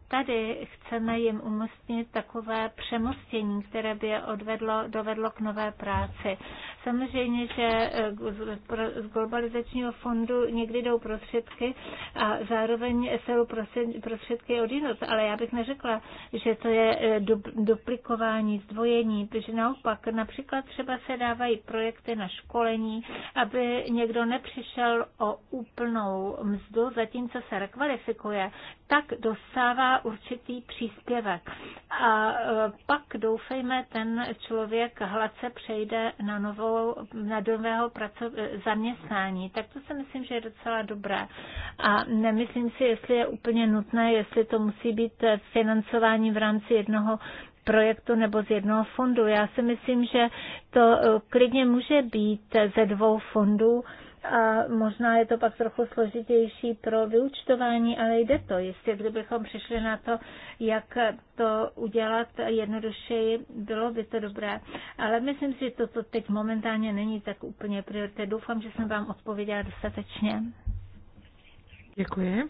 tady chceme jim umocnit takové přemostění, které by je odvedlo, dovedlo k nové práci. Samozřejmě, že eh, z globalizačního fondu někdy jdou prostředky a zároveň jsou prostředky od jinot, ale já bych neřekla, že to je eh, duplikování, zdvojení, že naopak například třeba se dávají projekty na školení, aby někdo nepřišel o úplnou mzdu, zatímco se rekvalifikuje, tak dostává určitý příspěvek. A e, pak doufejme, ten člověk hladce přejde na, novou, na nového praco- e, zaměstnání. Tak to si myslím, že je docela dobré. A nemyslím si, jestli je úplně nutné, jestli to musí být e, financování v rámci jednoho projektu nebo z jednoho fondu. Já si myslím, že to klidně může být ze dvou fondů a možná je to pak trochu složitější pro vyučtování, ale jde to. Jestli kdybychom přišli na to, jak to udělat jednodušeji, bylo by to dobré. Ale myslím si, že toto teď momentálně není tak úplně priorité. Doufám, že jsem vám odpověděla dostatečně. Děkuji.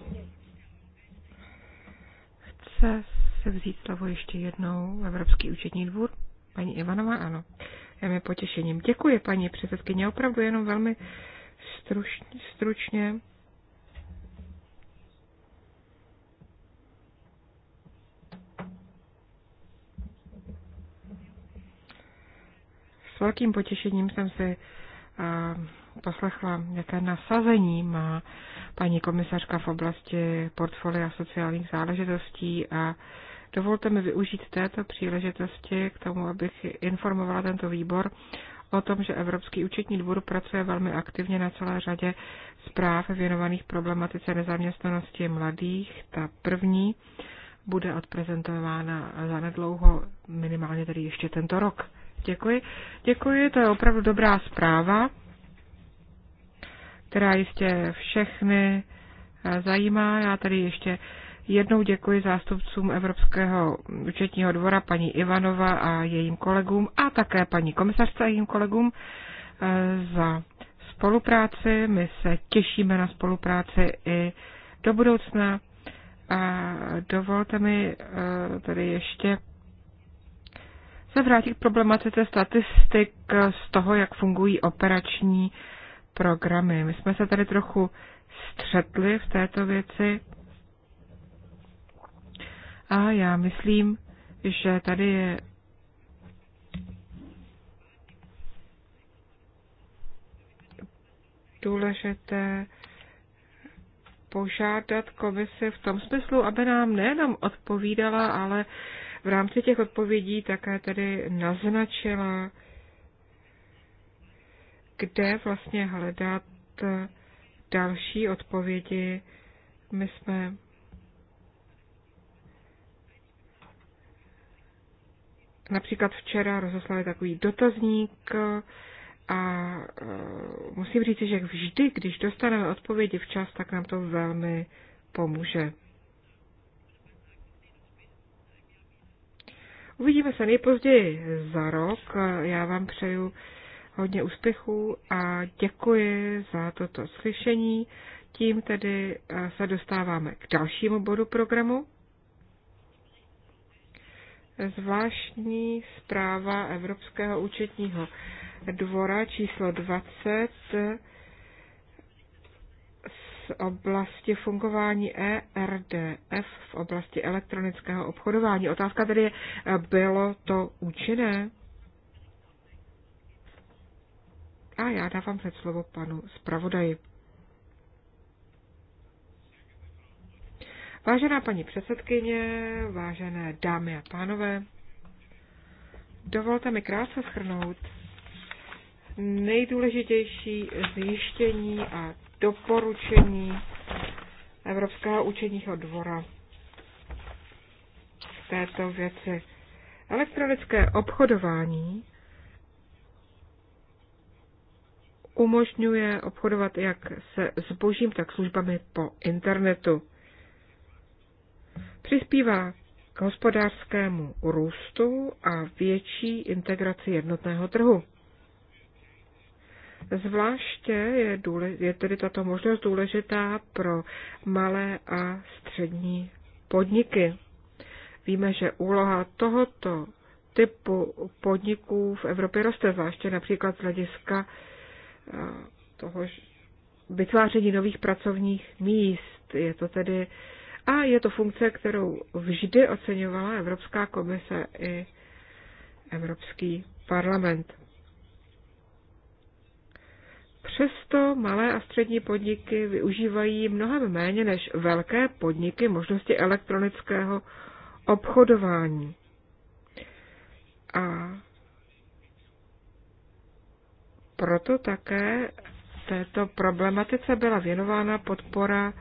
Chce se vzít slovo ještě jednou Evropský účetní dvůr? Paní Ivanová, ano. Já mi potěšením. Děkuji, paní předsedkyně, opravdu jenom velmi struč, stručně. S velkým potěšením jsem si poslechla, jaké nasazení má paní komisařka v oblasti portfolia sociálních záležitostí a dovolte mi využít této příležitosti k tomu, abych informovala tento výbor o tom, že Evropský účetní dvůr pracuje velmi aktivně na celé řadě zpráv věnovaných problematice nezaměstnanosti mladých. Ta první bude odprezentována zanedlouho, minimálně tedy ještě tento rok. Děkuji. Děkuji, to je opravdu dobrá zpráva, která jistě všechny eh, zajímá. Já tady ještě Jednou děkuji zástupcům Evropského účetního dvora paní Ivanova a jejím kolegům a také paní komisařce a jejím kolegům eh, za spolupráci. My se těšíme na spolupráci i do budoucna. A dovolte mi eh, tady ještě se vrátit k problematice statistik eh, z toho, jak fungují operační programy. My jsme se tady trochu střetli v této věci. A já myslím, že tady je důležité požádat komisi v tom smyslu, aby nám nejenom odpovídala, ale v rámci těch odpovědí také tedy naznačila, kde vlastně hledat další odpovědi. My jsme například včera rozeslali takový dotazník a e, musím říct, že vždy, když dostaneme odpovědi včas, tak nám to velmi pomůže. Uvidíme se nejpozději za rok. Já vám přeju hodně úspěchů a děkuji za toto slyšení. Tím tedy e, se dostáváme k dalšímu bodu programu zvláštní zpráva Evropského účetního dvora číslo 20 z oblasti fungování ERDF v oblasti elektronického obchodování. Otázka tedy je, bylo to účinné? A já dávám před slovo panu zpravodaji. Vážená paní předsedkyně, vážené dámy a pánové, dovolte mi krátce schrnout nejdůležitější zjištění a doporučení Evropského učeního dvora v této věci. Elektronické obchodování umožňuje obchodovat jak se zbožím, tak službami po internetu. Přispívá k hospodářskému růstu a větší integraci jednotného trhu. Zvláště je, důle, je tedy tato možnost důležitá pro malé a střední podniky. Víme, že úloha tohoto typu podniků v Evropě roste, zvláště například z hlediska eh, toho vytváření nových pracovních míst. Je to tedy a je to funkce, kterou vždy oceňovala Evropská komise i Evropský parlament. Přesto malé a střední podniky využívají mnohem méně než velké podniky možnosti elektronického obchodování. A proto také této problematice byla věnována podpora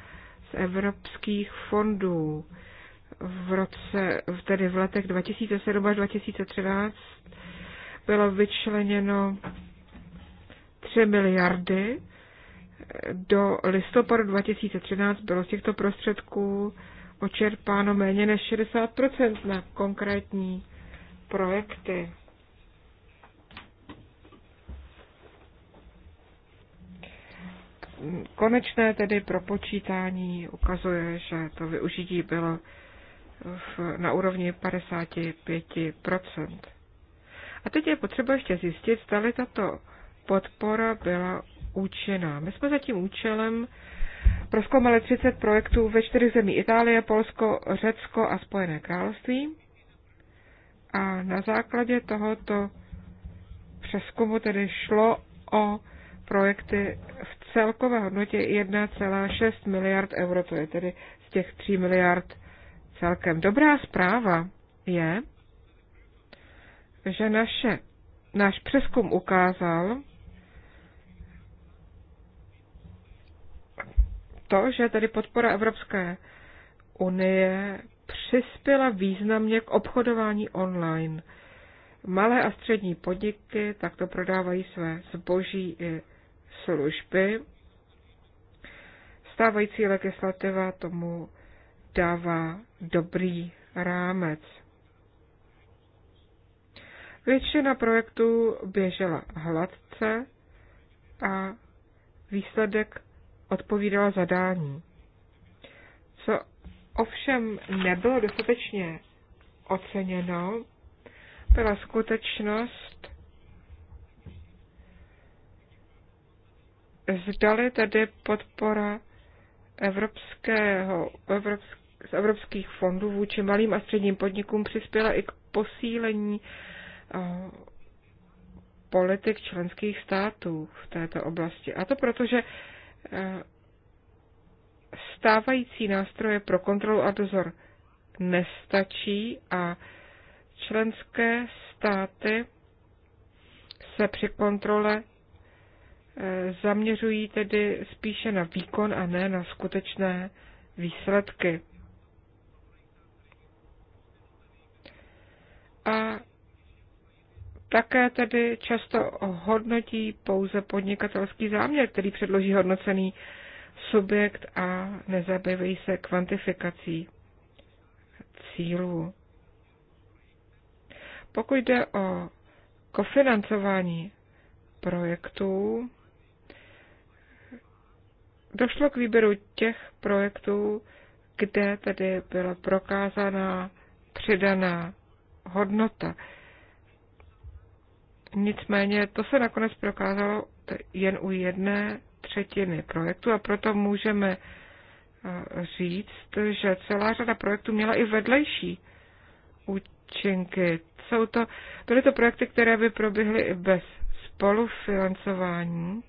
z evropských fondů v roce, tedy v letech 2007 až 2013 bylo vyčleněno 3 miliardy. Do listopadu 2013 bylo z těchto prostředků očerpáno méně než 60% na konkrétní projekty. konečné tedy propočítání ukazuje, že to využití bylo v, na úrovni 55%. A teď je potřeba ještě zjistit, zda tato podpora byla účinná. My jsme za tím účelem proskoumali 30 projektů ve čtyřech zemí Itálie, Polsko, Řecko a Spojené království. A na základě tohoto přeskumu tedy šlo o projekty v celkové hodnotě 1,6 miliard euro, to je tedy z těch 3 miliard celkem. Dobrá zpráva je, že naše, náš přeskum ukázal, to, že tedy podpora Evropské unie přispěla významně k obchodování online. Malé a střední podniky takto prodávají své zboží i služby. Stávající legislativa tomu dává dobrý rámec. Většina projektů běžela hladce a výsledek odpovídal zadání. Co ovšem nebylo dostatečně oceněno, byla skutečnost, zdali tedy podpora evropského, evropsk, z evropských fondů vůči malým a středním podnikům přispěla i k posílení eh, politik členských států v této oblasti. A to proto, že eh, stávající nástroje pro kontrolu a dozor nestačí a členské státy se při kontrole zaměřují tedy spíše na výkon a ne na skutečné výsledky. A také tedy často hodnotí pouze podnikatelský záměr, který předloží hodnocený subjekt a nezabývají se kvantifikací cílů. Pokud jde o kofinancování projektů, došlo k výběru těch projektů, kde tedy byla prokázaná přidaná hodnota. Nicméně to se nakonec prokázalo jen u jedné třetiny projektu a proto můžeme eh, říct, že celá řada projektů měla i vedlejší účinky. Jsou to, byly to projekty, které by proběhly i bez spolufinancování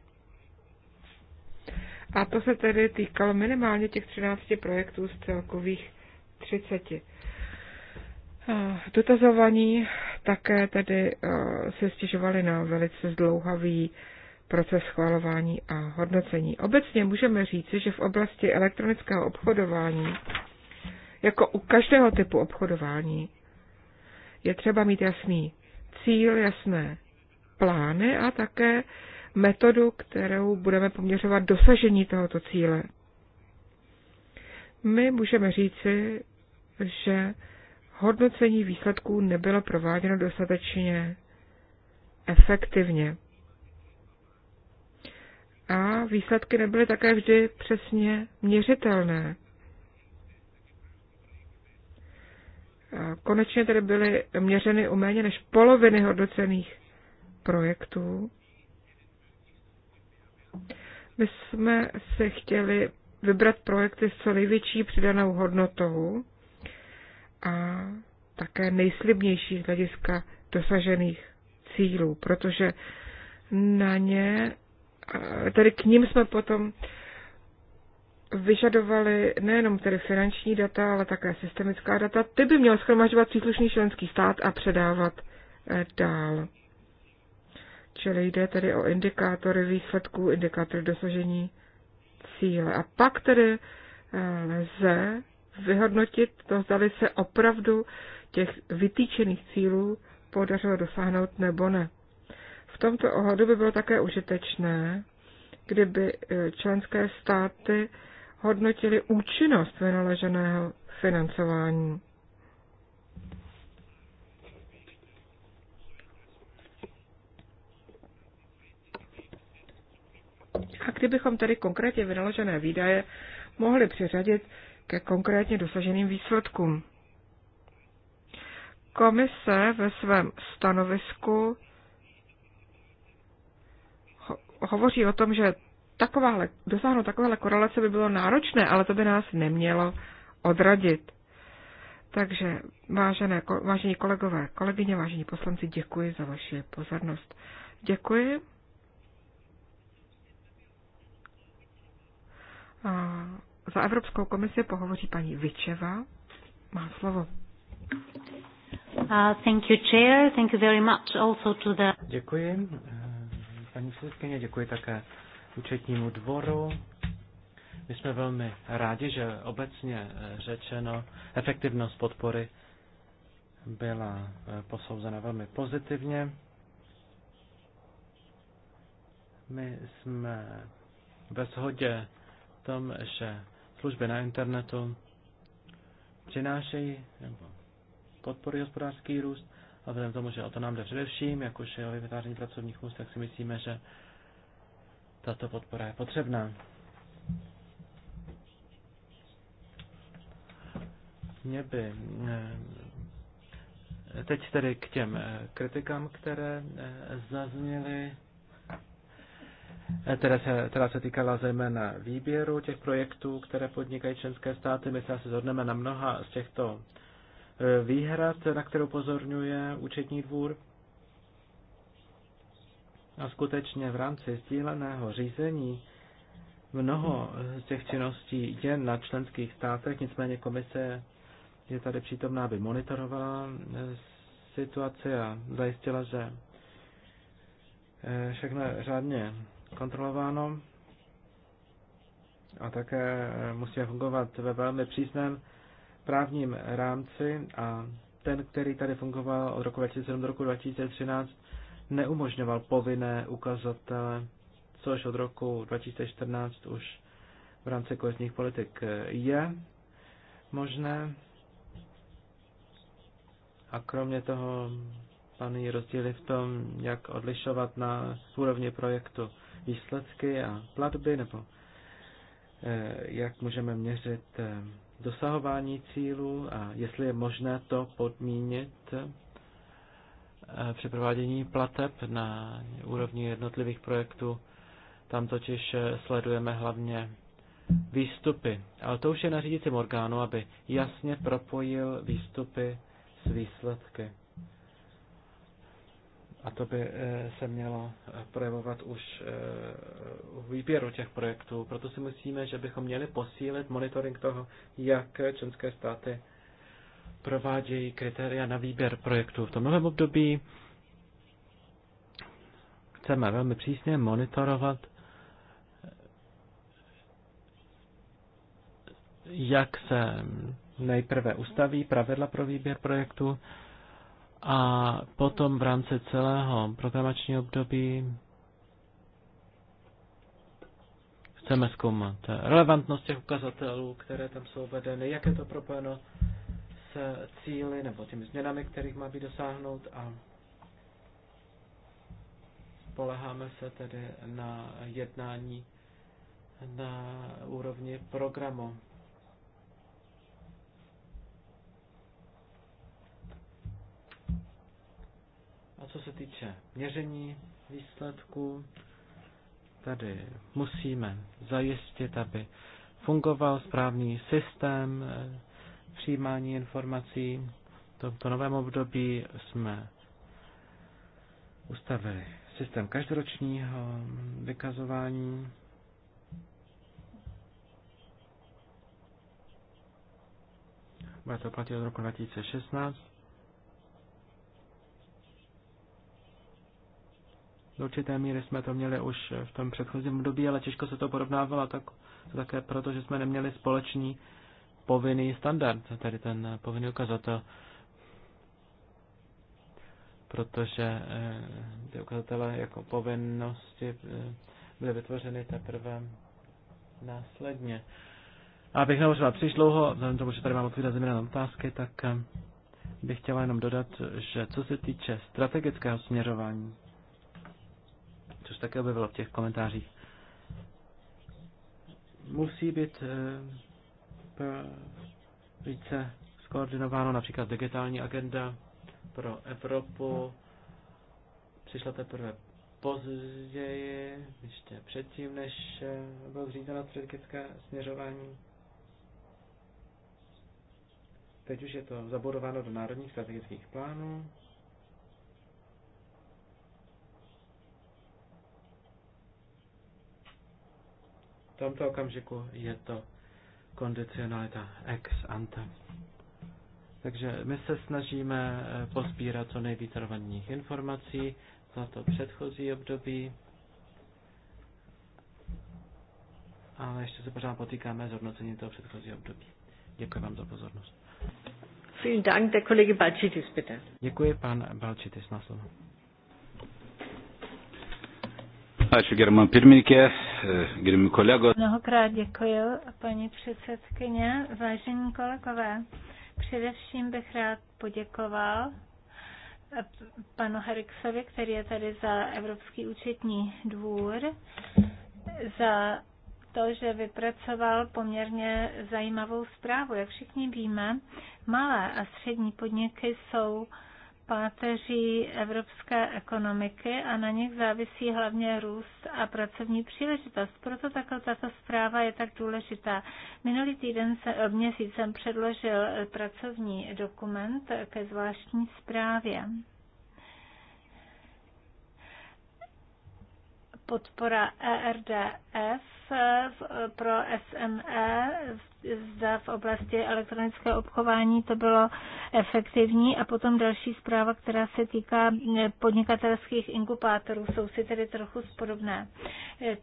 a to se tedy týkalo minimálně těch 13 projektů z celkových 30. Dotazovaní také tedy e, se stěžovali na velice zdlouhavý proces schvalování a hodnocení. Obecně můžeme říci, že v oblasti elektronického obchodování, jako u každého typu obchodování, je třeba mít jasný cíl, jasné plány a také metodu, kterou budeme poměřovat dosažení tohoto cíle. My můžeme říci, že hodnocení výsledků nebylo prováděno dostatečně efektivně. A výsledky nebyly také vždy přesně měřitelné. Konečně tedy byly měřeny u méně než poloviny hodnocených projektů my jsme se chtěli vybrat projekty s co největší přidanou hodnotou a také nejslibnější z hlediska dosažených cílů, protože na ně, eh, tedy k ním jsme potom vyžadovali nejenom tedy finanční data, ale také systemická data. Ty by měl schromažovat příslušný členský stát a předávat eh, dál. Čili jde tedy o indikátory výsledků, indikátory dosažení cíle. A pak tedy eh, lze vyhodnotit to, zda se opravdu těch vytýčených cílů podařilo dosáhnout nebo ne. V tomto ohledu by bylo také užitečné, kdyby eh, členské státy hodnotili účinnost vynaleženého financování. a kdybychom tedy konkrétně vynaložené výdaje mohli přiřadit ke konkrétně dosaženým výsledkům. Komise ve svém stanovisku hovoří o tom, že takováhle, dosáhnout takovéhle korelace by bylo náročné, ale to by nás nemělo odradit. Takže, vážené, vážení kolegové, kolegyně, vážení poslanci, děkuji za vaši pozornost. Děkuji. Za Evropskou komisi pohovoří paní Vyčeva. Má slovo. Uh, děkuji, eh, paní předsedkyně, děkuji také účetnímu dvoru. My jsme velmi rádi, že obecně eh, řečeno efektivnost podpory byla eh, posouzena velmi pozitivně. My jsme ve shodě tom, že služby na internetu přinášejí nebo podporují hospodářský růst a vzhledem tomu, že o to nám jde především, jak už je o vytváření pracovních míst, tak si myslíme, že tato podpora je potřebná. Mě by eh, teď tedy k těm eh, kritikám, které eh, zazněly která eh, se, která se týkala zejména výběru těch projektů, které podnikají členské státy. My se asi zhodneme na mnoha z těchto eh, výhrad, na kterou pozorňuje účetní dvůr. A skutečně v rámci sdíleného řízení mnoho z těch činností je na členských státech, nicméně komise je tady přítomná, aby monitorovala eh, situaci a zajistila, že všechno řádně kontrolováno a také eh, musíme fungovat ve velmi přísném právním rámci a ten, který tady fungoval od roku 2007 do roku 2013, neumožňoval povinné ukazatele, což od roku 2014 už v rámci kohezních politik eh, je možné. A kromě toho paní rozdíly v tom, jak odlišovat na úrovni projektu výsledky a platby, nebo eh, jak můžeme měřit eh, dosahování cílů a jestli je možné to podmínit eh, při provádění plateb na úrovni jednotlivých projektů. Tam totiž sledujeme hlavně výstupy. Ale to už je na řídícím orgánu, aby jasně propojil výstupy s výsledky. A to by eh, se mělo eh, projevovat už v eh, výběru těch projektů. Proto si myslíme, že bychom měli posílit monitoring toho, jak členské státy provádějí kritéria na výběr projektů. V tomhle období chceme velmi přísně monitorovat, jak se nejprve ustaví pravidla pro výběr projektů, a potom v rámci celého programačního období chceme zkoumat relevantnost těch ukazatelů, které tam jsou vedeny, jak je to propojeno s cíly nebo těmi změnami, kterých má být dosáhnout a spoleháme se tedy na jednání na úrovni programu. co se týče měření výsledků, tady musíme zajistit, aby fungoval správný systém eh, přijímání informací. V tomto novém období jsme ustavili systém každoročního vykazování. Bude to platit od roku 2016. Do určité míry jsme to měli už v tom předchozím období, ale těžko se to porovnávalo tak, také proto, že jsme neměli společný povinný standard, tedy ten povinný ukazatel, protože eh, ty ukazatele jako povinnosti eh, byly vytvořeny teprve následně. A abych nehovořila příliš dlouho, vzhledem tomu, že tady mám odpovídat země na otázky, tak eh, bych chtěla jenom dodat, že co se týče strategického směřování což také objevilo v těch komentářích, musí být eh, více skoordinováno, například digitální agenda pro Evropu. Přišla teprve později, ještě předtím, než eh, bylo zřízeno strategické směřování. Teď už je to zabudováno do národních strategických plánů. tomto okamžiku je to kondicionalita ex ante. Takže my se snažíme eh, pozbírat co nejvíce relevantních informací za to předchozí období, ale ještě se pořád potýkáme s hodnocením toho předchozího období. Děkuji vám za pozornost. Vielen Dank, der Kollege Balčitis, bitte. Děkuji, pan Balčitis, na slovo. Ačiū, german pirmininkė grimi eh, kolego. Mnohokrát děkuji, paní předsedkyně, vážení kolegové. Především bych rád poděkoval panu Heriksovi, který je tady za Evropský účetní dvůr, za to, že vypracoval poměrně zajímavou zprávu. Jak všichni víme, malé a střední podniky jsou páteří evropské ekonomiky a na nich závisí hlavně růst a pracovní příležitost. Proto tato, tato zpráva je tak důležitá. Minulý týden se, eh, měsíc jsem předložil pracovní dokument ke zvláštní zprávě. Podpora ERDF pro SME, zda v oblasti elektronického obchování to bylo efektivní a potom další zpráva, která se týká podnikatelských inkubátorů, jsou si tedy trochu podobné.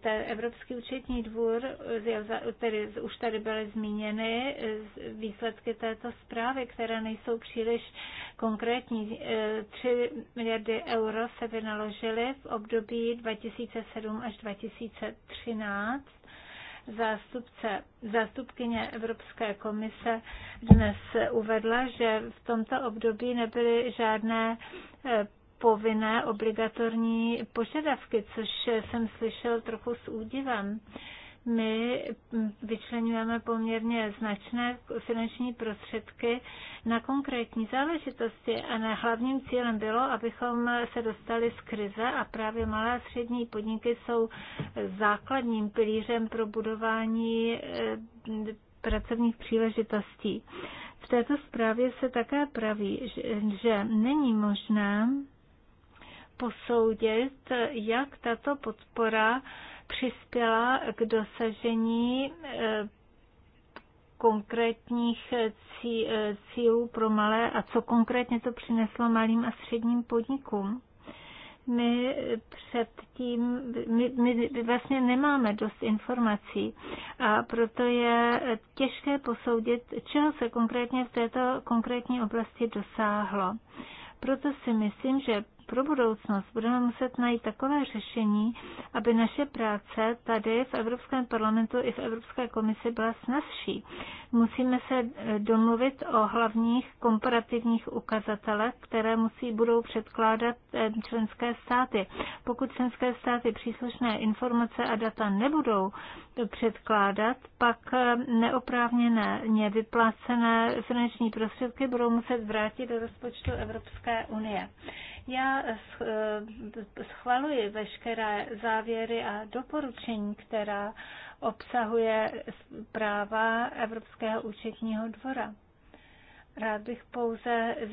E, Evropský účetní dvůr, tedy už tady byly zmíněny výsledky této zprávy, které nejsou příliš konkrétní. 3 e, miliardy euro se vynaložily v období 2007 až 2013 Zástupce, zástupkyně Evropské komise dnes uvedla, že v tomto období nebyly žádné eh, povinné obligatorní požadavky, což jsem slyšel trochu s údivem my vyčlenujeme poměrně značné finanční prostředky na konkrétní záležitosti a na hlavním cílem bylo, abychom se dostali z krize a právě malé a střední podniky jsou základním pilířem pro budování eh, pracovních příležitostí. V této zprávě se také praví, že není možné posoudit, jak tato podpora přispěla k dosažení eh, konkrétních eh, eh, cílů pro malé a co konkrétně to přineslo malým a středním podnikům. My předtím, my, my vlastně nemáme dost informací a proto je těžké posoudit, čeho se konkrétně v této konkrétní oblasti dosáhlo. Proto si myslím, že pro budoucnost budeme muset najít takové řešení, aby naše práce tady v Evropském parlamentu i v Evropské komisi byla snazší. Musíme se eh, domluvit o hlavních komparativních ukazatelech, které musí budou předkládat eh, členské státy. Pokud členské státy příslušné informace a data nebudou předkládat, pak eh, neoprávněné vyplácené finanční prostředky budou muset vrátit do rozpočtu Evropské unie. Já eh, schvaluji veškeré závěry a doporučení, která obsahuje práva Evropského účetního dvora. Rád bych pouze eh,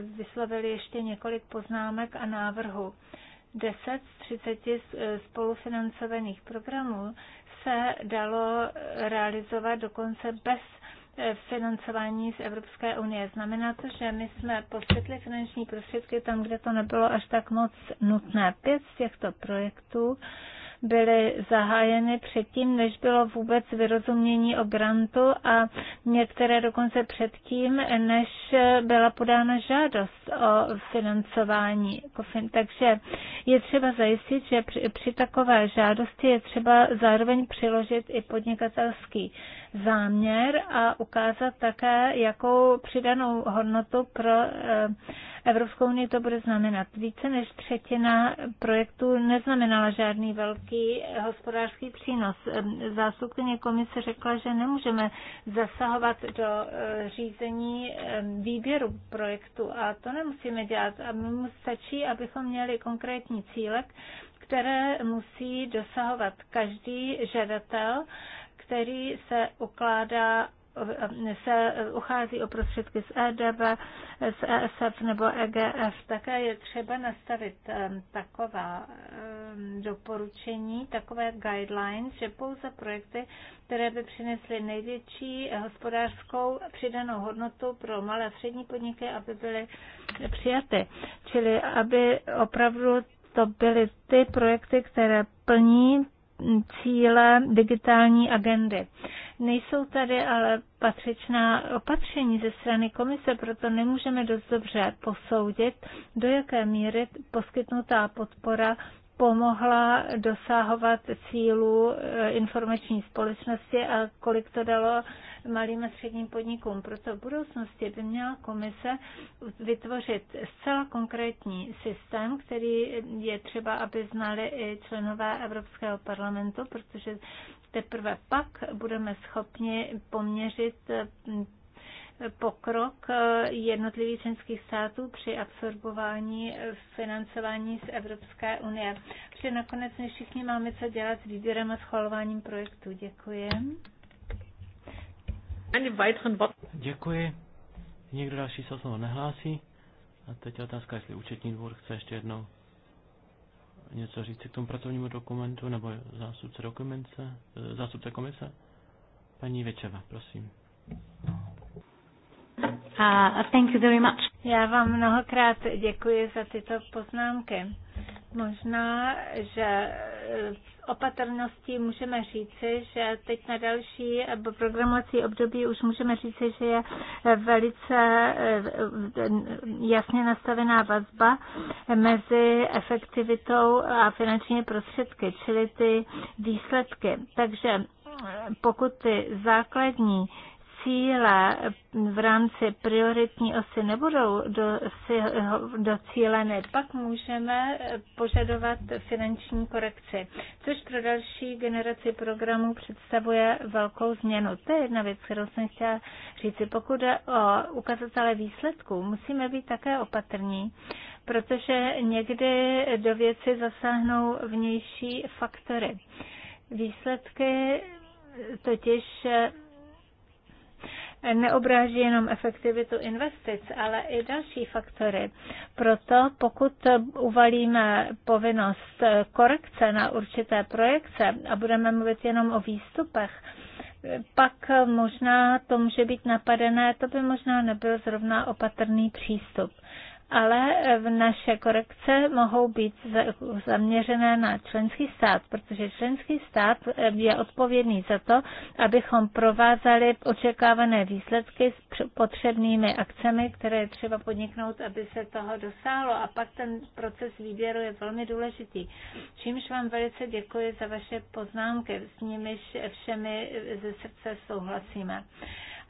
vyslovil ještě několik poznámek a návrhu. 10 z 30 eh, spolufinancovaných programů se dalo realizovat dokonce bez financování z Evropské unie. Znamená to, že my jsme poskytli finanční prostředky tam, kde to nebylo až tak moc nutné. Pět z těchto projektů byly zahájeny předtím, než bylo vůbec vyrozumění o grantu a některé dokonce předtím, než byla podána žádost o financování. Takže je třeba zajistit, že při, při takové žádosti je třeba zároveň přiložit i podnikatelský záměr a ukázat také, jakou přidanou hodnotu pro eh, Evropskou unii to bude znamenat. Více než třetina projektů neznamenala žádný velký eh, hospodářský přínos. Zástupkyně komise řekla, že nemůžeme zasahovat do eh, řízení výběru projektu a to nemusíme dělat. A mu stačí, abychom měli konkrétní cílek, které musí dosahovat každý žadatel který se ukládá se uchází o prostředky z EDB, z ESF nebo EGF. Také je třeba nastavit taková doporučení, takové guidelines, že pouze projekty, které by přinesly největší hospodářskou přidanou hodnotu pro malé a střední podniky, aby byly přijaty. Čili aby opravdu to byly ty projekty, které plní cíle digitální agendy. Nejsou tady ale patřičná opatření ze strany komise, proto nemůžeme dost dobře posoudit, do jaké míry poskytnutá podpora pomohla dosahovat cílů eh, informační společnosti a kolik to dalo malým a středním podnikům. Proto v budoucnosti by měla komise vytvořit zcela konkrétní systém, který je třeba, aby znali i členové Evropského parlamentu, protože teprve pak budeme schopni poměřit mm, pokrok eh, jednotlivých členských států při absorbování eh, financování z Evropské unie. Protože nakonec my všichni máme co dělat s výběrem a schvalováním projektu. Děkuji. Děkuji. Někdo další se o slovo nehlásí. A teď je otázka, jestli účetní dvůr chce ještě jednou něco říct k tomu pracovnímu dokumentu nebo zástupce, dokumence, eh, zástupce komise. Paní Večeva, prosím. Uh, thank you very much. Já vám mnohokrát děkuji za tyto poznámky. Možná, že eh, opatrností můžeme říci, že teď na další eh, programovací období už můžeme říci, že je eh, velice jasně nastavená vazba mezi efektivitou a finanční prostředky, čili ty výsledky. Takže pokud ty základní cíle v rámci prioritní osy nebudou do, si, docíleny, pak můžeme požadovat finanční korekci, což pro další generaci programů představuje velkou změnu. To je jedna věc, kterou jsem chtěla říci. Pokud je o ukazatele výsledků, musíme být také opatrní, protože někdy do věci zasáhnou vnější faktory. Výsledky totiž neobráží jenom efektivitu investic, ale i další faktory. Proto pokud uvalíme povinnost korekce na určité projekce a budeme mluvit jenom o výstupech, pak možná to může být napadené, to by možná nebyl zrovna opatrný přístup ale v naše korekce mohou být zaměřené na členský stát, protože členský stát eh, je odpovědný za to, abychom provázali očekávané výsledky s potřebnými akcemi, které je třeba podniknout, aby se toho dosáhlo. A pak ten proces výběru je velmi důležitý. Čímž vám velice děkuji za vaše poznámky, s nimiž všemi ze srdce souhlasíme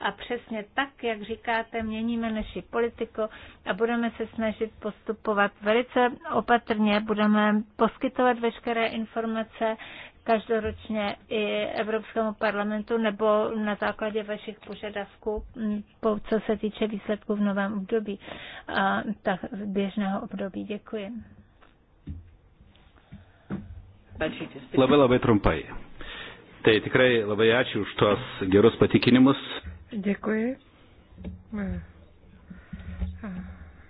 a přesně tak, jak říkáte, měníme naši politiku a budeme se snažit postupovat velice opatrně, budeme poskytovat veškeré informace každoročně i Evropskému parlamentu nebo na základě vašich požadavků, mm, co se týče výsledků v novém období, a tak z běžného období. Děkuji. Labai labai trumpai. Tai tikrai labai ačiū už tuos gerus patikinimus. Děkuji eh,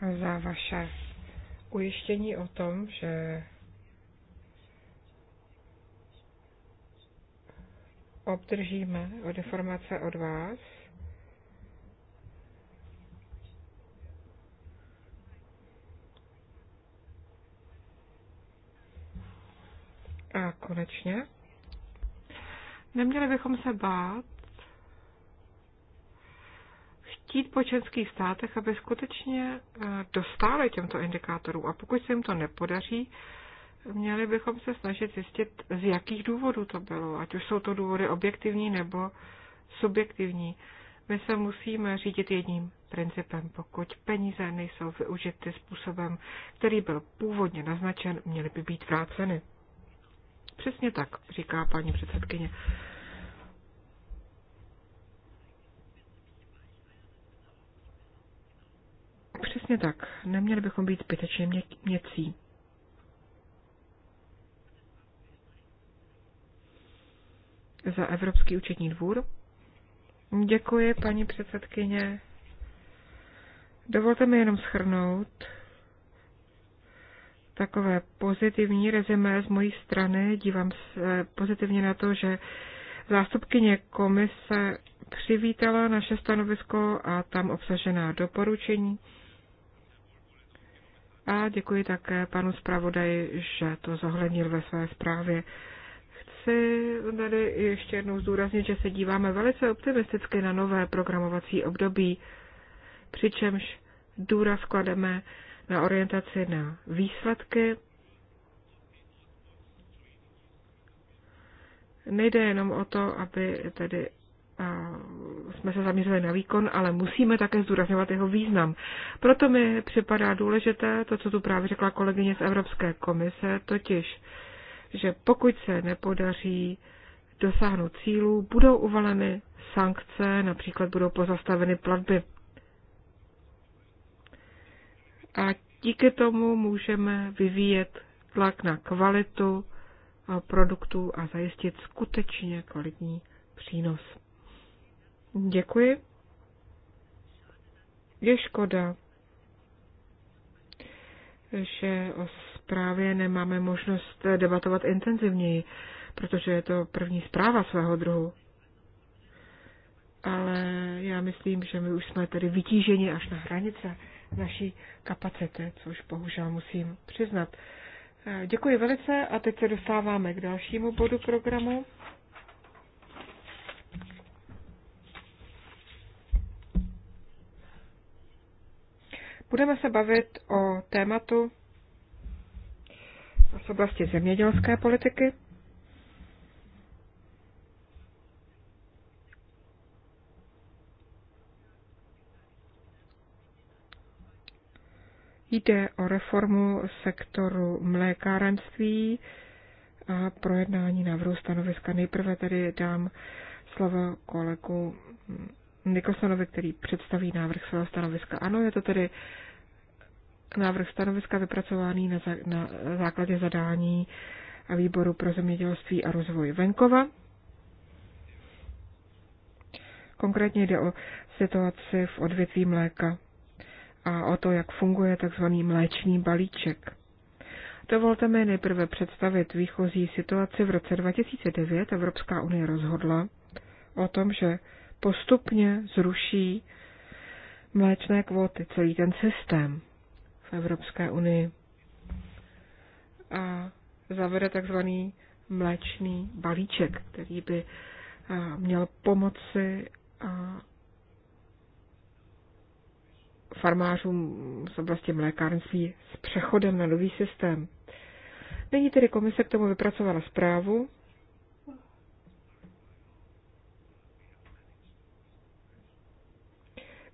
eh, za vaše ujištění o tom, že obdržíme o deformace od vás. A konečně. Neměli bychom se bát, chtít po členských státech, aby skutečně eh, dostali těmto indikátorům. A pokud se jim to nepodaří, měli bychom se snažit zjistit, z jakých důvodů to bylo, ať už jsou to důvody objektivní nebo subjektivní. My se musíme řídit jedním principem. Pokud peníze nejsou využity způsobem, který byl původně naznačen, měly by být vráceny. Přesně tak, říká paní předsedkyně. Přesně tak. Neměli bychom být zbytečně mě, měcí. Za Evropský účetní dvůr. Děkuji, paní předsedkyně. Dovolte mi jenom schrnout takové pozitivní rezimé z mojí strany. Dívám se pozitivně na to, že zástupkyně komise přivítala naše stanovisko a tam obsažená doporučení. A děkuji také panu zpravodaji, že to zohlednil ve své zprávě. Chci tady ještě jednou zdůraznit, že se díváme velice optimisticky na nové programovací období, přičemž důraz klademe na orientaci na výsledky. Nejde jenom o to, aby tedy jsme se zaměřili na výkon, ale musíme také zdůrazňovat jeho význam. Proto mi připadá důležité to, co tu právě řekla kolegyně z Evropské komise, totiž, že pokud se nepodaří dosáhnout cílů, budou uvaleny sankce, například budou pozastaveny platby. A díky tomu můžeme vyvíjet tlak na kvalitu produktů a zajistit skutečně kvalitní přínos. Děkuji. Je škoda, že o zprávě nemáme možnost debatovat intenzivněji, protože je to první zpráva svého druhu. Ale já myslím, že my už jsme tedy vytíženi až na hranice naší kapacity, což bohužel musím přiznat. Děkuji velice a teď se dostáváme k dalšímu bodu programu. Budeme se bavit o tématu z oblasti zemědělské politiky. Jde o reformu sektoru mlékárenství a projednání návrhu stanoviska. Nejprve tedy dám slovo kolegu Nikosanovi, který představí návrh svého stanoviska. Ano, je to tedy návrh stanoviska vypracovaný na, zá, na základě zadání a výboru pro zemědělství a rozvoj venkova. Konkrétně jde o situaci v odvětví mléka a o to, jak funguje tzv. mléčný balíček. Dovolte mi nejprve představit výchozí situaci. V roce 2009 Evropská unie rozhodla o tom, že postupně zruší mléčné kvóty, celý ten systém v Evropské unii a zavede takzvaný mléčný balíček, který by měl pomoci farmářům z oblasti mlékárnství s přechodem na nový systém. Nyní tedy komise k tomu vypracovala zprávu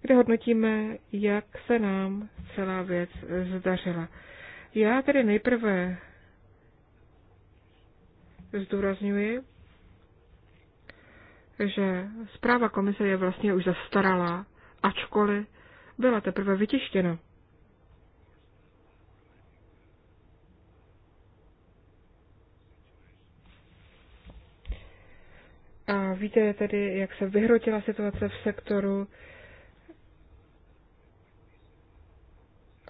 kde hodnotíme, jak se nám celá věc zdařila. Já tedy nejprve zdůrazňuji, že zpráva komise je vlastně už zastaralá, ačkoliv byla teprve vytištěna. A víte tedy, jak se vyhrotila situace v sektoru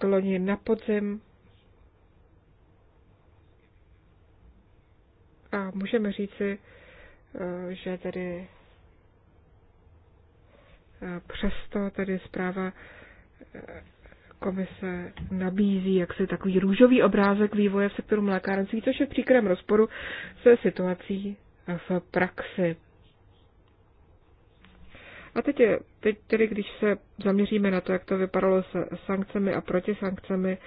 loni na podzim. A můžeme říci, eh, že tedy eh, přesto tedy zpráva eh, komise nabízí jaksi takový růžový obrázek vývoje v sektoru mlékárenství, což je v příkrém rozporu se situací v praxi. A teď, je, teď tedy, když se zaměříme na to, jak to vypadalo se sankcemi a proti sankcemi,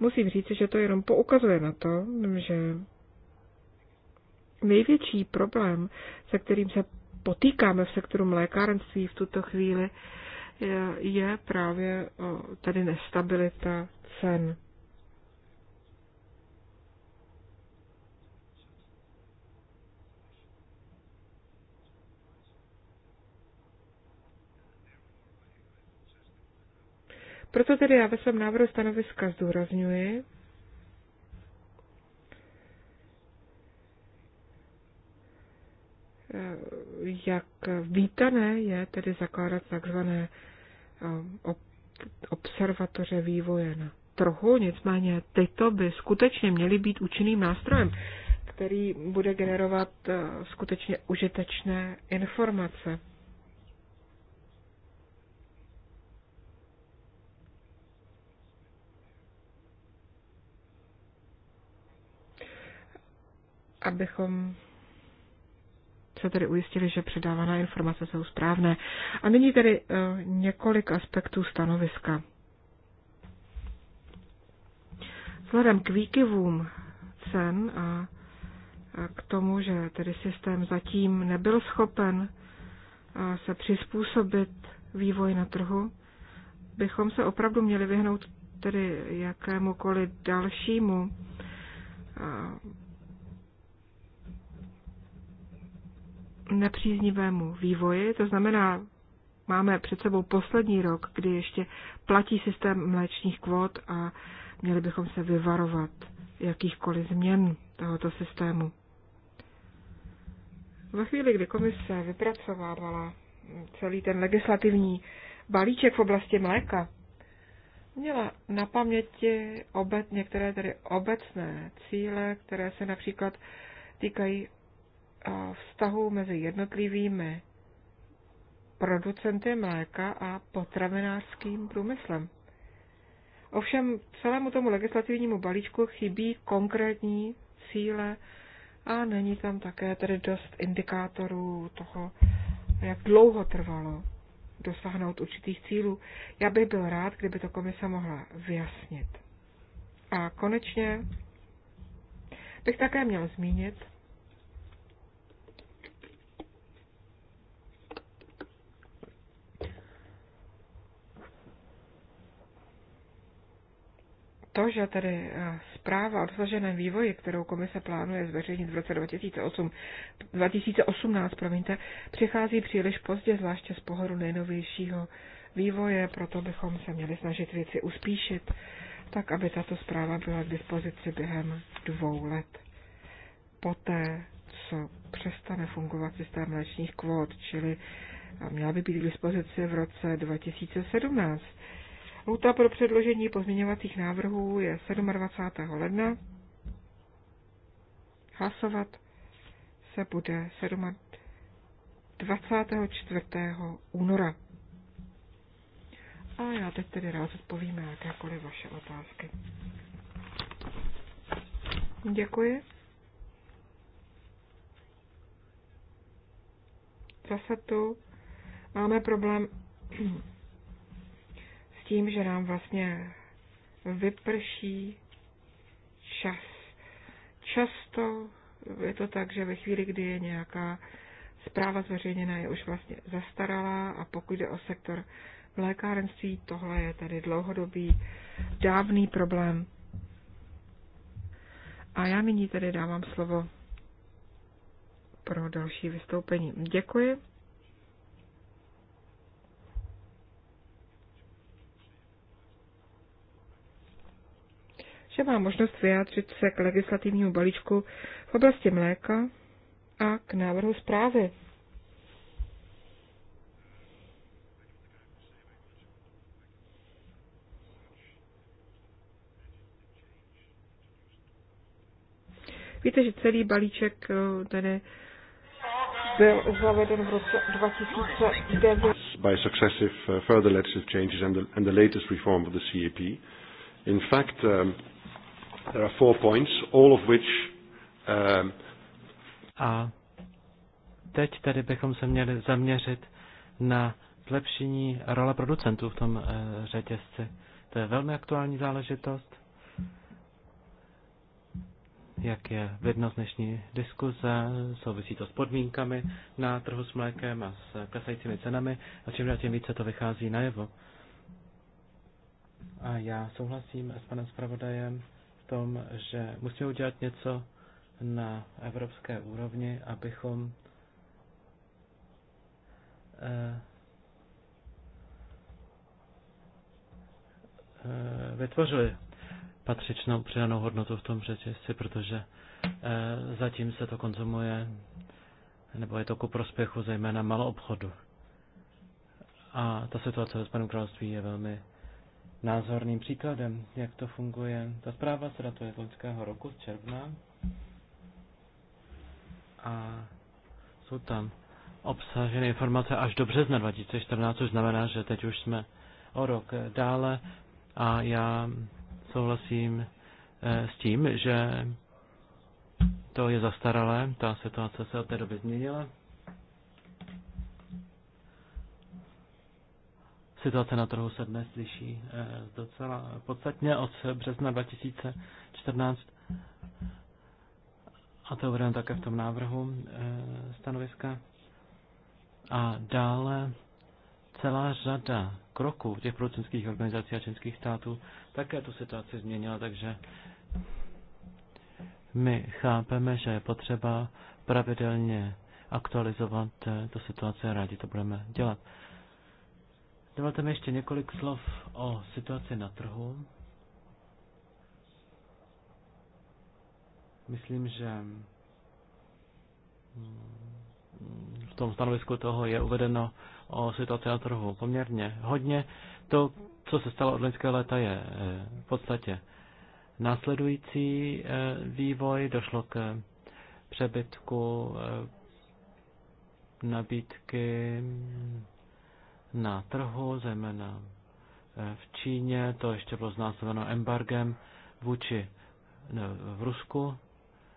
musím říct, že to jenom poukazuje na to, že největší problém, se kterým se potýkáme v sektoru mlékárenství v tuto chvíli, je, je právě tady nestabilita cen. Proto tedy já ve svém návrhu stanoviska zdůrazňuji, eh, jak vítané je tedy zakládat takzvané eh, observatoře vývoje na trhu, nicméně tyto by skutečně měly být účinným nástrojem, který bude generovat eh, skutečně užitečné informace. abychom se tedy ujistili, že předávaná informace jsou správné. A nyní tedy eh, několik aspektů stanoviska. Vzhledem k výkyvům cen a k tomu, že tedy systém zatím nebyl schopen eh, se přizpůsobit vývoj na trhu, bychom se opravdu měli vyhnout tedy jakémukoliv dalšímu eh, nepříznivému vývoji, to znamená, máme před sebou poslední rok, kdy ještě platí systém mléčních kvót a měli bychom se vyvarovat jakýchkoliv změn tohoto systému. Ve chvíli, kdy komise vypracovávala celý ten legislativní balíček v oblasti mléka, měla na paměti obec, některé tedy obecné cíle, které se například týkají vztahu mezi jednotlivými producenty mléka a potravinářským průmyslem. Ovšem celému tomu legislativnímu balíčku chybí konkrétní cíle a není tam také tedy dost indikátorů toho, jak dlouho trvalo dosáhnout určitých cílů. Já bych byl rád, kdyby to komise mohla vyjasnit. A konečně bych také měl zmínit, to, že tedy eh, zpráva o dosaženém vývoji, kterou komise plánuje zveřejnit v roce 2008, 2018, promiňte, přichází příliš pozdě, zvláště z pohledu nejnovějšího vývoje, proto bychom se měli snažit věci uspíšit, tak aby tato zpráva byla k dispozici během dvou let. Poté, co přestane fungovat systém mléčních kvót, čili měla by být k dispozici v roce 2017. Lhuta pro předložení pozměňovacích návrhů je 27. ledna. Hlasovat se bude 24. února. A já teď tedy rád odpovím na jakékoliv vaše otázky. Děkuji. Zase tu máme problém tím, že nám vlastně vyprší čas. Často je to tak, že ve chvíli, kdy je nějaká zpráva zveřejněná, je už vlastně zastaralá a pokud jde o sektor v lékárenství, tohle je tady dlouhodobý, dávný problém. A já nyní tedy dávám slovo pro další vystoupení. Děkuji. že má možnost vyjádřit se k legislativnímu balíčku v oblasti mléka a k návrhu zprávy. Víte, že celý balíček eh, tady byl zaveden v roce 2009. By successive eh, further legislative changes and the, and the latest reform of the CAP. In fact, um, There are four points, all of which um, a teď tady bychom se měli zaměřit na zlepšení role producentů v tom uh, řetězci. To je velmi aktuální záležitost, jak je vidno z dnešní diskuze, souvisí to s podmínkami na trhu s mlékem a s klesajícími cenami a čím dál tím více to vychází najevo. A já souhlasím s panem zpravodajem tom, že musíme udělat něco na evropské úrovni, abychom eh, eh, vytvořili patřičnou přidanou hodnotu v tom řetězci, protože eh, zatím se to konzumuje, nebo je to ku prospěchu zejména malou obchodu. A ta situace ve Spojeném království je velmi názorným příkladem, jak to funguje. Ta zpráva se datuje z loňského roku, z června. A jsou tam obsažené informace až do března 2014, což znamená, že teď už jsme o rok dále a já souhlasím eh, s tím, že to je zastaralé, ta situace se od té doby změnila. Situace na trhu se dnes liší eh, docela podstatně od března 2014 a to uvedeme také v tom návrhu eh, stanoviska. A dále celá řada kroků těch producentských organizací a členských států také tu situaci změnila, takže my chápeme, že je potřeba pravidelně aktualizovat eh, tu situaci a rádi to budeme dělat. Dovolte mi ještě několik slov o situaci na trhu. Myslím, že mm, v tom stanovisku toho je uvedeno o situaci na trhu poměrně hodně. To, co se stalo od loňského léta, je eh, v podstatě následující eh, vývoj. Došlo k přebytku eh, nabídky na trhu, zejména eh, v Číně, to ještě bylo znásobeno embargem vůči v Rusku,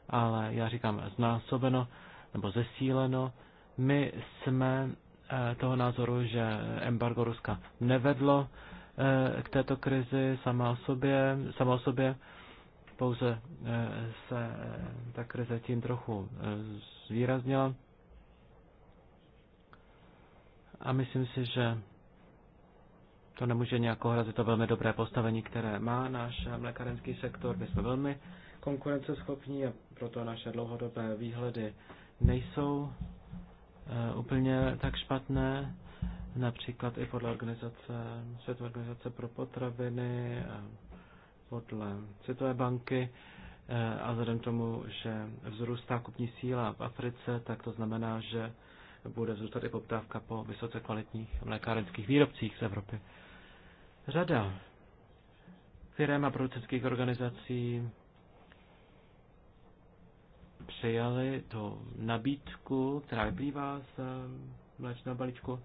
ale já říkám znásobeno nebo zesíleno. My jsme eh, toho názoru, že embargo Ruska nevedlo eh, k této krizi sama o sobě, sama o sobě pouze se ta krize tím trochu zvýraznila. A myslím si, že to nemůže nějak ohrazit to velmi dobré postavení, které má náš mlékárenský sektor. My jsme velmi konkurenceschopní a proto naše dlouhodobé výhledy nejsou eh, úplně tak špatné. Například i podle organizace, Světové organizace pro potraviny, podle Světové banky eh, a vzhledem tomu, že vzrůstá kupní síla v Africe, tak to znamená, že bude zůstat i poptávka po vysoce kvalitních mlékárenských výrobcích z Evropy. Řada firm a producentských organizací přijali tu nabídku, která vyplývá z mléčného balíčku.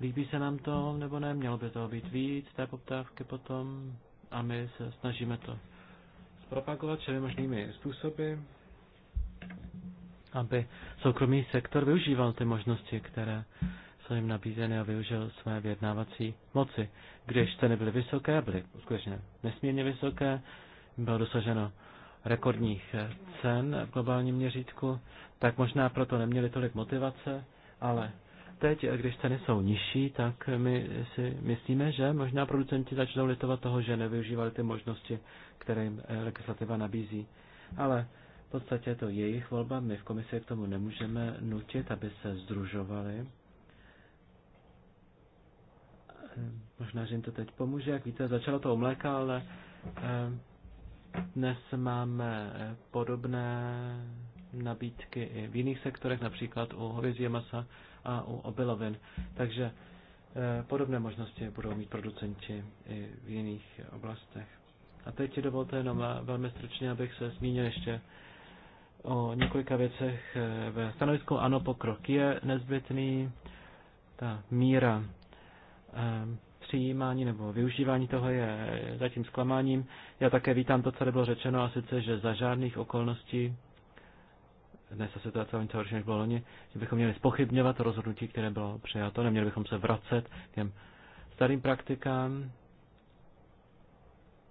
Líbí se nám to nebo ne? Mělo by to být víc té poptávky potom a my se snažíme to zpropagovat všemi možnými způsoby aby soukromý sektor využíval ty možnosti, které jsou jim nabízeny a využil své vyjednávací moci. Když ceny byly vysoké, byly skutečně nesmírně vysoké, bylo dosaženo rekordních cen v globálním měřítku, tak možná proto neměli tolik motivace, ale teď, když ceny jsou nižší, tak my si myslíme, že možná producenti začnou litovat toho, že nevyužívali ty možnosti, které jim legislativa nabízí. Ale podstatě je to jejich volba, my v komisi k tomu nemůžeme nutit, aby se združovali. Možná, že jim to teď pomůže, jak víte, začalo to u mléka, ale eh, dnes máme eh, podobné nabídky i v jiných sektorech, například u hovězího masa a u obilovin. Takže eh, podobné možnosti budou mít producenti i v jiných oblastech. A teď ti dovolte jenom velmi stručně, abych se zmínil ještě o několika věcech eh, ve stanovisku. Ano, pokrok je nezbytný. Ta míra ehm, přijímání nebo využívání toho je zatím zklamáním. Já také vítám to, co tady bylo řečeno, a sice, že za žádných okolností dnes se situace o něco horší než bylo loni, že bychom měli spochybňovat rozhodnutí, které bylo přijato, neměli bychom se vracet k těm starým praktikám,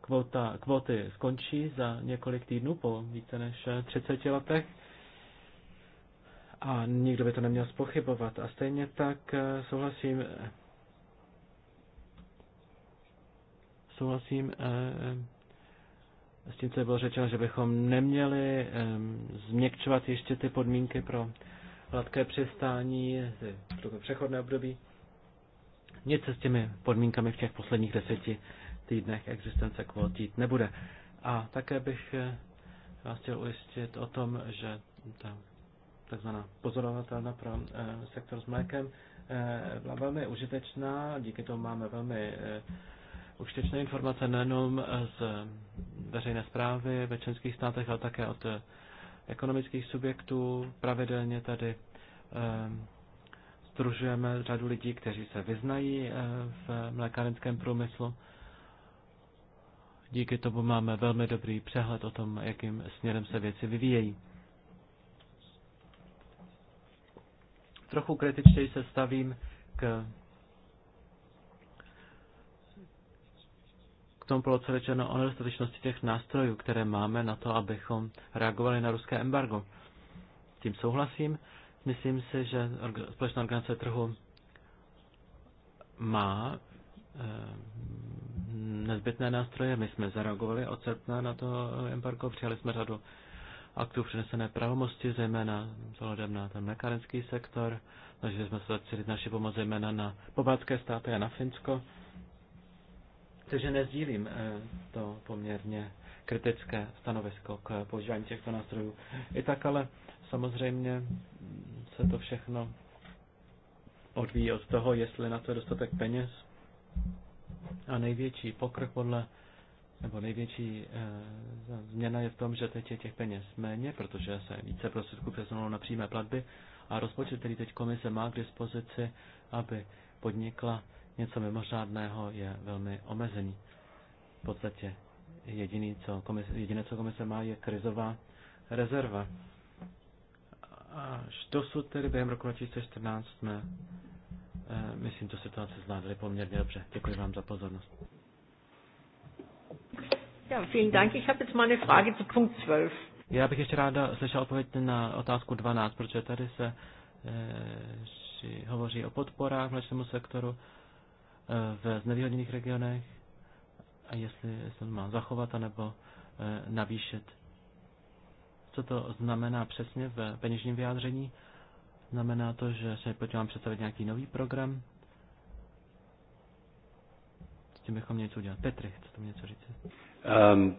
kvota, kvoty skončí za několik týdnů po více než 30 eh, letech a nikdo by to neměl spochybovat. A stejně tak eh, souhlasím eh, souhlasím s tím, co bylo řečeno, že bychom neměli změkčovat ještě ty podmínky pro hladké přestání, pro to přechodné období. Nic se s těmi podmínkami v těch posledních deseti týdnech existence kvót jít nebude. A také bych eh, vás chtěl ujistit o tom, že ta takzvaná pozorovatelna pro eh, sektor s mlékem eh, byla velmi užitečná. Díky tomu máme velmi užitečné informace nejenom z veřejné zprávy ve členských státech, ale také od ekonomických subjektů. Pravidelně tady združujeme řadu lidí, kteří se vyznají v mlékárenském průmyslu Díky tomu máme velmi dobrý přehled o tom, jakým směrem se věci vyvíjejí. Trochu kritičtěji se stavím k, k tomu bylo o nedostatečnosti těch nástrojů, které máme na to, abychom reagovali na ruské embargo. S tím souhlasím. Myslím si, že společná organizace trhu má eh, nezbytné nástroje. My jsme zareagovali od srpna na to embargo, přijali jsme řadu aktů přenesené pravomosti, zejména vzhledem na ten mekarenský sektor, takže jsme se začali naši pomoc zejména na pobaltské státy a na Finsko. Takže nezdílím eh, to poměrně kritické stanovisko k používání těchto nástrojů. I tak ale samozřejmě se to všechno odvíjí od toho, jestli na to je dostatek peněz a největší pokrok podle, nebo největší e, změna je v tom, že teď je těch peněz méně, protože se více prostředků přesunulo na přímé platby a rozpočet, který teď komise má k dispozici, aby podnikla něco mimořádného, je velmi omezený. V podstatě jediný, co komise, jediné, co komise má, je krizová rezerva. Až dosud tedy během roku 2014 jsme Eh, myslím, tu situaci zvládli poměrně dobře. Děkuji vám za pozornost. Ja, vielen Dank. Ich habe jetzt mal eine Frage zu Punkt 12. Já bych ještě ráda slyšel odpověď na otázku 12, protože tady se e, hovoří o podporách mléčnému sektoru e, v znevýhodněných regionech a jestli se má zachovat anebo e, navýšit. Co to znamená přesně v peněžním vyjádření? E, Znamená to, že se potřebujeme představit nějaký nový program. S tím bychom něco udělat. Petr, chce tam něco říct? Um,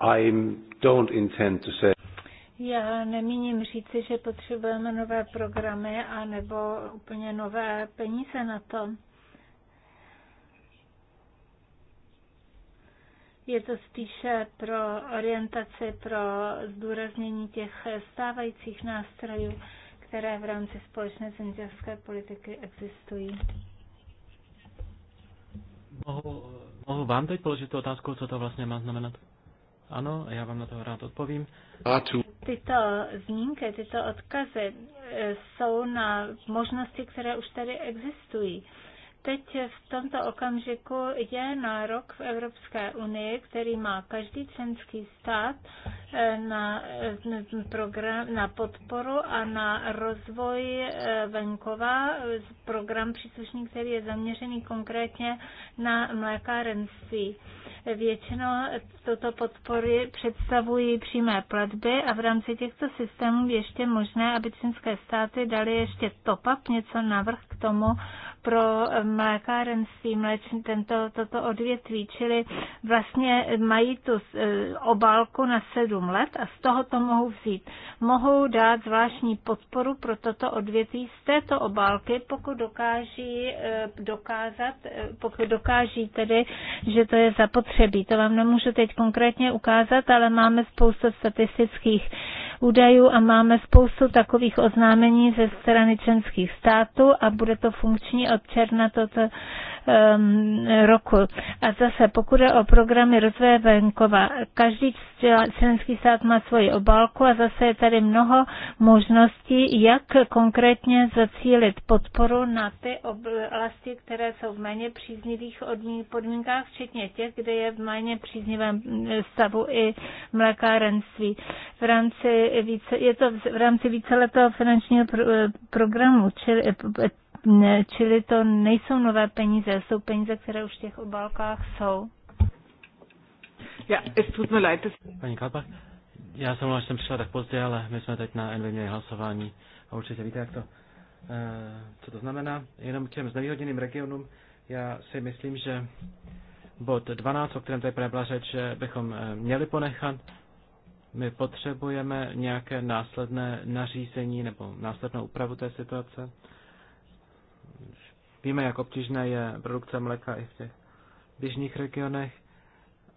I don't intend to say... Já nemíním říci, že potřebujeme nové programy a nebo úplně nové peníze na to. Je to spíše pro orientaci, pro zdůraznění těch stávajících nástrojů které v rámci společné zemědělské politiky existují. Mohu, mohu vám teď položit tu otázku, co to vlastně má znamenat? Ano, já vám na to rád odpovím. Tyto zmínky, tyto odkazy eh, jsou na možnosti, které už tady existují teď v tomto okamžiku je nárok v Evropské unii, který má každý členský stát eh, na, eh, program, na podporu a na rozvoj eh, venkova, program příslušný, který je zaměřený konkrétně na mlékárenství. Většinou toto podpory představují přímé platby a v rámci těchto systémů ještě možné, aby členské státy dali ještě top-up, něco navrh k tomu, pro mlékárenství, mléční, tento, toto odvětví, čili vlastně mají tu eh, obálku na sedm let a z toho to mohou vzít. Mohou dát zvláštní podporu pro toto odvětví z této obálky, pokud dokáží eh, dokázat, eh, pokud dokáží tedy, že to je zapotřebí. To vám nemůžu teď konkrétně ukázat, ale máme spoustu statistických údajů a máme spoustu takových oznámení ze strany členských států a bude to funkční od června toto Um, roku. A zase, pokud je o programy rozvoje venkova, každý členský stát má svoji obálku a zase je tady mnoho možností, jak konkrétně zacílit podporu na ty oblasti, které jsou v méně příznivých podmínkách, včetně těch, kde je v méně příznivém stavu i mlékárenství. V rámci více, je to v rámci víceletého finančního programu, čili Čili to nejsou nové peníze, jsou peníze, které už v těch obálkách jsou. Ja, es tut mir leid. Paní Kalbach, já jsem že jsem přišla tak pozdě, ale my jsme teď na NV měli hlasování a určitě víte, jak to, eh, co to znamená. Jenom k těm znevýhodněným regionům, já si myslím, že bod 12, o kterém tady byla řeč, že bychom eh, měli ponechat. My potřebujeme nějaké následné nařízení nebo následnou úpravu té situace. Víme, jak obtížné je produkce mléka i v těch běžných regionech.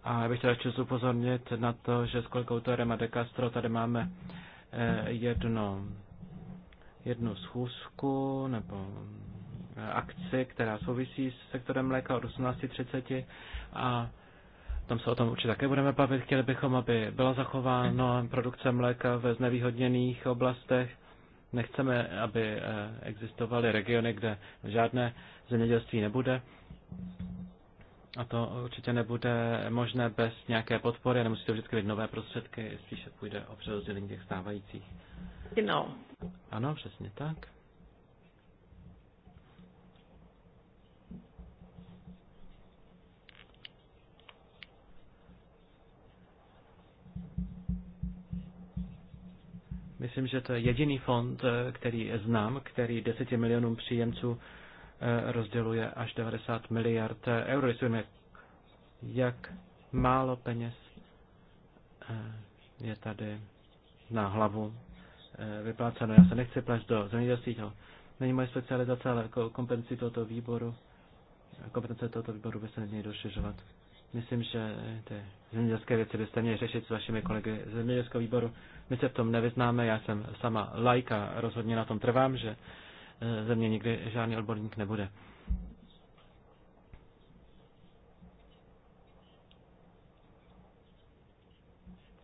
A já bych chtěl čas upozornit na to, že s kolegou Torem a de Castro tady máme eh, jedno, jednu schůzku nebo eh, akci, která souvisí s sektorem mléka od 18.30 a tam se o tom určitě také budeme bavit. Chtěli bychom, aby byla zachována produkce mléka ve znevýhodněných oblastech Nechceme, aby eh, existovaly regiony, kde žádné zemědělství nebude. A to určitě nebude možné bez nějaké podpory, nemusí to vždycky být nové prostředky, spíše půjde o přerozdělení těch stávajících. Genau. No. Ano, přesně tak. Myslím, že to je jediný fond, eh, který znám, který 10 milionům příjemců eh, rozděluje až 90 miliard eh, euro. Jestli jak málo peněz je tady na hlavu vypláceno. Já se nechci plést do zemědělství, není moje specializace, ale kompetenci tohoto výboru, kompetence tohoto výboru by se měly došiřovat. Myslím, že ty zemědělské věci byste měli řešit s vašimi kolegy z zemědělského výboru. My se v tom nevyznáme, já jsem sama lajka, rozhodně na tom trvám, že eh, ze mě nikdy žádný odborník nebude.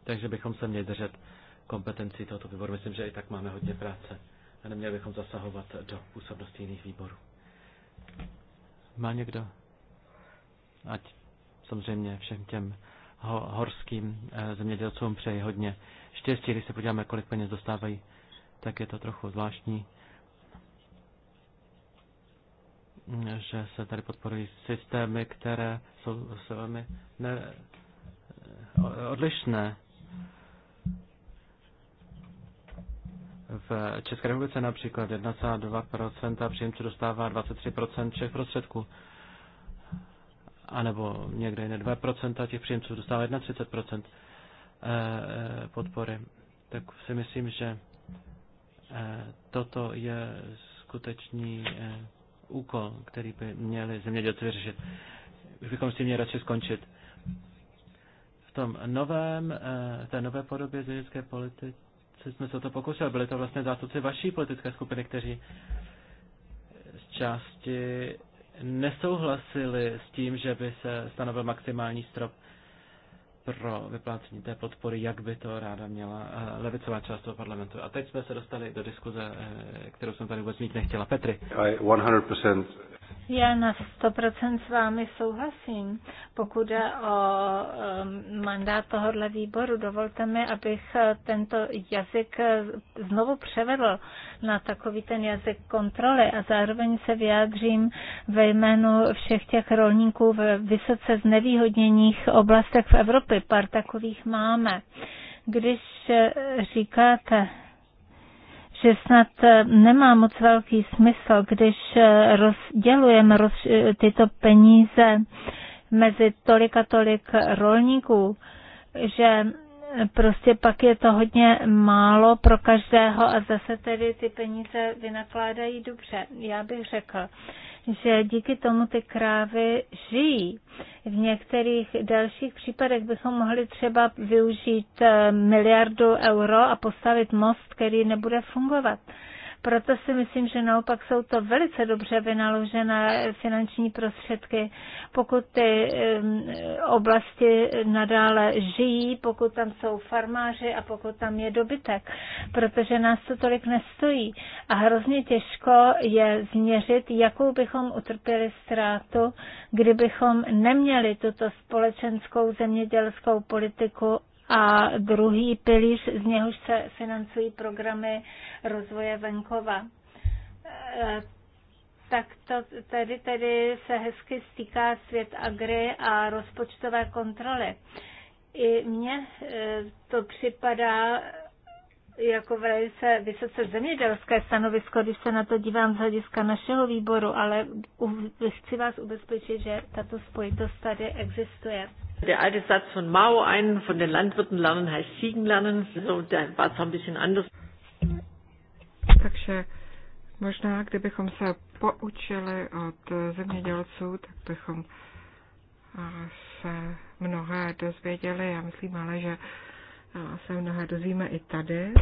Takže bychom se měli držet kompetencí tohoto výboru. Myslím, že i tak máme hodně práce a neměli bychom zasahovat do působnosti jiných výborů. Má někdo? Ať samozřejmě všem těm horským eh, zemědělcům přeji hodně štěstí. Když se podíváme, kolik peněz dostávají, tak je to trochu zvláštní, že se tady podporují systémy, které jsou velmi ne, eh, odlišné. V České republice například 1,2% příjemců dostává 23% všech prostředků anebo někde jiné 2% těch příjemců dostává 31% eh, eh, podpory. Tak si myslím, že eh, toto je skutečný úkol, který by měli zemědělci vyřešit. Už bychom si měli radši skončit. V tom novém, té nové podobě zemědělské politiky jsme se o to pokusili. Byli to vlastně zástupci vaší politické skupiny, kteří z části nesouhlasili s tím, že by se stanovil maximální strop pro vyplácení té podpory, jak by to ráda měla eh, levicová část toho parlamentu. A teď jsme se dostali do diskuze, eh, kterou jsem tady vůbec mít nechtěla. Petry. I 100%. Já na 100% s vámi souhlasím. Pokud je o mandát tohohle výboru, dovolte mi, abych eh, tento jazyk znovu převedl na takový ten jazyk kontroly a zároveň se vyjádřím ve jménu všech těch rolníků ve vysoce znevýhodněných oblastech v Evropě postupy. Pár takových máme. Když říkáte, že snad nemá moc velký smysl, když rozdělujeme tyto peníze mezi tolik a tolik rolníků, že prostě pak je to hodně málo pro každého a zase tedy ty peníze vynakládají dobře. Já bych řekl, že díky tomu ty krávy žijí. V některých dalších případech bychom mohli třeba využít eh, miliardu euro a postavit most, který nebude fungovat. Proto si myslím, že naopak jsou to velice dobře vynaložené finanční prostředky. Pokud ty oblasti nadále žijí, pokud tam jsou farmáři a pokud tam je dobytek, protože nás to tolik nestojí. A hrozně těžko je změřit, jakou bychom utrpěli ztrátu, kdybychom neměli tuto společenskou zemědělskou politiku a druhý pilíř, z něhož se financují programy rozvoje venkova. E, tak to tedy, tedy se hezky stýká svět agry a rozpočtové kontroly. I mně e, to připadá jako velice vysoce zemědělské stanovisko, když se na to dívám z hlediska našeho výboru, ale chci vás ubezpečit, že tato spojitost tady existuje. Der alte Satz von Mao ein, von den Landwirten lernen heißt Siegen lernen. So, da war es ein bisschen anders. Takže možná, kdybychom se poučili od zemědělců, tak bychom eh, se mnohé dozvěděli. Já myslím ale, že eh, se mnohé dozvíme i tady.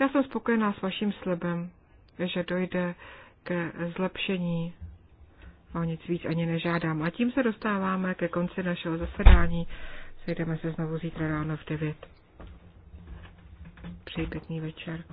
Já jsem spokojená s vaším slibem že dojde ke zlepšení. O nic víc ani nežádám. A tím se dostáváme ke konci našeho zasedání. Sejdeme se znovu zítra ráno v 9. Přeji pěkný večer.